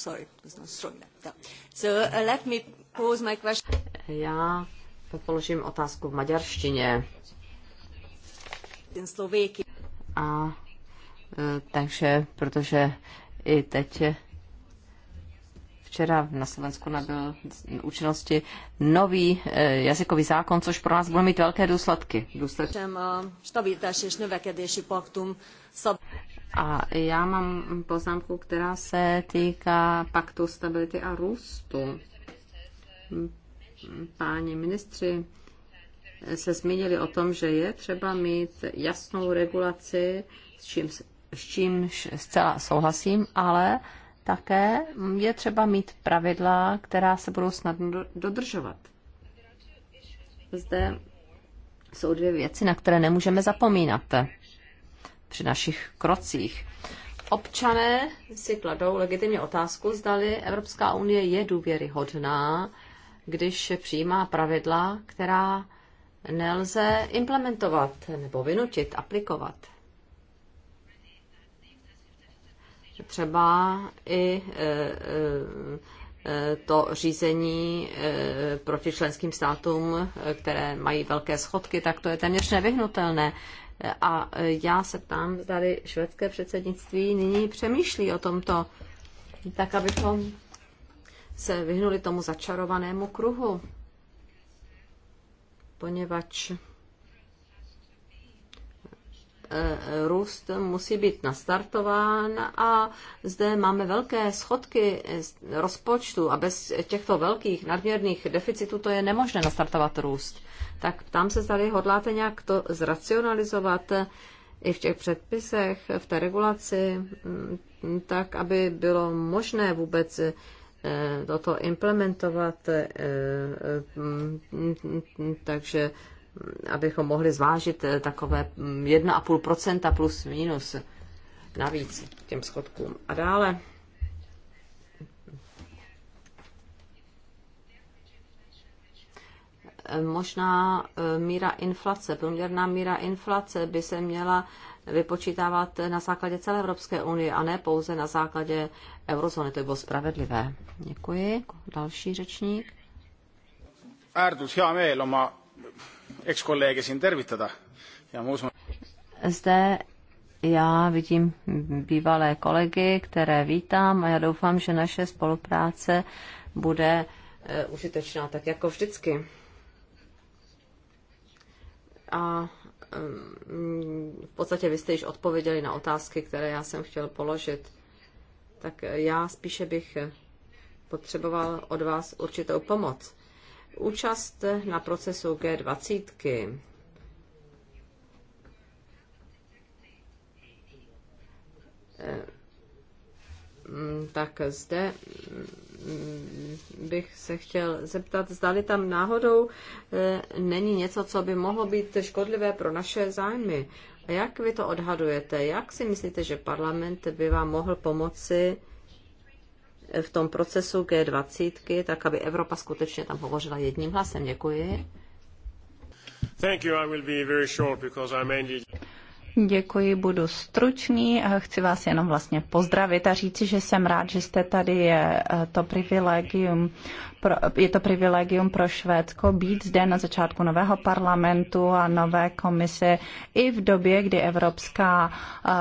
sorry, it's not strong enough. So uh, let me pose my question. Já položím otázku v maďarštině. A e, takže, protože i teď včera na Slovensku nabyl účinnosti nový e, jazykový zákon, což pro nás bude mít velké důsledky. důsledky. E, a já mám poznámku, která se týká paktu stability a růstu. Páni ministři se zmínili o tom, že je třeba mít jasnou regulaci, s čím, s čím zcela souhlasím, ale také je třeba mít pravidla, která se budou snadno dodržovat. Zde jsou dvě věci, na které nemůžeme zapomínat při našich krocích. Občané si kladou legitimně otázku, zdali Evropská unie je důvěryhodná, když přijímá pravidla, která nelze implementovat nebo vynutit, aplikovat. Třeba i e, e, e, to řízení proti členským státům, které mají velké schodky, tak to je téměř nevyhnutelné. A e, já se ptám, tady švédské předsednictví nyní přemýšlí o tomto, tak abychom se vyhnuli tomu začarovanému kruhu, poněvadž Eh, růst musí být nastartován a zde máme velké schodky rozpočtu a bez těchto velkých nadměrných deficitů to je nemožné nastartovat růst. Tak tam se zdali hodláte nějak to zracionalizovat i v těch předpisech, v té regulaci, mm, tak aby bylo možné vůbec eh, toto implementovat. Eh, mm, mm, takže abychom mohli zvážit eh, takové 1,5% mm, plus minus navíc těm schodkům. A dále eh, možná eh, míra inflace, průměrná míra inflace by se měla vypočítávat na základě celé Evropské unie a ne pouze na základě eurozóny. To by bylo spravedlivé. Děkuji. Další řečník. Erdus, hea meel oma siin tervitada ja ma usun. Zde já vidím bývalé kolegy, které vítám a já doufám, že naše spolupráce bude e, užitečná, tak jako vždycky. A mm, v podstatě vy jste již odpověděli na otázky, které já jsem chtěl položit. Tak já spíše bych potřeboval od vás určitou pomoc účast na procesu G20. Eh, tak zde mm, bych se chtěl zeptat, zdali tam náhodou eh, není něco, co by mohlo být škodlivé pro naše zájmy. Jak vy to odhadujete? Jak si myslíte, že parlament by vám mohl pomoci v tom procesu G20, tak aby Evropa skutečně tam hovořila jedním hlasem. Děkuji. Thank you. I will be very short because I'm ending. Děkuji, budu stručný. Chci vás jenom vlastně pozdravit a říci, že jsem rád, že jste tady. Je eh, to privilegium pro, je to privilegium pro Švédsko být zde na začátku nového parlamentu a nové komise i v době, kdy evropská uh,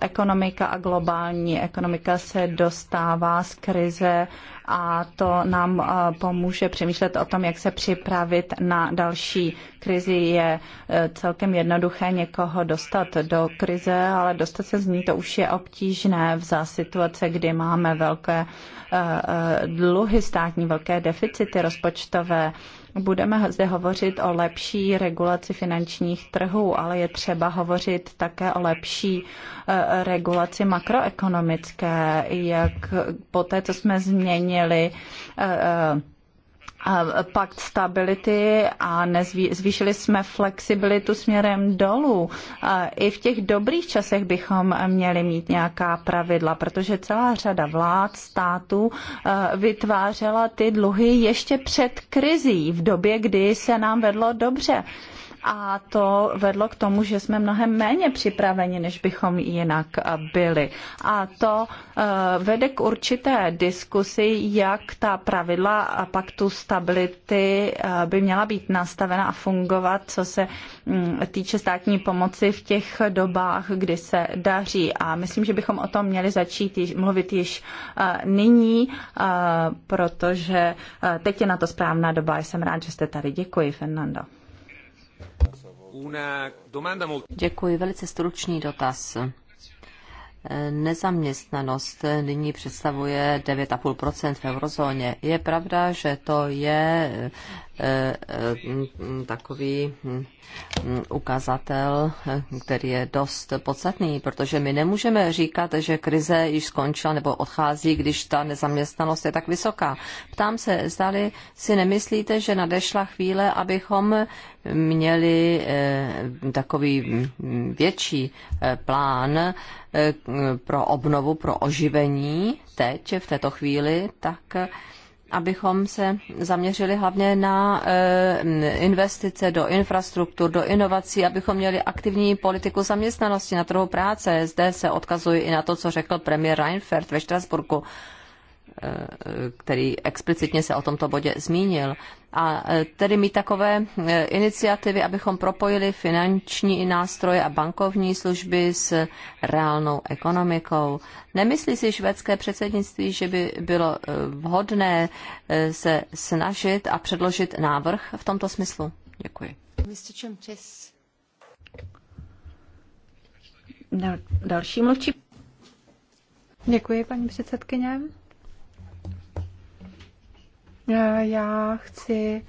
ekonomika a globální ekonomika se dostává z krize a to nám pomůže přemýšlet o tom, jak se připravit na další krizi. Je e, celkem jednoduché někoho dostat do krize, ale dostat se z ní to už je obtížné v situace, kdy máme velké e, e, dluhy státní, velké deficity rozpočtové Budeme zde hovořit o lepší regulaci finančních trhů, ale je třeba hovořit také o lepší eh, regulaci makroekonomické, jak po té, co jsme změnili eh, eh, pakt stability a zvýšili jsme flexibilitu směrem dolů. I v těch dobrých časech bychom měli mít nějaká pravidla, protože celá řada vlád, států vytvářela ty dluhy ještě před krizí, v době, kdy se nám vedlo dobře a to vedlo k tomu, že jsme mnohem méně připraveni, než bychom jinak byli. A to eh, vede k určité diskusi, jak ta pravidla a paktu stability eh, by měla být nastavena a fungovat, co se mm, týče státní pomoci v těch dobách, kdy se daří. A myslím, že bychom o tom měli začít již, mluvit již eh, nyní, protože teď je na to správná doba. Jsem rád, že jste tady. Děkuji, Fernando. Děkuji, velice stručný dotaz. E, nezaměstnanost nyní představuje 9,5 v eurozóně. Je pravda, že to je Eh, takový hm, hm, ukazatel, eh, který je dost podstatný, protože my nemůžeme říkat, že krize již skončila nebo odchází, když ta nezaměstnanost je tak vysoká. Ptám se, zdali si nemyslíte, že nadešla chvíle, abychom měli eh, takový hm, větší plán pro obnovu, pro oživení teď, v této chvíli, tak abychom se zaměřili hlavně na eh, investice do infrastruktur, do inovací, abychom měli aktivní politiku zaměstnanosti na trhu práce. Zde se odkazuji i na to, co řekl premiér Reinfeldt ve Štrasburku který explicitně se o tomto bodě zmínil. A e, tedy mít takové e, iniciativy, abychom propojili finanční nástroje a bankovní služby s reálnou ekonomikou. Nemyslí si švédské předsednictví, že by bylo e, vhodné se snažit a předložit návrh v tomto smyslu? Děkuji. Další mluvčí. Děkuji, paní předsedkyně. Eh, já chci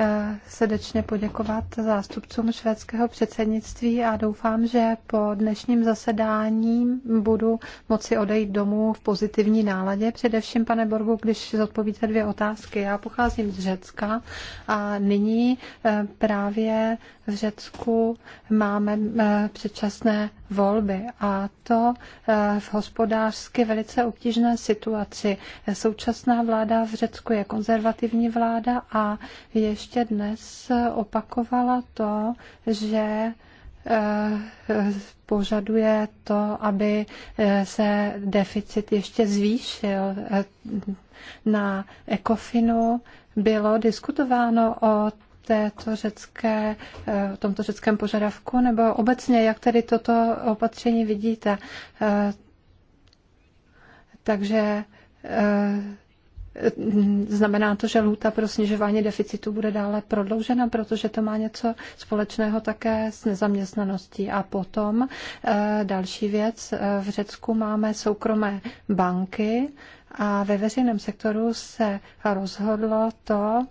eh, srdečně poděkovat zástupcům švédského předsednictví a doufám, že po dnešním zasedání budu moci odejít domů v pozitivní náladě. Především, pane Borgu, když zodpovíte dvě otázky. Já pocházím z Řecka a nyní eh, právě v Řecku máme eh, předčasné volby a to eh, v hospodářsky velice obtížné situaci. Současná vláda v Řecku je konzervativní vláda a ještě dnes opakovala to, že eh, požaduje to, aby se deficit ještě zvýšil. Na ekofinu bylo diskutováno o této řecké, eh, tomto řeckém požadavku, nebo obecně, jak tedy toto opatření vidíte. Eh, takže eh, znamená to, že lůta pro snižování deficitu bude dále prodloužena, protože to má něco společného také s nezaměstnaností. A potom další věc, v Řecku máme soukromé banky, a ve veřejném sektoru se rozhodlo to,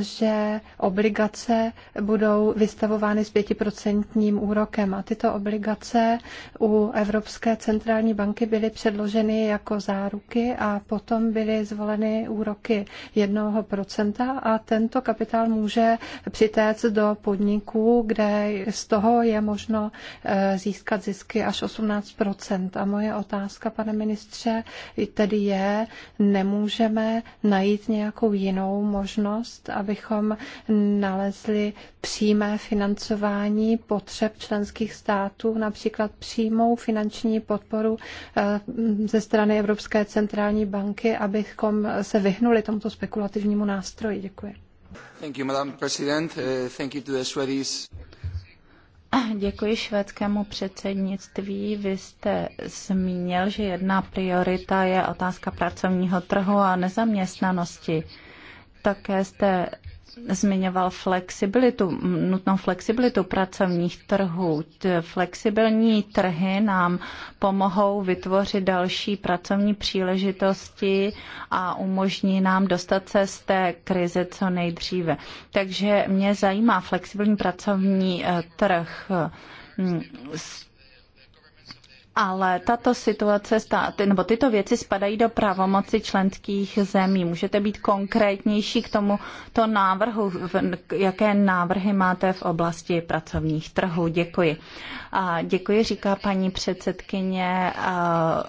že obligace budou vystavovány s 5% úrokem. A tyto obligace u Evropské centrální banky byly předloženy jako záruky a potom byly zvoleny úroky 1% a tento kapitál může přitéct do podniků, kde z toho je možno eh, získat zisky až 18%. A moje otázka, pane ministře, tedy je, nemůžeme najít nějakou jinou možnost, abychom nalezli přímé financování potřeb členských států, například přímou finanční podporu eh, ze strany Evropské centrální banky, abychom se vyhnuli tomuto spekulativnímu nástroji. Děkuji. Thank you, Madam President. Uh, thank you to the Swedish Děkuji švédskému předsednictví. Vy jste zmínil, že jedna priorita je otázka pracovního trhu a nezaměstnanosti. Také jste zmiňoval flexibilitu, nutnou flexibilitu pracovních trhů. Flexibilní trhy nám pomohou vytvořit další pracovní příležitosti a umožní nám dostat se z té krize co nejdříve. Takže mě zajímá flexibilní pracovní eh, trh hmm, ale tato situace nebo tyto věci spadají do pravomoci členských zemí. Můžete být konkrétnější k tomuto návrhu, jaké návrhy máte v oblasti pracovních trhů. Děkuji. A děkuji, říká paní předsedkyně. A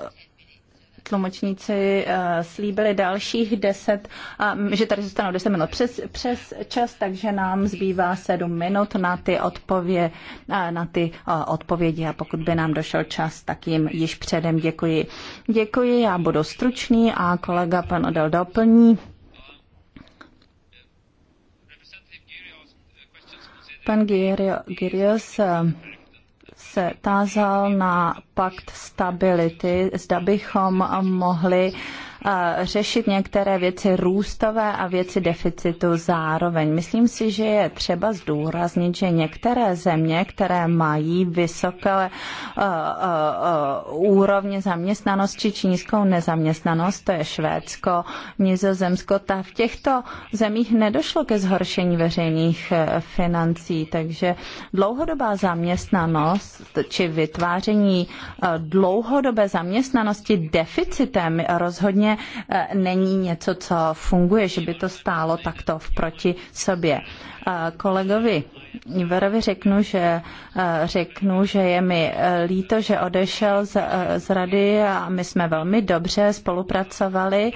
tlumočníci eh, slíbili dalších 10, že tady zůstanou 10 minut přes, přes čas, takže nám zbývá 7 minut na ty, odpově, eh, na ty eh, odpovědi a pokud by nám došel čas, tak jim již předem děkuji. Děkuji, já budu stručný a kolega pan Odel doplní. Pan Girios se tázal na pakt stability, zda bychom mohli řešit některé věci růstové a věci deficitu zároveň. Myslím si, že je třeba zdůraznit, že některé země, které mají vysoké eh, eh, eh, úrovně zaměstnanosti či nízkou nezaměstnanost, to je Švédsko, Nizozemsko, ta v těchto zemích nedošlo ke zhoršení veřejných financí, takže dlouhodobá zaměstnanost či vytváření dlouhodobé zaměstnanosti deficitem rozhodně Eh, není něco, co funguje, že by to stálo takto v proti sobě. Eh, kolegovi Iverovi řeknu, že eh, řeknu, že je mi líto, že odešel z, z rady a my jsme velmi dobře spolupracovali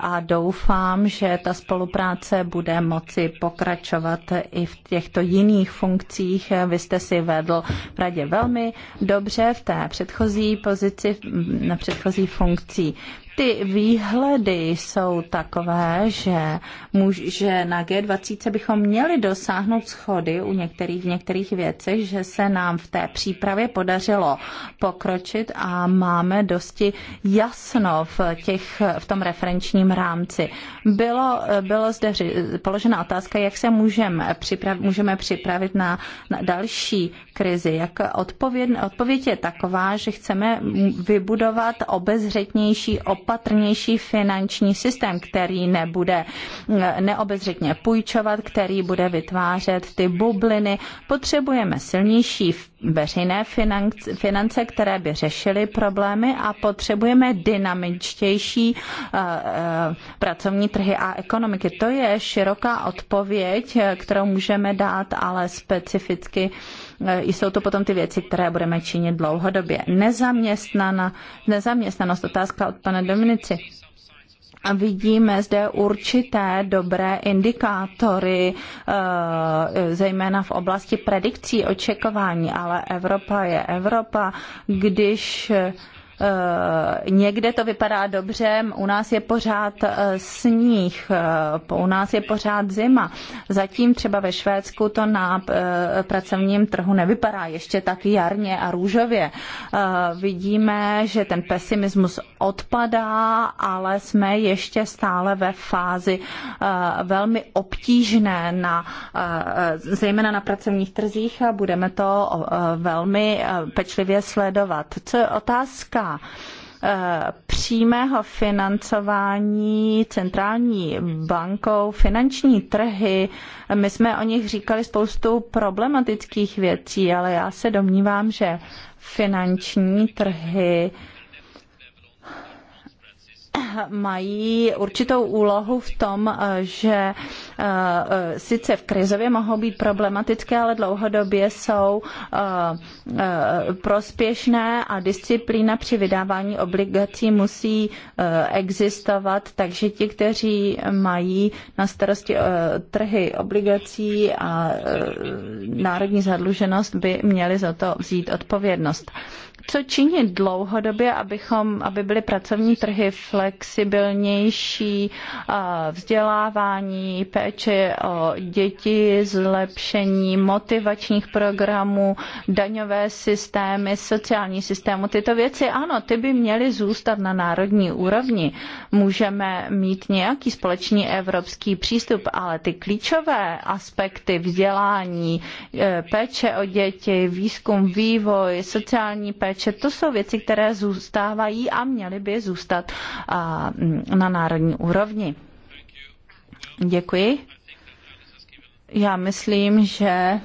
a doufám, že ta spolupráce bude moci pokračovat i v těchto jiných funkcích. Vy jste si vedl v radě velmi dobře v té předchozí pozici, na předchozí funkcí ty výhledy jsou takové, že, muž, že na G20 bychom měli dosáhnout schody u některých, v některých věcech, že se nám v té přípravě podařilo pokročit a máme dosti jasno v, těch, v tom referenčním rámci. Bylo, bylo zde položena otázka, jak se můžeme připravit, můžeme připravit na, na další krizi. Jak odpověd, odpověď je taková, že chceme vybudovat obezřetnější op opatrnější finanční systém, který nebude eh, neobezřetně půjčovat, který bude vytvářet ty bubliny. Potřebujeme silnější veřejné finance, které by řešily problémy a potřebujeme dynamičtější eh, eh, pracovní trhy a ekonomiky. To je široká odpověď, kterou můžeme dát, ale specificky Eh, jsou to potom ty věci, které budeme činit dlouhodobě. Nezaměstnana, nezaměstnanost, otázka od pana Dominici. A vidíme zde určité dobré indikátory, eh, zejména v oblasti predikcí očekování, ale Evropa je Evropa, když eh, Eh, někde to vypadá dobře, u nás je pořád eh, sníh, eh, u nás je pořád zima. Zatím třeba ve Švédsku to na pracovním trhu nevypadá ještě tak jarně a růžově. Vidíme, že ten pesimismus odpadá, ale jsme ještě stále ve fázi velmi obtížné, na, zejména na pracovních trzích a budeme to velmi pečlivě sledovat. Co je otázka Eh, přímého financování centrální bankou, finanční trhy. My jsme o nich říkali spoustu problematických věcí, ale já se domnívám, že finanční trhy uh, mají určitou úlohu v tom, eh, že eh, eh, sice v krizově mohou být problematické, ale dlouhodobě jsou prospěšné a disciplína při vydávání obligací musí existovat, takže ti, kteří mají na starosti trhy obligací a národní zadluženost, by měli za to vzít odpovědnost co činit dlouhodobě, abychom, aby byly pracovní trhy flexibilnější, vzdělávání, péče o děti, zlepšení motivačních programů, daňové systémy, sociální systémy. Tyto věci, ano, ty by měly zůstat na národní úrovni. Můžeme mít nějaký společný evropský přístup, ale ty klíčové aspekty vzdělání, e, péče o děti, výzkum, vývoj, sociální péče, rozpočet. To jsou věci, které zůstávají a měly by zůstat na národní úrovni. Děkuji. Já myslím, že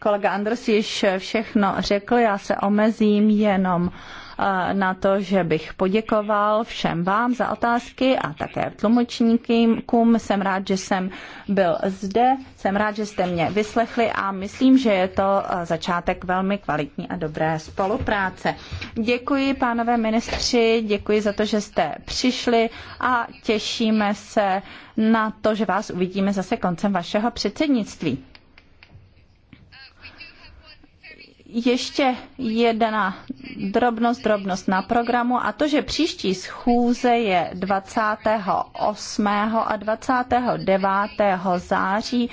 kolega Anders již všechno řekl, já se omezím jenom na to, že bych poděkoval všem vám za otázky a také tlumočníkům. Jsem rád, že jsem byl zde, jsem rád, že jste mě vyslechli a myslím, že je to eh, začátek velmi kvalitní a dobré spolupráce. Děkuji, pánové ministři, děkuji za to, že jste přišli a těšíme se na to, že vás uvidíme zase koncem vašeho předsednictví. ještě jedna drobnost, drobnost na programu a to, že příští schůze je 28. a 29. září